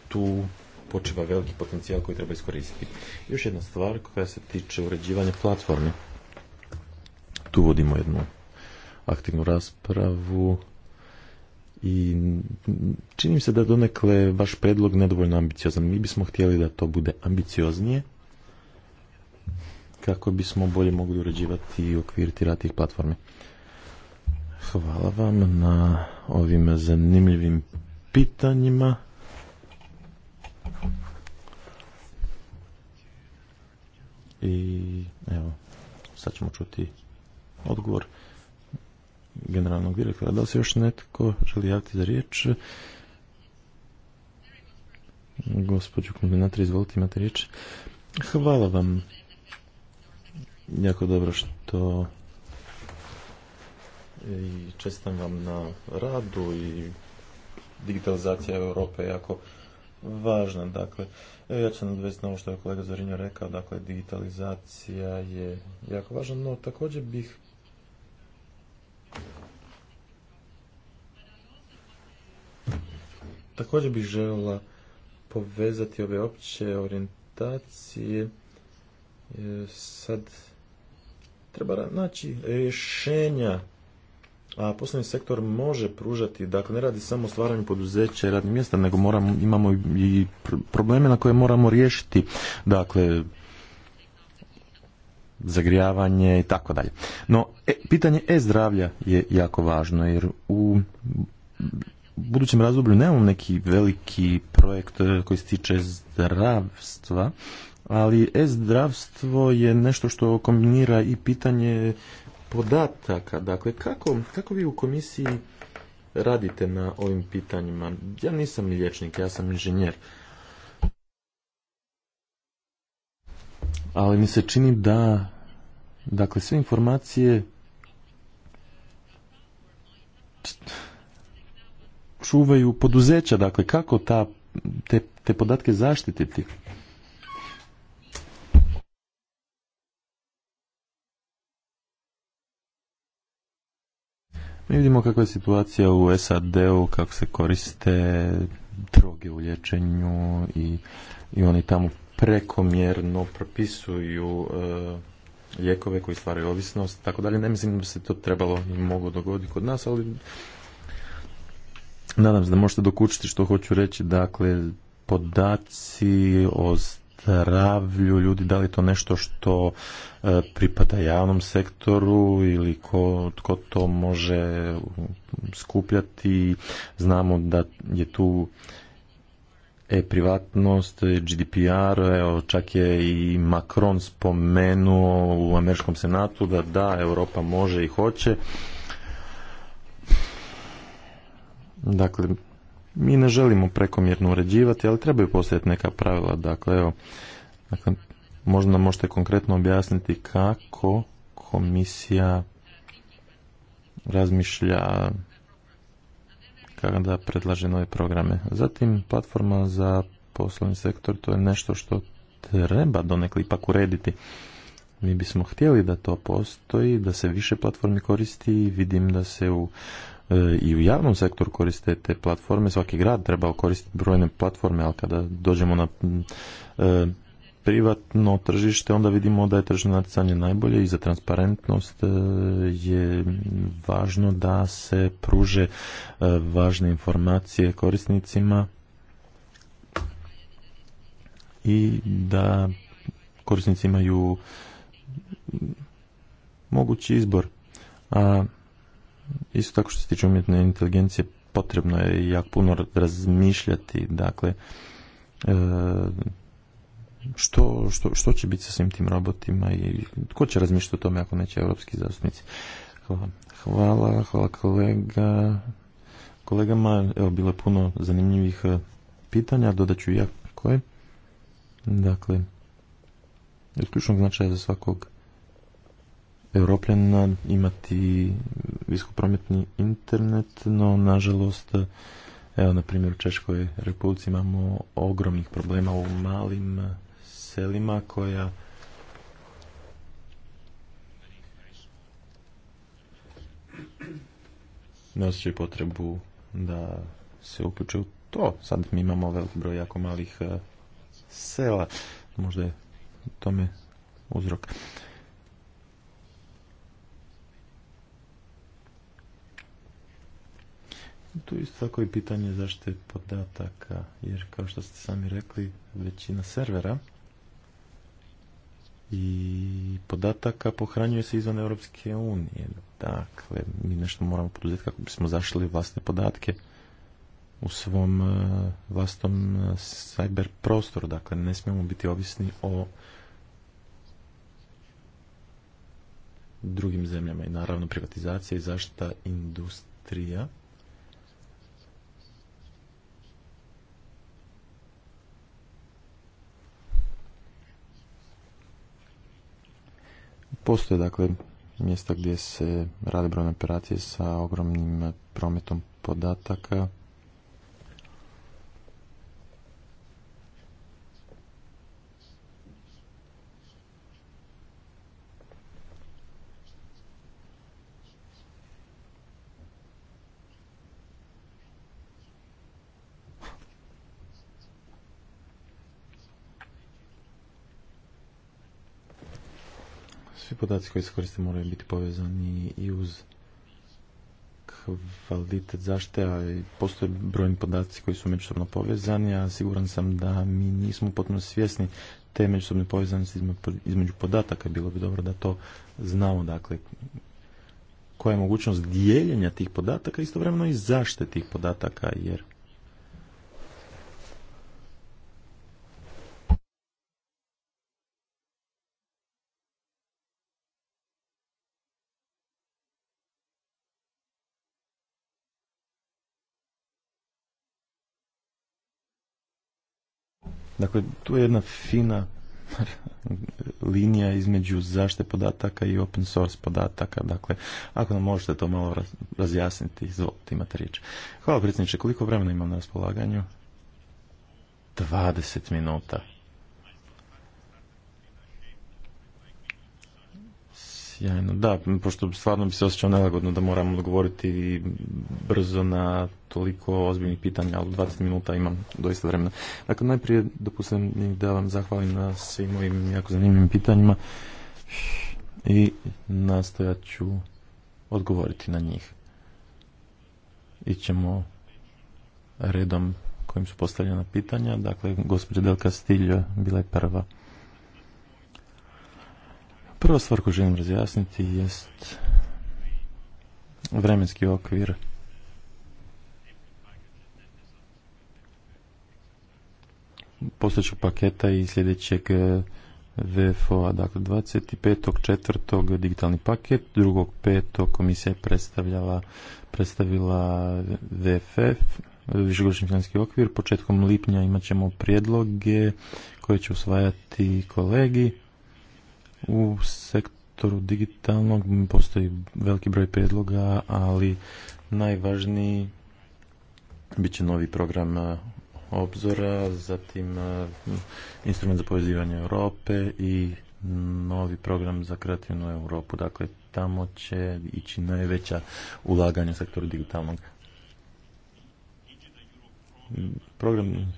tu počiva veliki potencijal koji treba iskoristiti. Još jedna stvar koja se tiče uređivanja platforme. Tu vodimo jednu aktivnu raspravu i čini se da donekle vaš predlog nedovoljno ambiciozan. Mi bismo htjeli da to bude ambicioznije kako bismo bolje mogli uređivati i okviriti rad tih platformi. Hvala vam na ovim zanimljivim pitanjima. I evo, sad ćemo čuti odgovor generalnog direktora. Da li se još netko želi javiti za riječ? Gospođu kombinator, izvolite, imate riječ. Hvala vam. Jako dobro što i čestitam vam na radu i digitalizacija Europe je jako važna. Dakle, e, ja ću nadvesti na ovo što je kolega Zorinja rekao, dakle, digitalizacija je jako važna, no također bih također bih željela povezati ove opće orijentacije e, sad treba naći rješenja a poslovni sektor može pružati, dakle ne radi samo o stvaranju poduzeća i radnih mjesta, nego moramo, imamo i probleme na koje moramo riješiti, dakle zagrijavanje i tako dalje. No, e, pitanje e-zdravlja je jako važno, jer u budućem razdoblju nemamo neki veliki projekt e, koji se tiče zdravstva, ali e-zdravstvo je nešto što kombinira i pitanje podataka. Dakle, kako, kako vi u komisiji radite na ovim pitanjima? Ja nisam liječnik, ja sam inženjer. Ali mi se čini da dakle sve informacije čuvaju poduzeća, dakle kako ta, te, te podatke zaštititi? Mi vidimo kakva je situacija u SAD-u, kako se koriste droge u liječenju i, i oni tamo prekomjerno propisuju e, lijekove koji stvaraju ovisnost, tako dalje. Ne mislim da bi se to trebalo i moglo dogoditi kod nas, ali nadam se da možete dokučiti što hoću reći. Dakle, podaci o zdravlju ljudi, da li je to nešto što e, pripada javnom sektoru ili ko, tko to može skupljati. Znamo da je tu e-privatnost, GDPR, evo čak je i Macron spomenuo u Američkom senatu da da, Europa može i hoće. Dakle, mi ne želimo prekomjerno uređivati, ali trebaju postojati neka pravila. Dakle, evo, dakle, možda možete konkretno objasniti kako komisija razmišlja kada predlaže nove programe. Zatim, platforma za poslovni sektor, to je nešto što treba donekli ipak urediti. Mi bismo htjeli da to postoji, da se više platformi koristi i vidim da se u E, i u javnom sektoru koriste te platforme, svaki grad treba koristiti brojne platforme, ali kada dođemo na e, privatno tržište, onda vidimo da je tržno natjecanje najbolje i za transparentnost e, je važno da se pruže važne informacije korisnicima i da korisnici imaju mogući izbor. A isto tako što se tiče umjetne inteligencije potrebno je jak puno razmišljati dakle e, što, što, će biti sa svim tim robotima i tko će razmišljati o tome ako neće europski zastupnici hvala hvala, hvala kolega kolegama evo bilo je puno zanimljivih e, pitanja dodat ću ja koje dakle od ključnog značaja za svakog europljana imati viskoprometni internet, no nažalost evo na primjer u Češkoj republici imamo ogromnih problema u malim selima koja ne osjećaju potrebu da se uključe u to. Sad mi imamo veliki broj jako malih e, sela. Možda je tome uzrok. Tu isto tako i pitanje zaštite podataka, jer kao što ste sami rekli, većina servera i podataka pohranjuje se izvan Europske unije. Dakle, mi nešto moramo poduzeti kako bismo zašli vlastne podatke u svom e, vlastnom e, cyber prostoru. Dakle, ne smijemo biti ovisni o drugim zemljama i naravno privatizacija i zaštita industrija Postoje dakle mjesta gdje se rade brojne operacije sa ogromnim prometom podataka podaci koji se koriste moraju biti povezani i uz kvalitet zaštite, a postoje brojni podaci koji su međusobno povezani, a siguran sam da mi nismo potpuno svjesni te međusobne povezanosti između podataka. Bilo bi dobro da to znamo, dakle, koja je mogućnost dijeljenja tih podataka, istovremeno i zaštite tih podataka, jer Dakle, tu je jedna fina linija između zaštite podataka i open source podataka. Dakle, ako nam možete to malo razjasniti, izvolite, imate riječ. Hvala predsjedniče, koliko vremena imam na raspolaganju? 20 minuta. Sjajno, da, pošto stvarno bi se osjećao nelagodno da moram odgovoriti brzo na toliko ozbiljnih pitanja, ali 20 minuta imam doista vremena. Dakle, najprije dopustim da vam zahvalim na svim ovim jako zanimljivim pitanjima i nastojat ću odgovoriti na njih. Ićemo redom kojim su postavljena pitanja. Dakle, gospođa Del Castillo bila je prva. Prva stvar koju želim razjasniti jest vremenski okvir postojećeg paketa i sljedećeg e, VFO-a, dakle četvrtog digitalni paket, 2.5. komisija je predstavljala, predstavila VFF, višegodišnji financijski okvir, početkom lipnja imat ćemo prijedloge koje će usvajati kolegi u sektoru digitalnog postoji veliki broj prijedloga, ali najvažniji bit će novi program e, obzora, zatim e, instrument za povezivanje Europe i novi program za kreativnu Europu. Dakle, tamo će ići najveća ulaganja u sektoru digitalnog. Program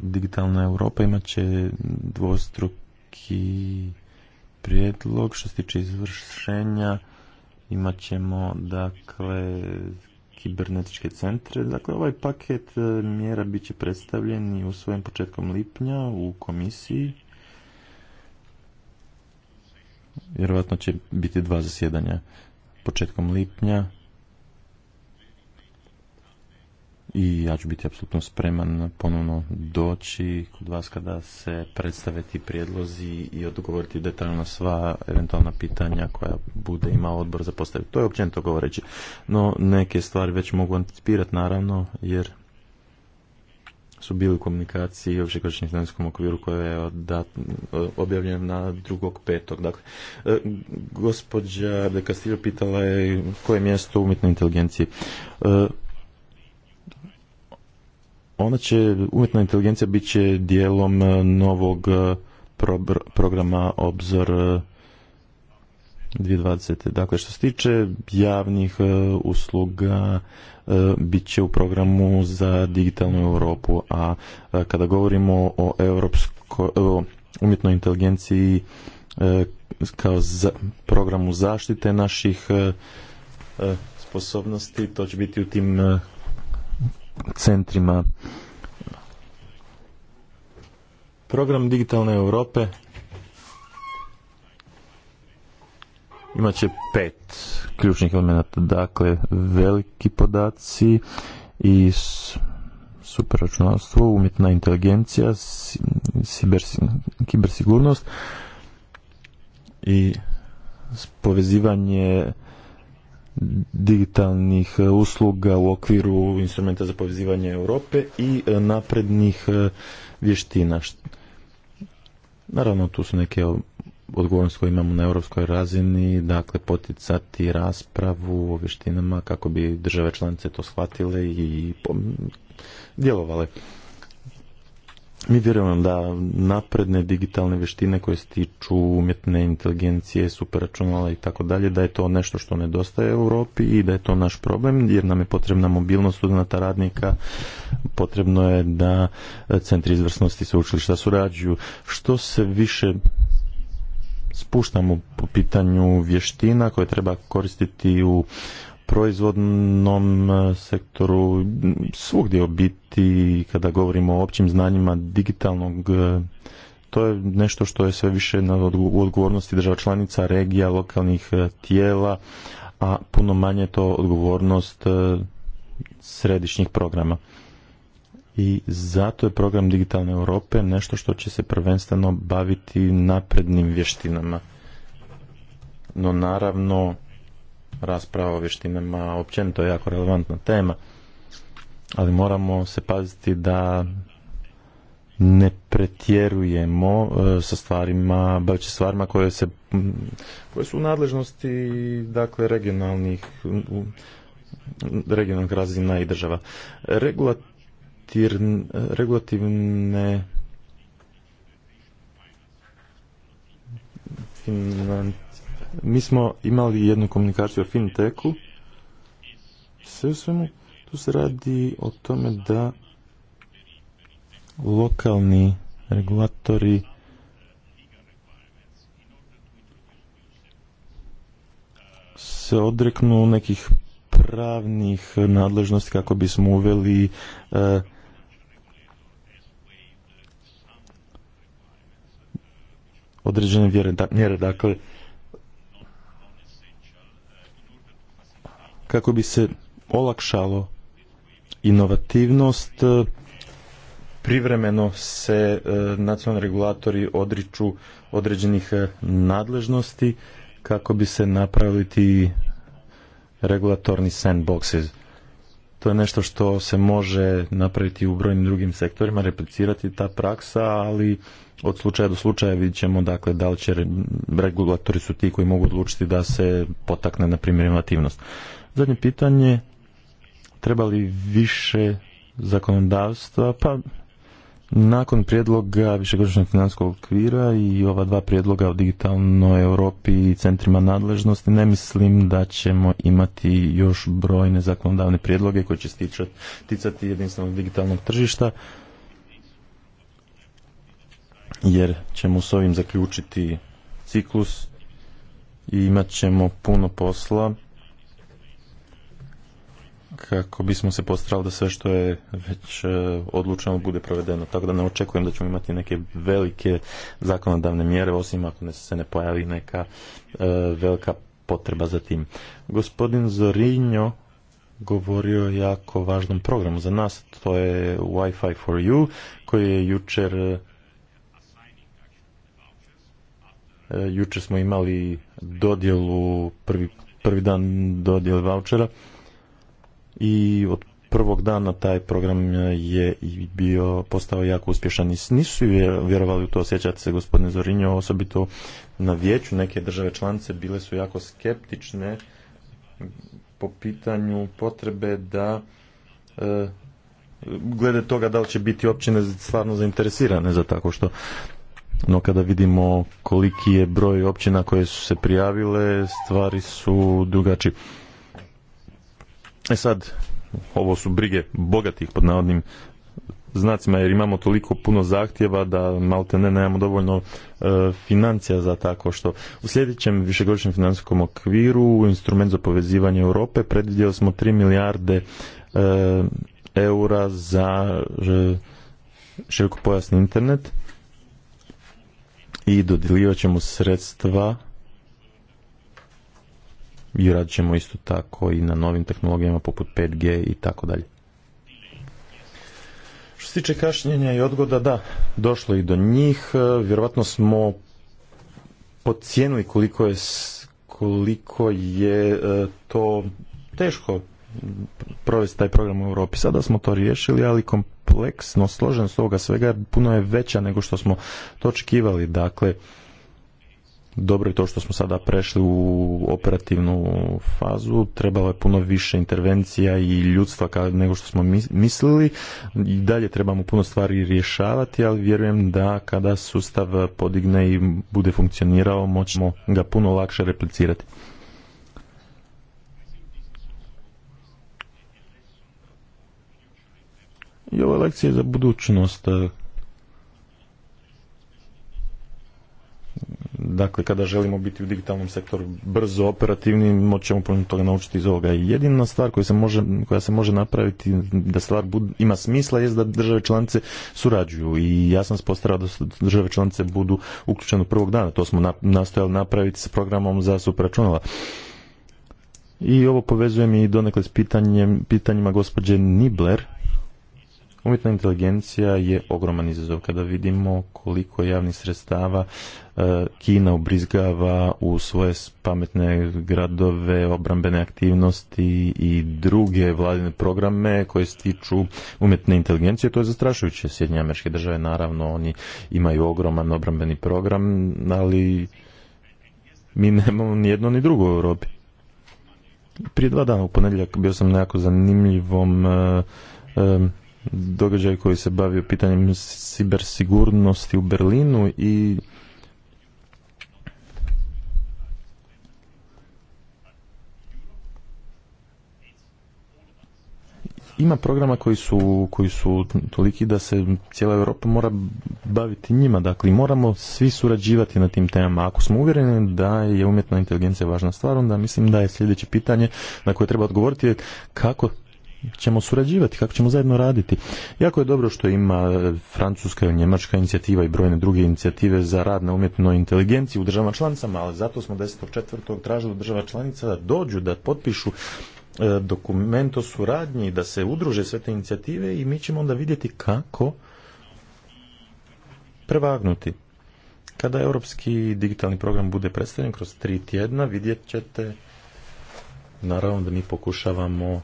Digitalna Europa imat će dvostruki prijedlog što se tiče izvršenja imat ćemo dakle kibernetičke centre. Dakle, ovaj paket e, mjera bit će predstavljen i usvojen početkom lipnja u komisiji. Vjerovatno će biti dva zasjedanja početkom lipnja i ja ću biti apsolutno spreman ponovno doći kod vas kada se predstave ti prijedlozi i odgovoriti detaljno na sva eventualna pitanja koja bude imao odbor za postaviti. To je općenito govoreći. No neke stvari već mogu anticipirati naravno jer su bili u komunikaciji u općegodišnjem financijskom okviru koje je objavljena na drugog petog. Dakle, e, gospođa De Castillo pitala je koje je mjesto umjetnoj inteligenciji. E, onda će umjetna inteligencija bit će dijelom e, novog e, programa Obzor 2020. E, dakle, što se tiče javnih usluga, bit će u programu za digitalnu Europu, a kada govorimo o europsko, umjetnoj inteligenciji kao za, programu zaštite naših sposobnosti, to će biti u tim centrima. Program Digitalne Europe imat će pet ključnih elemenata. Dakle, veliki podaci i superračunalstvo, umjetna inteligencija, kibersigurnost i povezivanje digitalnih e, usluga u okviru instrumenta za povezivanje Europe i e, naprednih e, vještina. Naravno, tu su neke odgovornosti koje imamo na europskoj razini, dakle poticati raspravu o vještinama kako bi države članice to shvatile i djelovale. Mi vjerujemo da napredne digitalne vještine koje se tiču umjetne inteligencije, superračunala i tako dalje, da je to nešto što nedostaje u Europi i da je to naš problem jer nam je potrebna mobilnost studenta radnika, potrebno je da centri izvrsnosti se učilišta surađuju. Što se više spuštamo po pitanju vještina koje treba koristiti u proizvodnom e, sektoru, svugdje biti, kada govorimo o općim znanjima digitalnog, e, to je nešto što je sve više na odgovornosti država članica, regija, lokalnih e, tijela, a puno manje to odgovornost središnjih programa. I zato je program Digitalne Europe nešto što će se prvenstveno baviti naprednim vještinama. No naravno, rasprava o vještinama općenito je jako relevantna tema, ali moramo se paziti da ne pretjerujemo e, sa stvarima, baći stvarima koje, se, koje su u nadležnosti dakle, regionalnih, regionalnih razina i država. regulativne mi smo imali jednu komunikaciju o finteku. Sve u svemu, tu se radi o tome da lokalni regulatori se odreknu nekih pravnih nadležnosti kako bismo uveli e, određene vjere, mjere. Dakle, kako bi se olakšalo inovativnost e, privremeno se e, nacionalni regulatori odriču određenih e, nadležnosti kako bi se napravili ti regulatorni sandboxes. To je nešto što se može napraviti u brojnim drugim sektorima, replicirati ta praksa, ali od slučaja do slučaja vidjet ćemo dakle, da li će regulatori su ti koji mogu odlučiti da se potakne na primjer inovativnost. Zadnje pitanje, treba li više zakonodavstva? Pa, nakon prijedloga višegodišnjeg financijskog okvira i ova dva prijedloga o digitalnoj Europi i centrima nadležnosti, ne mislim da ćemo imati još brojne zakonodavne prijedloge koje će sticati ticati jedinstvenog digitalnog tržišta, jer ćemo s ovim zaključiti ciklus i imat ćemo puno posla kako bismo se postrali da sve što je već e, odlučeno bude provedeno. Tako da ne očekujem da ćemo imati neke velike zakonodavne mjere, osim ako se ne pojavi neka e, velika potreba za tim. Gospodin Zorinjo govorio o jako važnom programu za nas, to je Wi-Fi for you, koji je jučer e, jučer smo imali dodjelu prvi, prvi dan dodjele vouchera i od prvog dana taj program je bio postao jako uspješan i nisu vjerovali u to, sjećate se gospodine Zorinjo, osobito na vijeću neke države članice bile su jako skeptične po pitanju potrebe da e, glede toga da li će biti općine stvarno zainteresirane za tako što no kada vidimo koliki je broj općina koje su se prijavile stvari su drugačije E sad, ovo su brige bogatih pod navodnim znacima jer imamo toliko puno zahtjeva da malte ne nemamo dovoljno e, financija za tako što u sljedećem višegodišnjem financijskom okviru instrument za povezivanje Europe predvidjeli smo 3 milijarde e, eura za e, širokopojasni internet i dodjeljivat ćemo sredstva i radit ćemo isto tako i na novim tehnologijama poput 5G i tako dalje. Što se tiče kašnjenja i odgoda, da, došlo i do njih. Vjerovatno smo podcijenili koliko je, koliko je e, to teško provesti taj program u Europi. Sada smo to riješili, ali kompleksno složenost ovoga svega puno je veća nego što smo to očekivali. Dakle, dobro je to što smo sada prešli u operativnu fazu. Trebalo je puno više intervencija i ljudstva nego što smo mislili. I dalje trebamo puno stvari rješavati, ali vjerujem da kada sustav podigne i bude funkcionirao, moćemo ga puno lakše replicirati. I ova lekcija za budućnost dakle kada želimo biti u digitalnom sektoru brzo operativni, moćemo puno toga naučiti iz ovoga. Jedina stvar koja se može, koja se može napraviti da stvar bud, ima smisla jest da države članice surađuju i ja sam spostarao da države članice budu uključene prvog dana. To smo nastojali napraviti s programom za supračunala. I ovo povezujem i donekle s pitanjem, pitanjima gospođe Nibler, Umjetna inteligencija je ogroman izazov kada vidimo koliko javnih sredstava e, Kina ubrizgava u svoje pametne gradove, obrambene aktivnosti i druge vladine programe koje stiču umjetne inteligencije. To je zastrašujuće. Sjedinje američke države, naravno, oni imaju ogroman obrambeni program, ali mi nemamo ni jedno ni drugo u Europi. Prije dva dana u ponedjeljak bio sam na jako zanimljivom e, e, događaj koji se bavio pitanjem sibersigurnosti u Berlinu i ima programa koji su, koji su toliki da se cijela Europa mora baviti njima, dakle moramo svi surađivati na tim temama. Ako smo uvjereni da je umjetna inteligencija važna stvar, onda mislim da je sljedeće pitanje na koje treba odgovoriti je kako ćemo surađivati, kako ćemo zajedno raditi. Jako je dobro što ima francuska i njemačka inicijativa i brojne druge inicijative za rad na umjetnoj inteligenciji u državama članicama, ali zato smo 10.4. tražili od država članica da dođu, da potpišu e, dokument o suradnji, da se udruže sve te inicijative i mi ćemo onda vidjeti kako prevagnuti. Kada europski digitalni program bude predstavljen kroz tri tjedna, vidjet ćete naravno da mi pokušavamo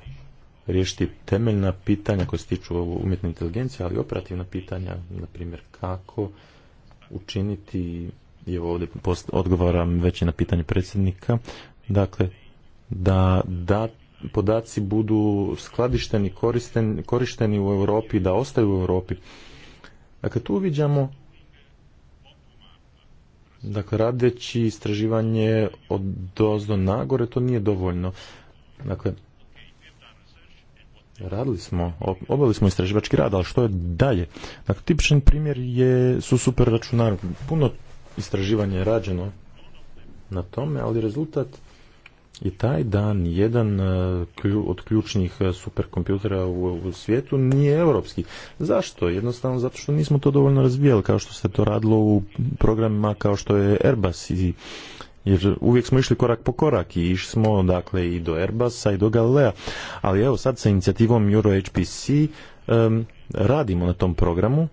riješiti temeljna pitanja koja se tiču umjetne inteligencije, ali i operativna pitanja, na primjer kako učiniti, i ovdje odgovaram već i na pitanje predsjednika, dakle, da, da podaci budu skladišteni, koristen, korišteni u Europi, da ostaju u Europi. Dakle, tu uviđamo Dakle, radeći istraživanje od dozdo nagore, to nije dovoljno. Dakle, radili smo, obavili smo istraživački rad, ali što je dalje? Dakle, tipičan primjer je, su super računari. Puno istraživanja je rađeno na tome, ali rezultat je taj dan jedan e, od ključnih e, superkompjutera u, u svijetu nije europski. Zašto? Jednostavno zato što nismo to dovoljno razvijali, kao što se to radilo u programima kao što je Airbus i jer uvijek smo išli korak po korak i išli smo dakle i do Airbusa i do Galilea, ali evo sad sa inicijativom Euro HPC radimo na tom programu.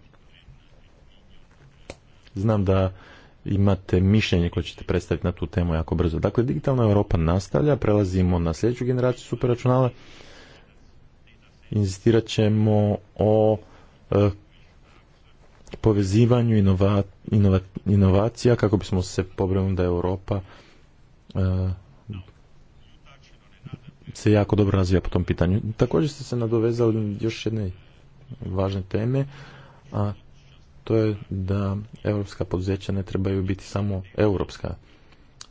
Znam da imate mišljenje koje ćete predstaviti na tu temu jako brzo. Dakle, digitalna Europa nastavlja, prelazimo na sljedeću generaciju superračunala. Inzistirat ćemo o eh, povezivanju inova, inovacija kako bismo se pobrinuli da Europa e, se jako dobro razvija po tom pitanju. Također ste se nadovezali još jedne važne teme, a to je da europska poduzeća ne trebaju biti samo europska.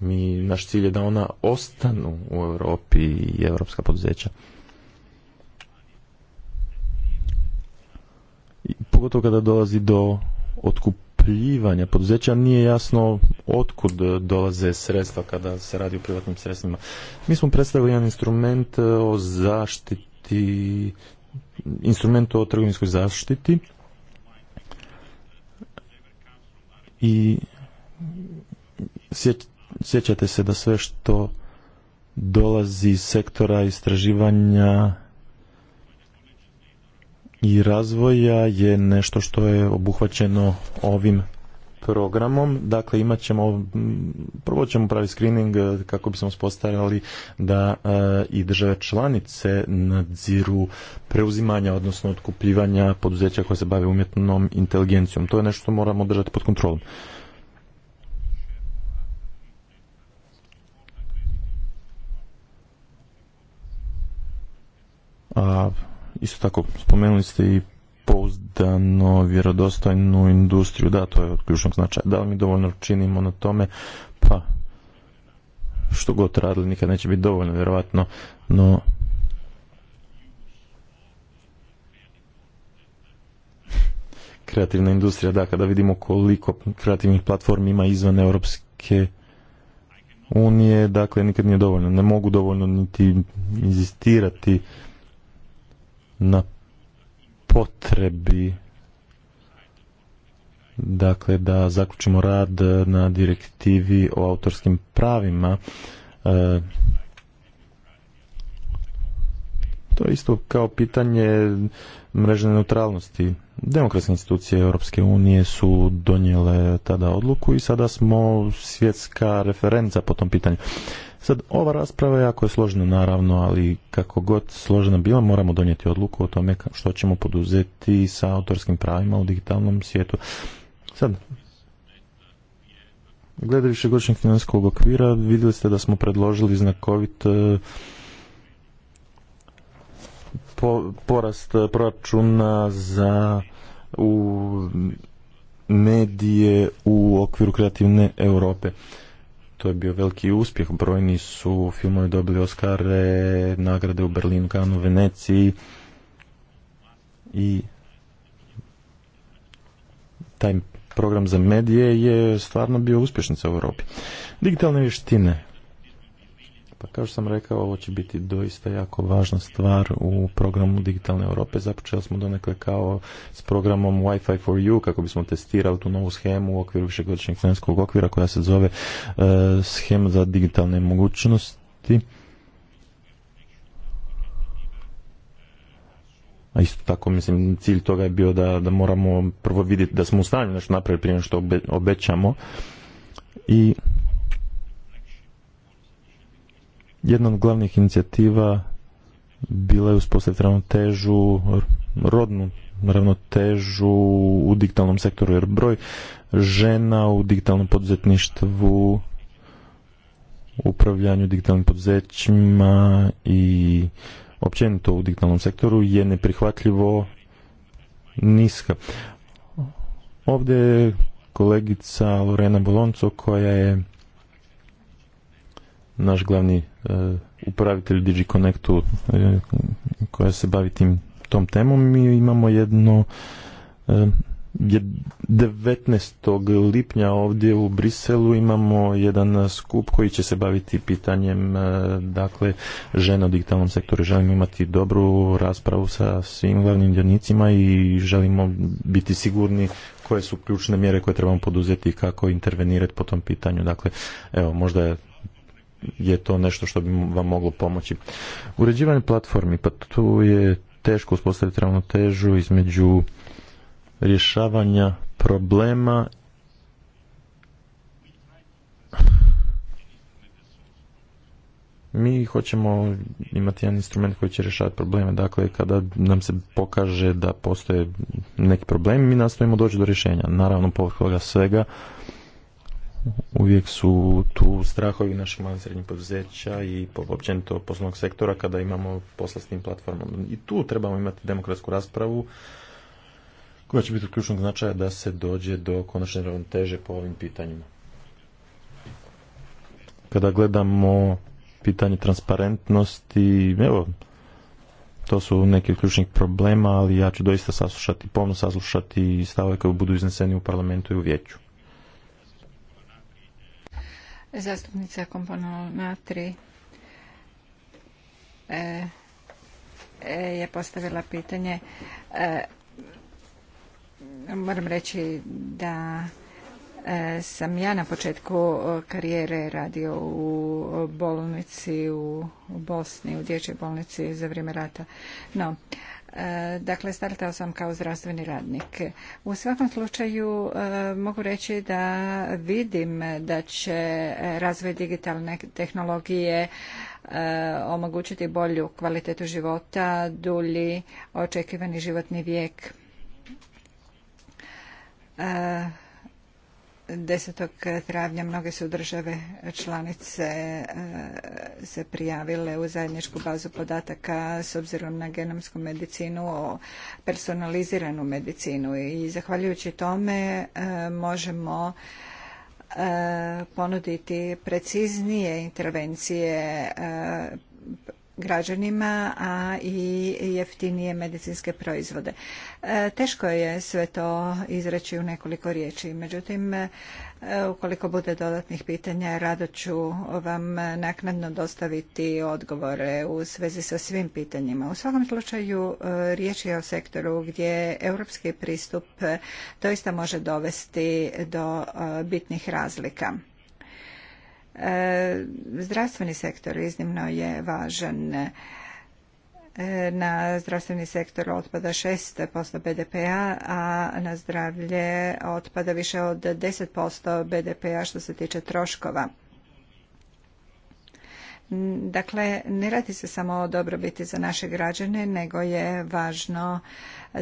Mi, naš cilj je da ona ostanu u Europi i europska poduzeća. pogotovo kada dolazi do otkupljivanja poduzeća, nije jasno otkud dolaze sredstva kada se radi o privatnim sredstvima. Mi smo predstavili jedan instrument e, o zaštiti, instrument o trgovinskoj zaštiti i sjećate se da sve što dolazi iz sektora istraživanja i razvoja je nešto što je obuhvaćeno ovim programom. Dakle, imat ćemo, prvo ćemo pravi screening e, kako bismo spostavili da e, i države članice nadziru preuzimanja, odnosno otkupljivanja poduzeća koja se bave umjetnom inteligencijom. To je nešto što moramo držati pod kontrolom. A isto tako spomenuli ste i pouzdano, vjerodostojnu industriju, da, to je od ključnog značaja. Da li mi dovoljno činimo na tome? Pa, što god radili, nikad neće biti dovoljno, vjerovatno, no... Kreativna industrija, da, kada vidimo koliko kreativnih platformi ima izvan Europske unije, dakle, nikad nije dovoljno. Ne mogu dovoljno niti inzistirati na potrebi dakle da zaključimo rad na direktivi o autorskim pravima e, to je isto kao pitanje mrežne neutralnosti. Demokratske institucije Europske unije su donijele tada odluku i sada smo svjetska referenca po tom pitanju. Sad, ova rasprava jako je složena naravno, ali kako god složena bila, moramo donijeti odluku o tome što ćemo poduzeti sa autorskim pravima u digitalnom svijetu. Sad, gledajući višegodišnjeg financijskog okvira, vidjeli ste da smo predložili znakovit eh, porast proračuna za u medije u okviru kreativne Europe. To je bio veliki uspjeh. Brojni su filmovi dobili Oscare, nagrade u Berlinu, Kanu, Veneciji i taj program za medije je stvarno bio uspješnica u Europi. Digitalne vještine pa kao što sam rekao, ovo će biti doista jako važna stvar u programu Digitalne Europe. Započeli smo donekle kao s programom Wi-Fi for you kako bismo testirali tu novu schemu u okviru višegodišnjeg financijskog okvira koja se zove uh, schema za digitalne mogućnosti. A isto tako, mislim, cilj toga je bio da, da moramo prvo vidjeti da smo u stanju nešto napraviti prije što obećamo. I Jedna od glavnih inicijativa bila je uspostaviti ravnotežu, rodnu ravnotežu u digitalnom sektoru, jer broj žena u digitalnom poduzetništvu, upravljanju digitalnim poduzećima i općenito u digitalnom sektoru je neprihvatljivo niska. Ovdje je kolegica Lorena Bolonco koja je naš glavni e, upravitelj DigiConnectu e, koja se bavi tom temom mi imamo jedno 19. E, lipnja ovdje u Briselu imamo jedan skup koji će se baviti pitanjem dakle žena u digitalnom sektoru. Želimo imati dobru raspravu sa svim glavnim dionicima i želimo biti sigurni koje su ključne mjere koje trebamo poduzeti i kako intervenirati po tom pitanju. Dakle, evo, možda je je to nešto što bi vam moglo pomoći. Uređivanje platformi, pa tu je teško uspostaviti ravnotežu između rješavanja problema mi hoćemo imati jedan instrument koji će rješavati probleme. Dakle, kada nam se pokaže da postoje neki problemi, mi nastojimo doći do rješenja. Naravno, povrh svega uvijek su tu strahovi naših malih srednjih poduzeća i općenito poslovnog sektora kada imamo posla s tim platformama. I tu trebamo imati demokratsku raspravu koja će biti od ključnog značaja da se dođe do konačne ravnoteže po ovim pitanjima. Kada gledamo pitanje transparentnosti, evo, to su neki od ključnih problema, ali ja ću doista saslušati, pomno saslušati stavove koje budu izneseni u parlamentu i u vijeću. Zastupnica Komponatri e, e, je postavila pitanje. E, moram reći da e, sam ja na početku karijere radio u bolnici u Bosni, u dječjoj bolnici za vrijeme rata. No, Dakle, startao sam kao zdravstveni radnik. U svakom slučaju e, mogu reći da vidim da će razvoj digitalne tehnologije e, omogućiti bolju kvalitetu života, dulji očekivani životni vijek e, 10. travnja mnoge su države članice e, se prijavile u zajedničku bazu podataka s obzirom na genomsku medicinu, o personaliziranu medicinu i zahvaljujući tome e, možemo e, ponuditi preciznije intervencije građanima, a i jeftinije medicinske proizvode. E, teško je sve to izreći u nekoliko riječi. Međutim, e, ukoliko bude dodatnih pitanja, rado ću vam naknadno dostaviti odgovore u svezi sa svim pitanjima. U svakom slučaju, e, riječ je o sektoru gdje europski pristup doista može dovesti do bitnih razlika. E, zdravstveni sektor iznimno je važan. E, na zdravstveni sektor otpada 6% BDP-a, a na zdravlje otpada više od 10% BDP-a što se tiče troškova. Dakle, ne radi se samo o dobrobiti za naše građane, nego je važno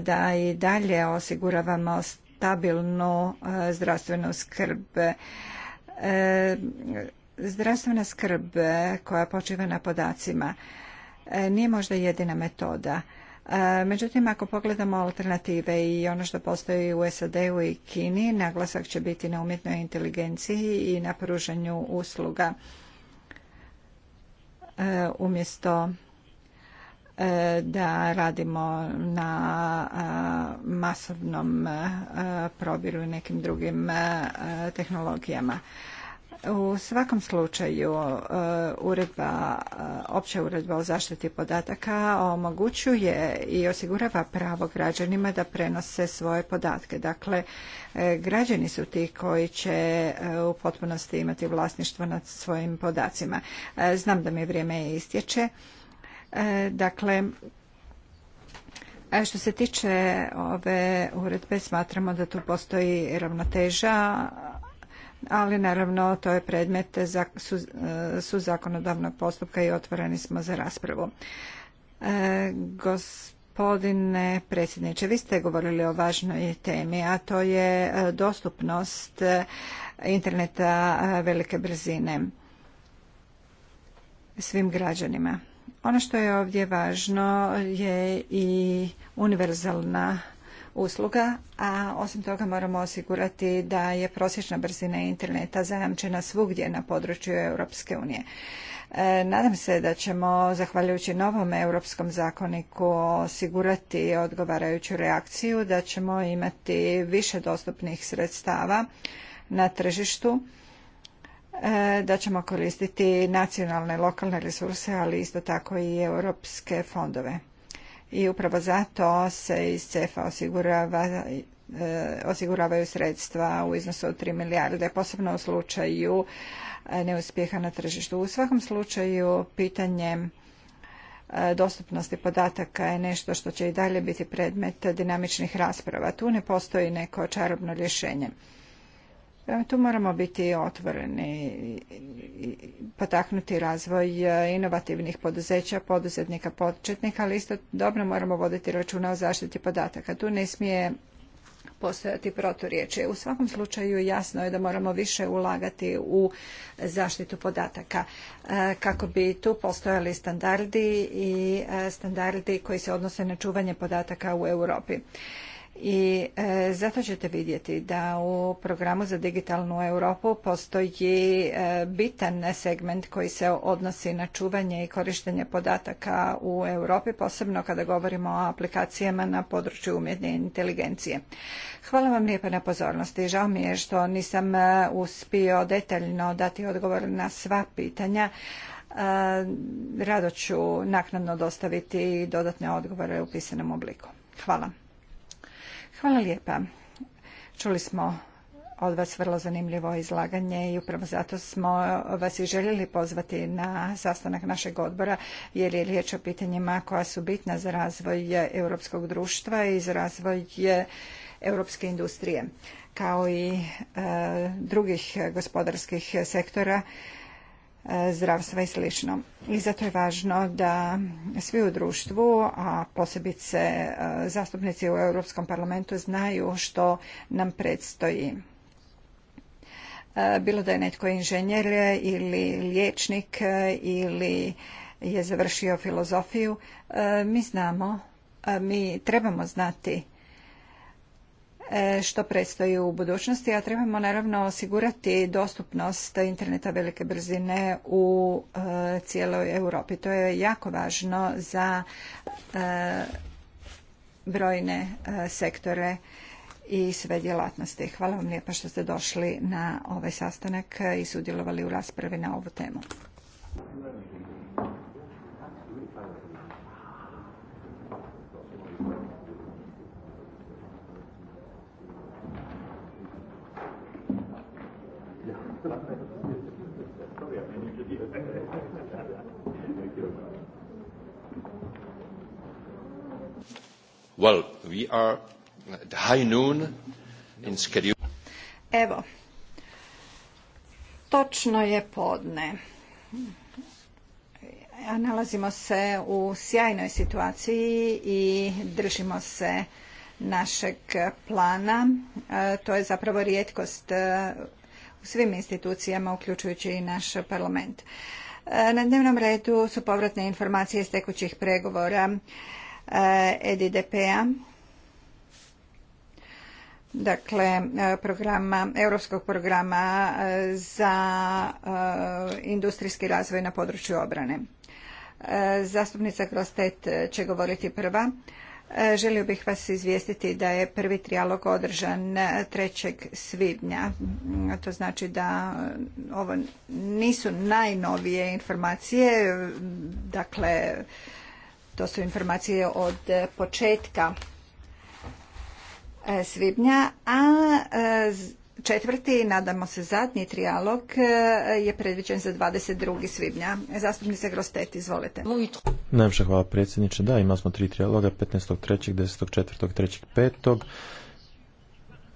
da i dalje osiguravamo stabilnu e, zdravstvenu skrb Zdravstvena skrb e, koja počiva na podacima e, nije možda jedina metoda. E, međutim, ako pogledamo alternative i ono što postoji u SAD-u i Kini, naglasak će biti na umjetnoj inteligenciji i na pruženju usluga umjesto da radimo na masovnom probiru i nekim drugim tehnologijama. U svakom slučaju e, uredba, e, opća uredba o zaštiti podataka omogućuje i osigurava pravo građanima da prenose svoje podatke. Dakle, e, građani su ti koji će u potpunosti imati vlasništvo nad svojim podacima. Znam da mi vrijeme istječe. Dakle, što se tiče ove uredbe, smatramo da tu postoji ravnoteža ali naravno to je predmet su, e, zakonodavnog postupka i otvoreni smo za raspravu. E, gospodine predsjedniče, vi ste govorili o važnoj temi, a to je e, dostupnost interneta velike brzine svim građanima. Ono što je ovdje važno je i univerzalna usluga, a osim toga moramo osigurati da je prosječna brzina interneta zajamčena svugdje na području Europske unije. E, nadam se da ćemo, zahvaljujući novom europskom zakoniku, osigurati odgovarajuću reakciju, da ćemo imati više dostupnih sredstava na tržištu, e, da ćemo koristiti nacionalne, lokalne resurse, ali isto tako i europske fondove i upravo zato se iz CEFA osigurava e, osiguravaju sredstva u iznosu od 3 milijarde, posebno u slučaju e, neuspjeha na tržištu. U svakom slučaju pitanje e, dostupnosti podataka je nešto što će i dalje biti predmet dinamičnih rasprava. Tu ne postoji neko čarobno rješenje. E, tu moramo biti otvoreni, i potaknuti razvoj e, inovativnih poduzeća, poduzetnika, početnika, ali isto dobro moramo voditi računa o zaštiti podataka. Tu ne smije postojati proturječje. U svakom slučaju jasno je da moramo više ulagati u zaštitu podataka e, kako bi tu postojali standardi i standardi koji se odnose na čuvanje podataka u Europi i e, zato ćete vidjeti da u programu za digitalnu Europu postoji e, bitan segment koji se odnosi na čuvanje i korištenje podataka u Europi, posebno kada govorimo o aplikacijama na području umjetne inteligencije. Hvala vam lijepa na pozornosti. Žao mi je što nisam e, uspio detaljno dati odgovor na sva pitanja. Rado ću naknadno dostaviti dodatne odgovore u pisanom obliku. Hvala. Hvala lijepa. Čuli smo od vas vrlo zanimljivo izlaganje i upravo zato smo vas i željeli pozvati na sastanak našeg odbora jer je riječ o pitanjima koja su bitna za razvoj europskog društva i za razvoj europske industrije kao i e, drugih gospodarskih sektora E, zdravstva i sl. I zato je važno da svi u društvu, a posebice e, zastupnici u Europskom parlamentu znaju što nam predstoji. E, bilo da je netko inženjer ili liječnik ili je završio filozofiju, mi znamo, mi trebamo znati E, što predstoji u budućnosti, a trebamo naravno osigurati dostupnost interneta velike brzine u e, cijeloj Europi. To je jako važno za e, brojne sektore i sve djelatnosti. Hvala vam lijepa što ste došli na ovaj sastanak i sudjelovali u raspravi na ovu temu. Well, Evo, točno je podne. Nalazimo se u sjajnoj situaciji i držimo se našeg plana. E, to je zapravo rijetkost svim institucijama, uključujući i naš parlament. E, na dnevnom redu su povratne informacije iz tekućih pregovora EDDP-a, e dakle e, programa, europskog programa za industrijski razvoj na području obrane. Zastupnica Krostet će govoriti prva. E, želio bih vas izvijestiti da je prvi trijalog održan 3. E, svibnja. To znači da e, ovo nisu najnovije informacije, dakle to su informacije od početka svibnja, a Četvrti, nadamo se zadnji trijalog, e, je predviđen za 22. svibnja. Zastupnice Grostet, izvolite. Najviše hvala predsjedniče. Da, imali smo tri trijaloga, 15.3., 10.4., 3. 5.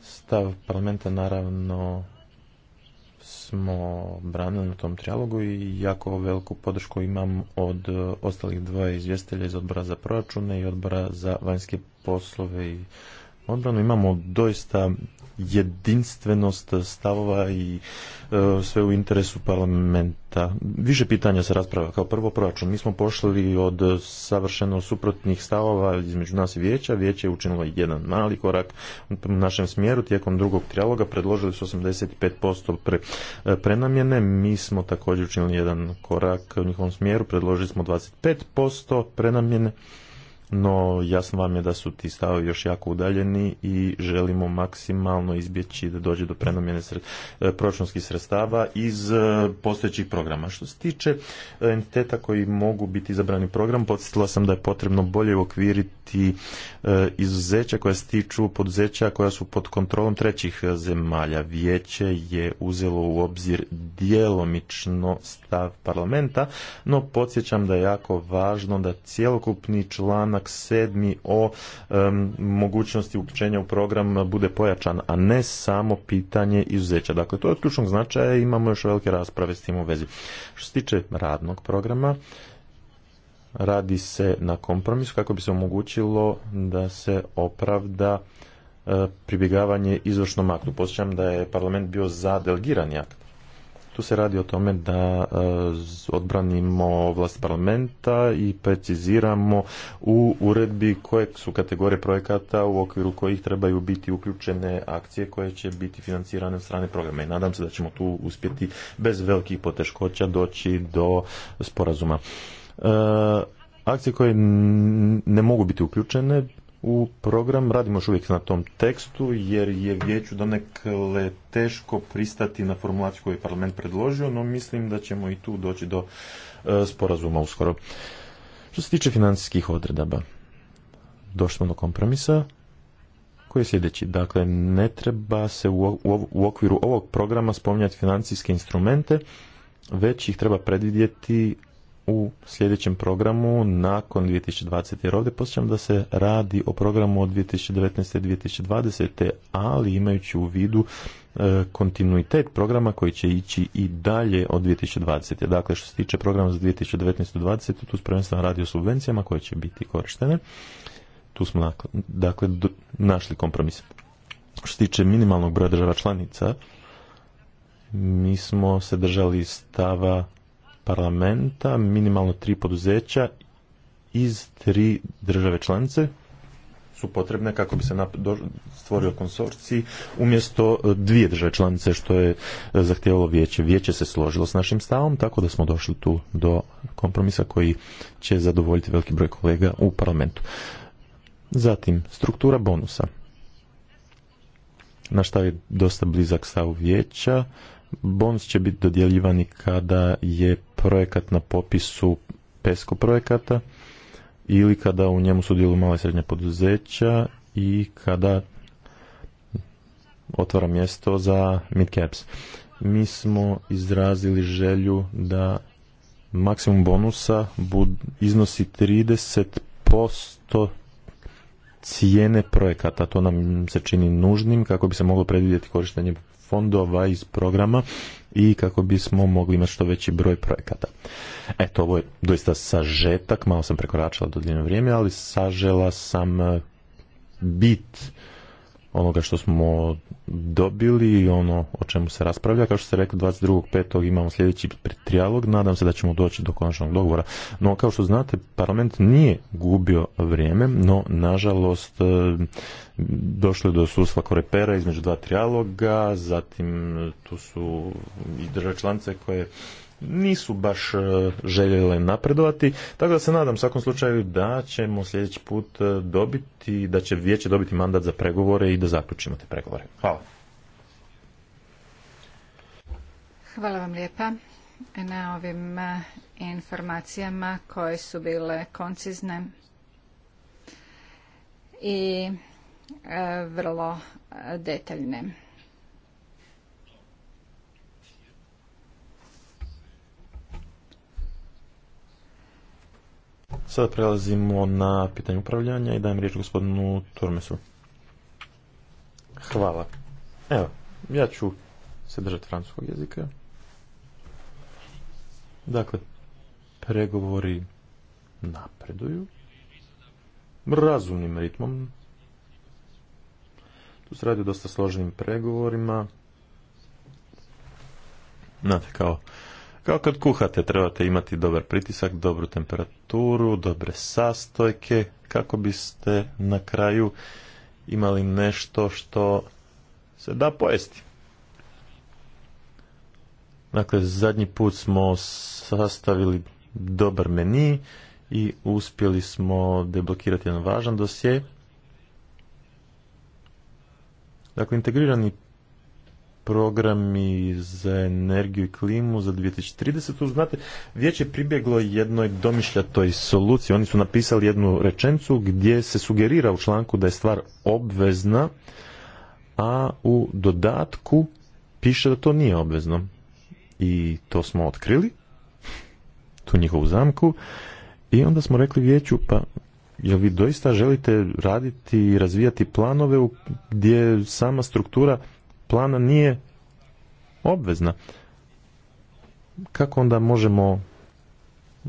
Stav parlamenta naravno smo branili na tom trijalogu i jako veliku podršku imam od e, ostalih dva izvjestelja iz odbora za proračune i odbora za vanjske poslove i odbranu. Imamo doista jedinstvenost stavova i e, sve u interesu parlamenta. Više pitanja se rasprava. Kao prvo proračun. Mi smo pošli od savršeno suprotnih stavova između nas i vijeća. Vijeće je učinilo jedan mali korak u našem smjeru. Tijekom drugog trijaloga predložili su 85% e, prenamjene. Mi smo također učinili jedan korak u njihovom smjeru. Predložili smo 25% prenamjene no jasno vam je da su ti stavovi još jako udaljeni i želimo maksimalno izbjeći da dođe do prenomjene sred, e, proračunskih sredstava iz e, postojećih programa. Što se tiče e, entiteta koji mogu biti izabrani program, podsjetila sam da je potrebno bolje uokviriti izuzeća koja se tiču poduzeća koja su pod kontrolom trećih zemalja. Vijeće je uzelo u obzir djelomično stav parlamenta, no podsjećam da je jako važno da cjelokupni član članak o mogućnosti uključenja u program bude pojačan, a ne samo pitanje izuzeća. Dakle, to je od ključnog značaja i imamo još velike rasprave s tim u vezi. Što se tiče radnog programa, radi se na kompromisu kako bi se omogućilo da se opravda e, pribjegavanje izvršnom aktu. Posjećam da je parlament bio za delegirani akt. Tu se radi o tome da e, odbranimo vlast parlamenta i preciziramo u uredbi koje su kategorije projekata u okviru kojih trebaju biti uključene akcije koje će biti financirane od strane programa. I nadam se da ćemo tu uspjeti bez velikih poteškoća doći do sporazuma. E, akcije koje ne mogu biti uključene u program. Radimo još uvijek na tom tekstu jer je vijeću donekle teško pristati na formulaciju koju je parlament predložio, no mislim da ćemo i tu doći do e, sporazuma uskoro. Što se tiče financijskih odredaba, došli smo do kompromisa koji je sljedeći. Dakle, ne treba se u okviru ovog programa spominjati financijske instrumente, već ih treba predvidjeti u sljedećem programu nakon 2020. jer ovdje posjećam da se radi o programu od 2019. 2020. ali imajući u vidu e, kontinuitet programa koji će ići i dalje od 2020. Dakle, što se tiče programa za 2019. 2020. tu prvenstveno radi o subvencijama koje će biti korištene. Tu smo dakle našli kompromis. Što se tiče minimalnog broja država članica, mi smo se držali stava parlamenta, minimalno tri poduzeća iz tri države članice su potrebne kako bi se stvorio konsorciji umjesto e, dvije države članice što je e, zahtjevalo vijeće. Vijeće se složilo s našim stavom tako da smo došli tu do kompromisa koji će zadovoljiti veliki broj kolega u parlamentu. Zatim, struktura bonusa. Naš stav je dosta blizak stavu vijeća bonus će biti dodjeljivani kada je projekat na popisu PESCO projekata ili kada u njemu sudjeluju mala i srednja poduzeća i kada otvara mjesto za midcaps. Mi smo izrazili želju da maksimum bonusa iznosi 30% cijene projekata. To nam se čini nužnim kako bi se moglo predvidjeti korištenje fondova, iz programa i kako bismo mogli imati što veći broj projekata. Eto, ovo je doista sažetak, malo sam prekoračila dodijeljeno vrijeme, ali sažela sam eh, bit onoga što smo dobili ono o čemu se raspravlja. Kao što ste rekli, 22.5. imamo sljedeći trijalog. Nadam se da ćemo doći do konačnog dogovora. No, kao što znate, parlament nije gubio vrijeme, no, nažalost, e, došlo je do susva korepera između dva trijaloga, zatim tu su i države članice koje nisu baš e, željele napredovati. Tako da se nadam u svakom slučaju da ćemo sljedeći put e, dobiti, da će vijeće dobiti mandat za pregovore i da zaključimo te pregovore. Hvala. Hvala vam lijepa na ovim e, informacijama koje su bile koncizne i vrlo detaljne. Sada prelazimo na pitanje upravljanja i dajem riječ gospodinu Turmesu. Hvala. Evo, ja ću se držati francuskog jezika. Dakle, pregovori napreduju razumnim ritmom. Tu se radi o dosta složenim pregovorima. Znate, kao, kao kad kuhate, trebate imati dobar pritisak, dobru temperaturu dobre sastojke, kako biste na kraju imali nešto što se da pojesti. Dakle, zadnji put smo sastavili dobar meni i uspjeli smo deblokirati jedan važan dosje. Dakle, integrirani programi za energiju i klimu za 2030. Znate, vijeće je pribjeglo jednoj domišljatoj soluciji. Oni su napisali jednu rečencu gdje se sugerira u članku da je stvar obvezna, a u dodatku piše da to nije obvezno. I to smo otkrili, tu njihovu zamku, i onda smo rekli vijeću, pa jel vi doista želite raditi i razvijati planove gdje sama struktura plana nije obvezna. Kako onda možemo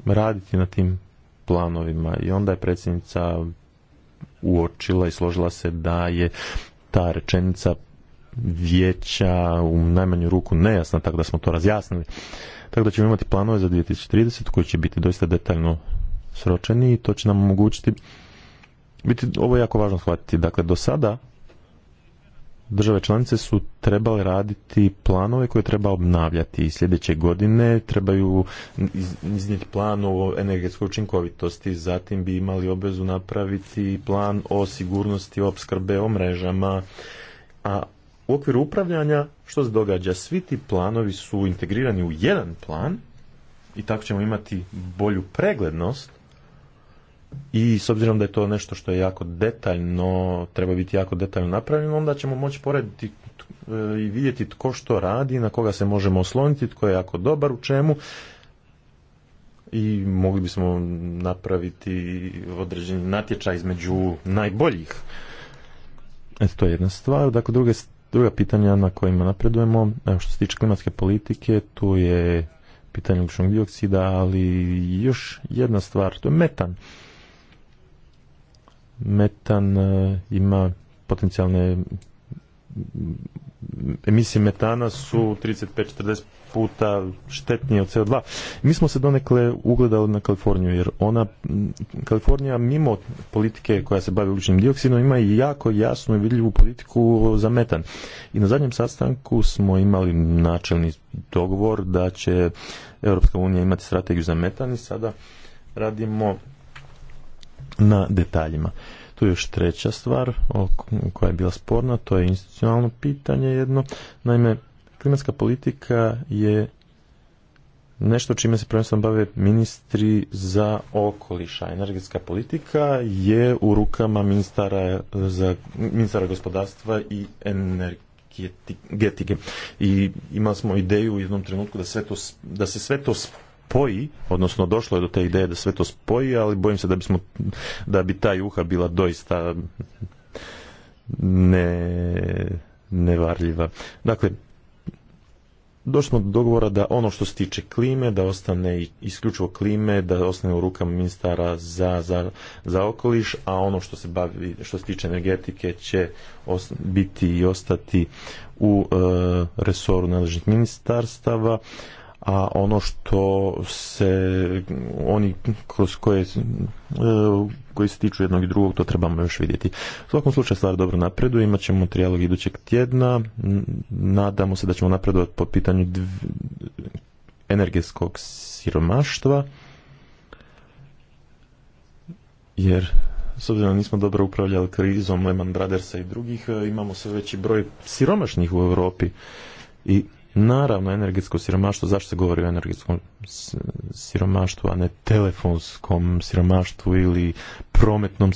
raditi na tim planovima? I onda je predsjednica uočila i složila se da je ta rečenica vijeća u najmanju ruku nejasna, tako da smo to razjasnili. Tako da ćemo imati planove za 2030 koji će biti doista detaljno sročeni i to će nam omogućiti biti, ovo je jako važno shvatiti, dakle do sada države članice su trebale raditi planove koje treba obnavljati i sljedeće godine trebaju iznijeti plan o energetskoj učinkovitosti, zatim bi imali obvezu napraviti plan o sigurnosti opskrbe o mrežama, a u okviru upravljanja što se događa? Svi ti planovi su integrirani u jedan plan i tako ćemo imati bolju preglednost i s obzirom da je to nešto što je jako detaljno, treba biti jako detaljno napravljeno, onda ćemo moći porediti e, i vidjeti tko što radi, na koga se možemo osloniti, tko je jako dobar u čemu i mogli bismo napraviti određeni natječaj između najboljih. Eto, to je jedna stvar. Dakle, druge, druga pitanja na kojima napredujemo, evo što se tiče klimatske politike, tu je pitanje ugljičnog dioksida, ali još jedna stvar, to je metan metan e, ima potencijalne emisije metana su 35-40 puta štetnije od CO2. Mi smo se donekle ugledali na Kaliforniju, jer ona, Kalifornija mimo politike koja se bavi uličnim dioksidom ima i jako jasnu i vidljivu politiku za metan. I na zadnjem sastanku smo imali načelni dogovor da će Europska unija imati strategiju za metan i sada radimo na detaljima. Tu je još treća stvar koja je bila sporna, to je institucionalno pitanje jedno. Naime, klimatska politika je nešto čime se prvenstveno bave ministri za okoliša. Energetska politika je u rukama ministara, za, ministara gospodarstva i energetike. I imali smo ideju u jednom trenutku da, sve to, da se sve to spoji, odnosno došlo je do te ideje da sve to spoji, ali bojim se da, bismo, da bi ta juha bila doista ne, nevarljiva. Dakle, došli smo do dogovora da ono što se tiče klime, da ostane isključivo klime, da ostane u rukama ministara za, za, za okoliš, a ono što se bavi, što se tiče energetike će biti i ostati u e, resoru nadležnih ministarstava a ono što se oni kroz koje e, koji se tiču jednog i drugog, to trebamo još vidjeti. U svakom slučaju stvar dobro napreduje, imat ćemo trijalog idućeg tjedna, nadamo se da ćemo napredovati po pitanju energetskog siromaštva, jer s obzirom da nismo dobro upravljali krizom Lehman Brothersa i drugih, e, imamo sve veći broj siromašnih u Europi i Naravno, energetsko siromaštvo, zašto se govori o energetskom siromaštvu, a ne telefonskom siromaštvu ili prometnom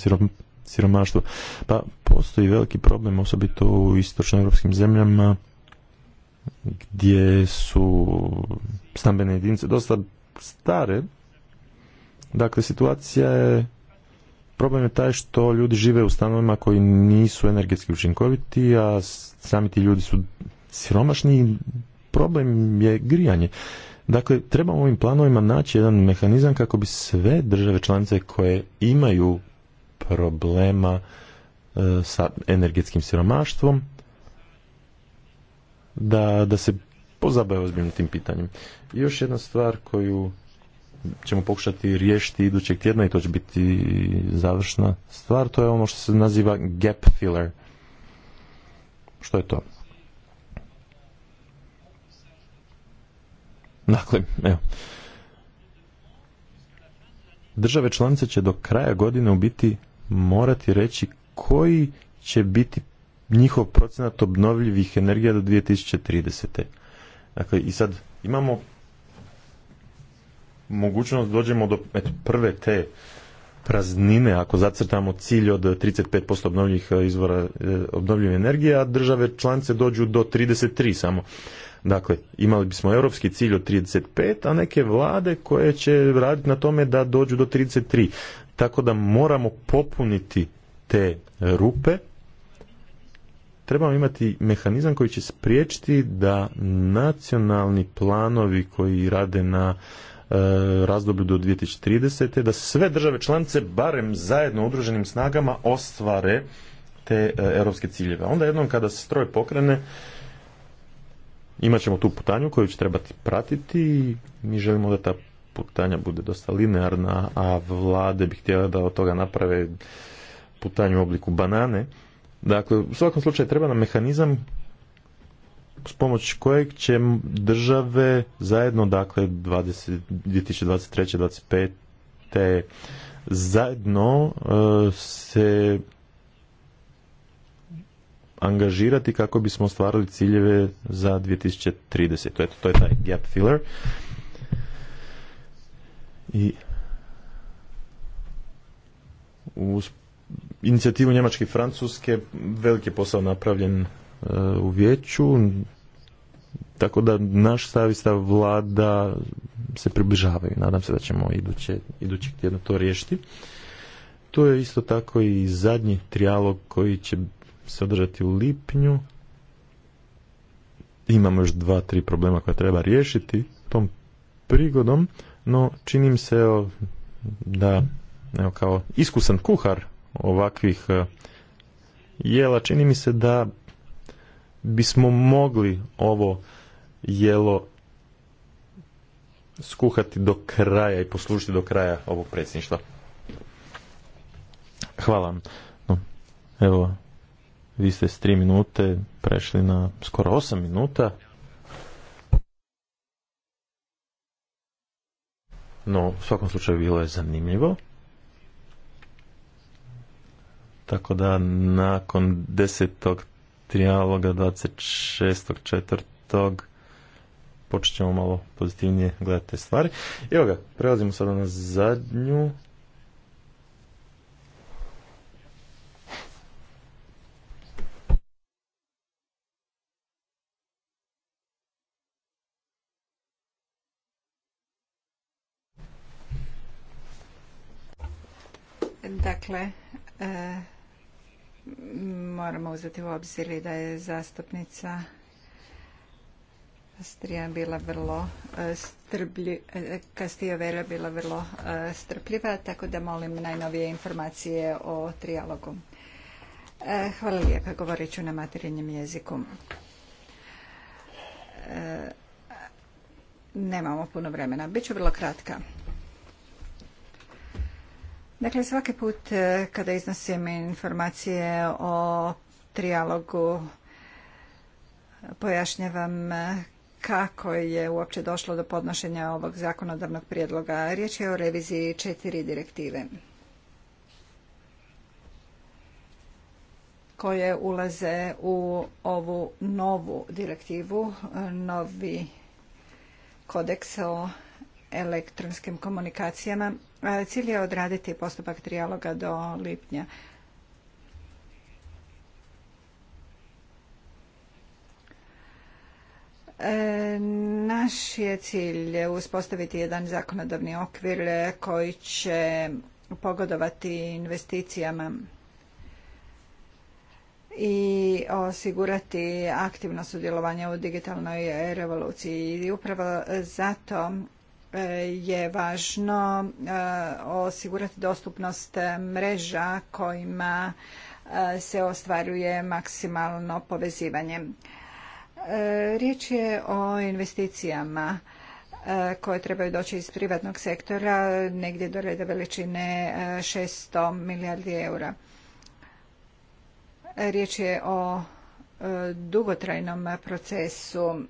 siromaštvu? Pa postoji veliki problem, osobito u europskim zemljama, gdje su stambene jedinice dosta stare. Dakle, situacija je problem je taj što ljudi žive u stanovima koji nisu energetski učinkoviti, a sami ti ljudi su siromašni problem je grijanje. Dakle, trebamo ovim planovima naći jedan mehanizam kako bi sve države članice koje imaju problema e, sa energetskim siromaštvom da, da se pozabave ozbiljno tim pitanjem. I još jedna stvar koju ćemo pokušati riješiti idućeg tjedna i to će biti završna stvar, to je ono što se naziva gap filler. Što je to? Dakle, evo. Države članice će do kraja godine u biti morati reći koji će biti njihov procenat obnovljivih energija do 2030. Dakle, i sad imamo mogućnost dođemo do eto, prve te praznine ako zacrtamo cilj od 35% obnovljivih e, izvora e, obnovljivih energije, a države članice dođu do 33 samo. Dakle, imali bismo europski cilj od 35, a neke vlade koje će raditi na tome da dođu do 33. Tako da moramo popuniti te rupe. Trebamo imati mehanizam koji će spriječiti da nacionalni planovi koji rade na e, razdoblju do 2030. da sve države članice barem zajedno udruženim snagama ostvare te e, europske ciljeve. Onda jednom kada se stroj pokrene, ćemo tu putanju koju će trebati pratiti i mi želimo da ta putanja bude dosta linearna, a vlade bi htjela da od toga naprave putanju u obliku banane. Dakle, u svakom slučaju treba nam mehanizam s pomoć kojeg će države zajedno, dakle, 2023. 2025. zajedno e, se angažirati kako bismo ostvarili ciljeve za 2030. Eto, to je taj gap filler. I uz inicijativu Njemačke i Francuske veliki je posao napravljen e, u vijeću tako da naš stav i stav vlada se približavaju. Nadam se da ćemo iduće, idućeg tjedna to riješiti. To je isto tako i zadnji trijalog koji će se održati u lipnju. Imamo još dva, tri problema koja treba riješiti tom prigodom, no činim se da evo, kao iskusan kuhar ovakvih e, jela, čini mi se da bismo mogli ovo jelo skuhati do kraja i poslužiti do kraja ovog predsjedništva. Hvala vam. evo, vi ste s tri minute prešli na skoro osam minuta. No, u svakom slučaju bilo je zanimljivo. Tako da nakon desetog trijaloga 26.4. počet ćemo malo pozitivnije gledati te stvari. Evo ga, prelazimo sada na zadnju Dakle, e, moramo uzeti u obzir da je zastupnica bila vrlo e, e, Castillo Vera bila vrlo e, strpljiva, tako da molim najnovije informacije o trijalogu. Hvala lijepa, govorit ću na materinjem jeziku. Nemamo puno vremena, bit ću vrlo kratka. Dakle, svaki put e, kada iznosim informacije o trijalogu pojašnjavam e, kako je uopće došlo do podnošenja ovog zakonodavnog prijedloga. Riječ je o reviziji četiri direktive koje ulaze u ovu novu direktivu, novi kodeks o elektronskim komunikacijama Cilj je odraditi postupak trijaloga do lipnja. E, naš je cilj uspostaviti jedan zakonodavni okvir koji će pogodovati investicijama i osigurati aktivno sudjelovanje u digitalnoj revoluciji. I upravo zato Eh, je važno eh, osigurati dostupnost eh, mreža kojima se ostvaruje maksimalno povezivanje. Riječ je o investicijama koje trebaju doći iz privatnog sektora, negdje do reda veličine 600 milijardi eura. Riječ je o dugotrajnom procesu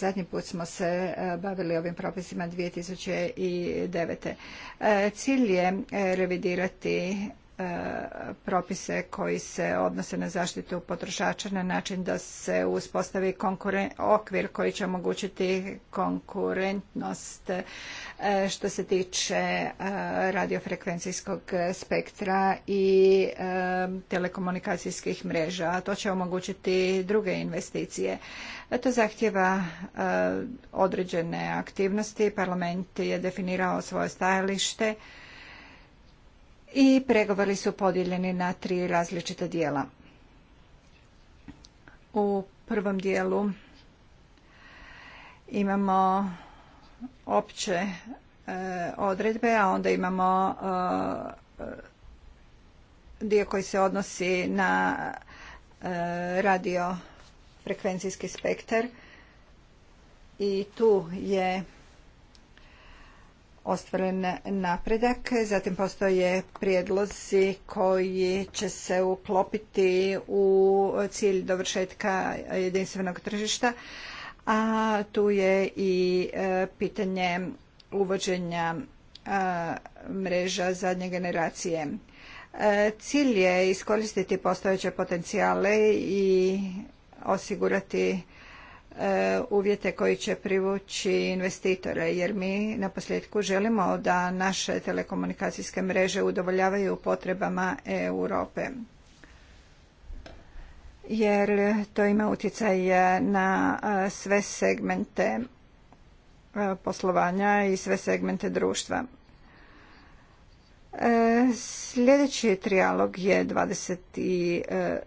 Zadnji put smo se e, bavili ovim propisima 2009. E, cilj je e, revidirati E, propise koji se odnose na zaštitu potrošača na način da se uspostavi okvir koji će omogućiti konkurentnost e, što se tiče e, radiofrekvencijskog spektra i telekomunikacijskih mreža. A to će omogućiti druge investicije. To zahtjeva određene aktivnosti. Parlament je definirao svoje stajalište i pregovori su podijeljeni na tri različita dijela. U prvom dijelu imamo opće e, odredbe, a onda imamo e, dio koji se odnosi na e, radiofrekvencijski spektar i tu je ostvaren napredak. Zatim postoje prijedlozi koji će se uklopiti u cilj dovršetka jedinstvenog tržišta, a tu je i e, pitanje uvođenja e, mreža zadnje generacije. E, cilj je iskoristiti postojeće potencijale i osigurati E, uvjete koji će privući investitore jer mi na posljedku želimo da naše telekomunikacijske mreže udovoljavaju potrebama Europe jer to ima utjecaj na e, sve segmente e, poslovanja i sve segmente društva. Sljedeći trijalog je 20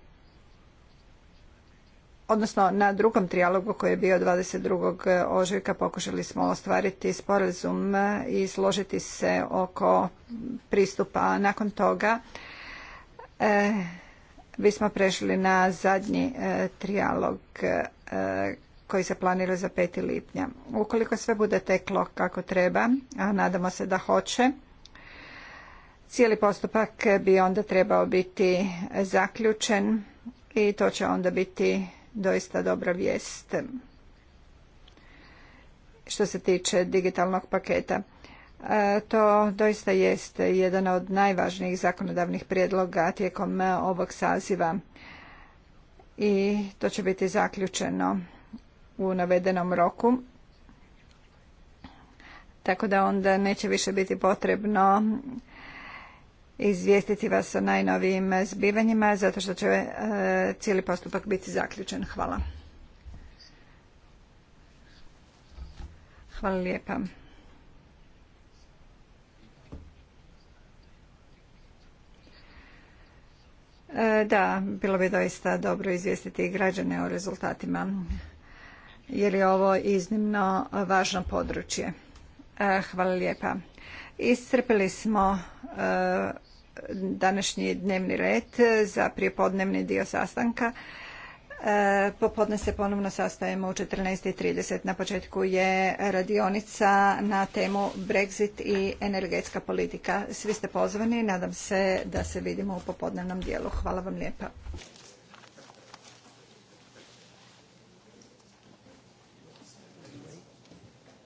odnosno na drugom trijalogu koji je bio 22. Eh, ožujka pokušali smo ostvariti sporazum eh, i složiti se oko pristupa. Nakon toga e, bismo prešli na zadnji e, trijalog koji se planira za 5. lipnja. Ukoliko sve bude teklo kako treba, a nadamo se da hoće, cijeli postupak bi onda trebao biti zaključen i to će onda biti doista dobra vijest što se tiče digitalnog paketa. E, to doista jest jedan od najvažnijih zakonodavnih prijedloga tijekom ovog saziva i to će biti zaključeno u navedenom roku. Tako da onda neće više biti potrebno izvijestiti vas o najnovijim zbivanjima zato što će e, cijeli postupak biti zaključen. Hvala. Hvala lijepa. E, da, bilo bi doista dobro izvijestiti i građane o rezultatima, jer je ovo iznimno važno područje. E, hvala lijepa. Iscrpili smo današnji dnevni red za prijepodnevni dio sastanka. E, popodne se ponovno sastajemo u 14.30. Na početku je radionica na temu Brexit i energetska politika. Svi ste pozvani, nadam se da se vidimo u popodnevnom dijelu. Hvala vam lijepa.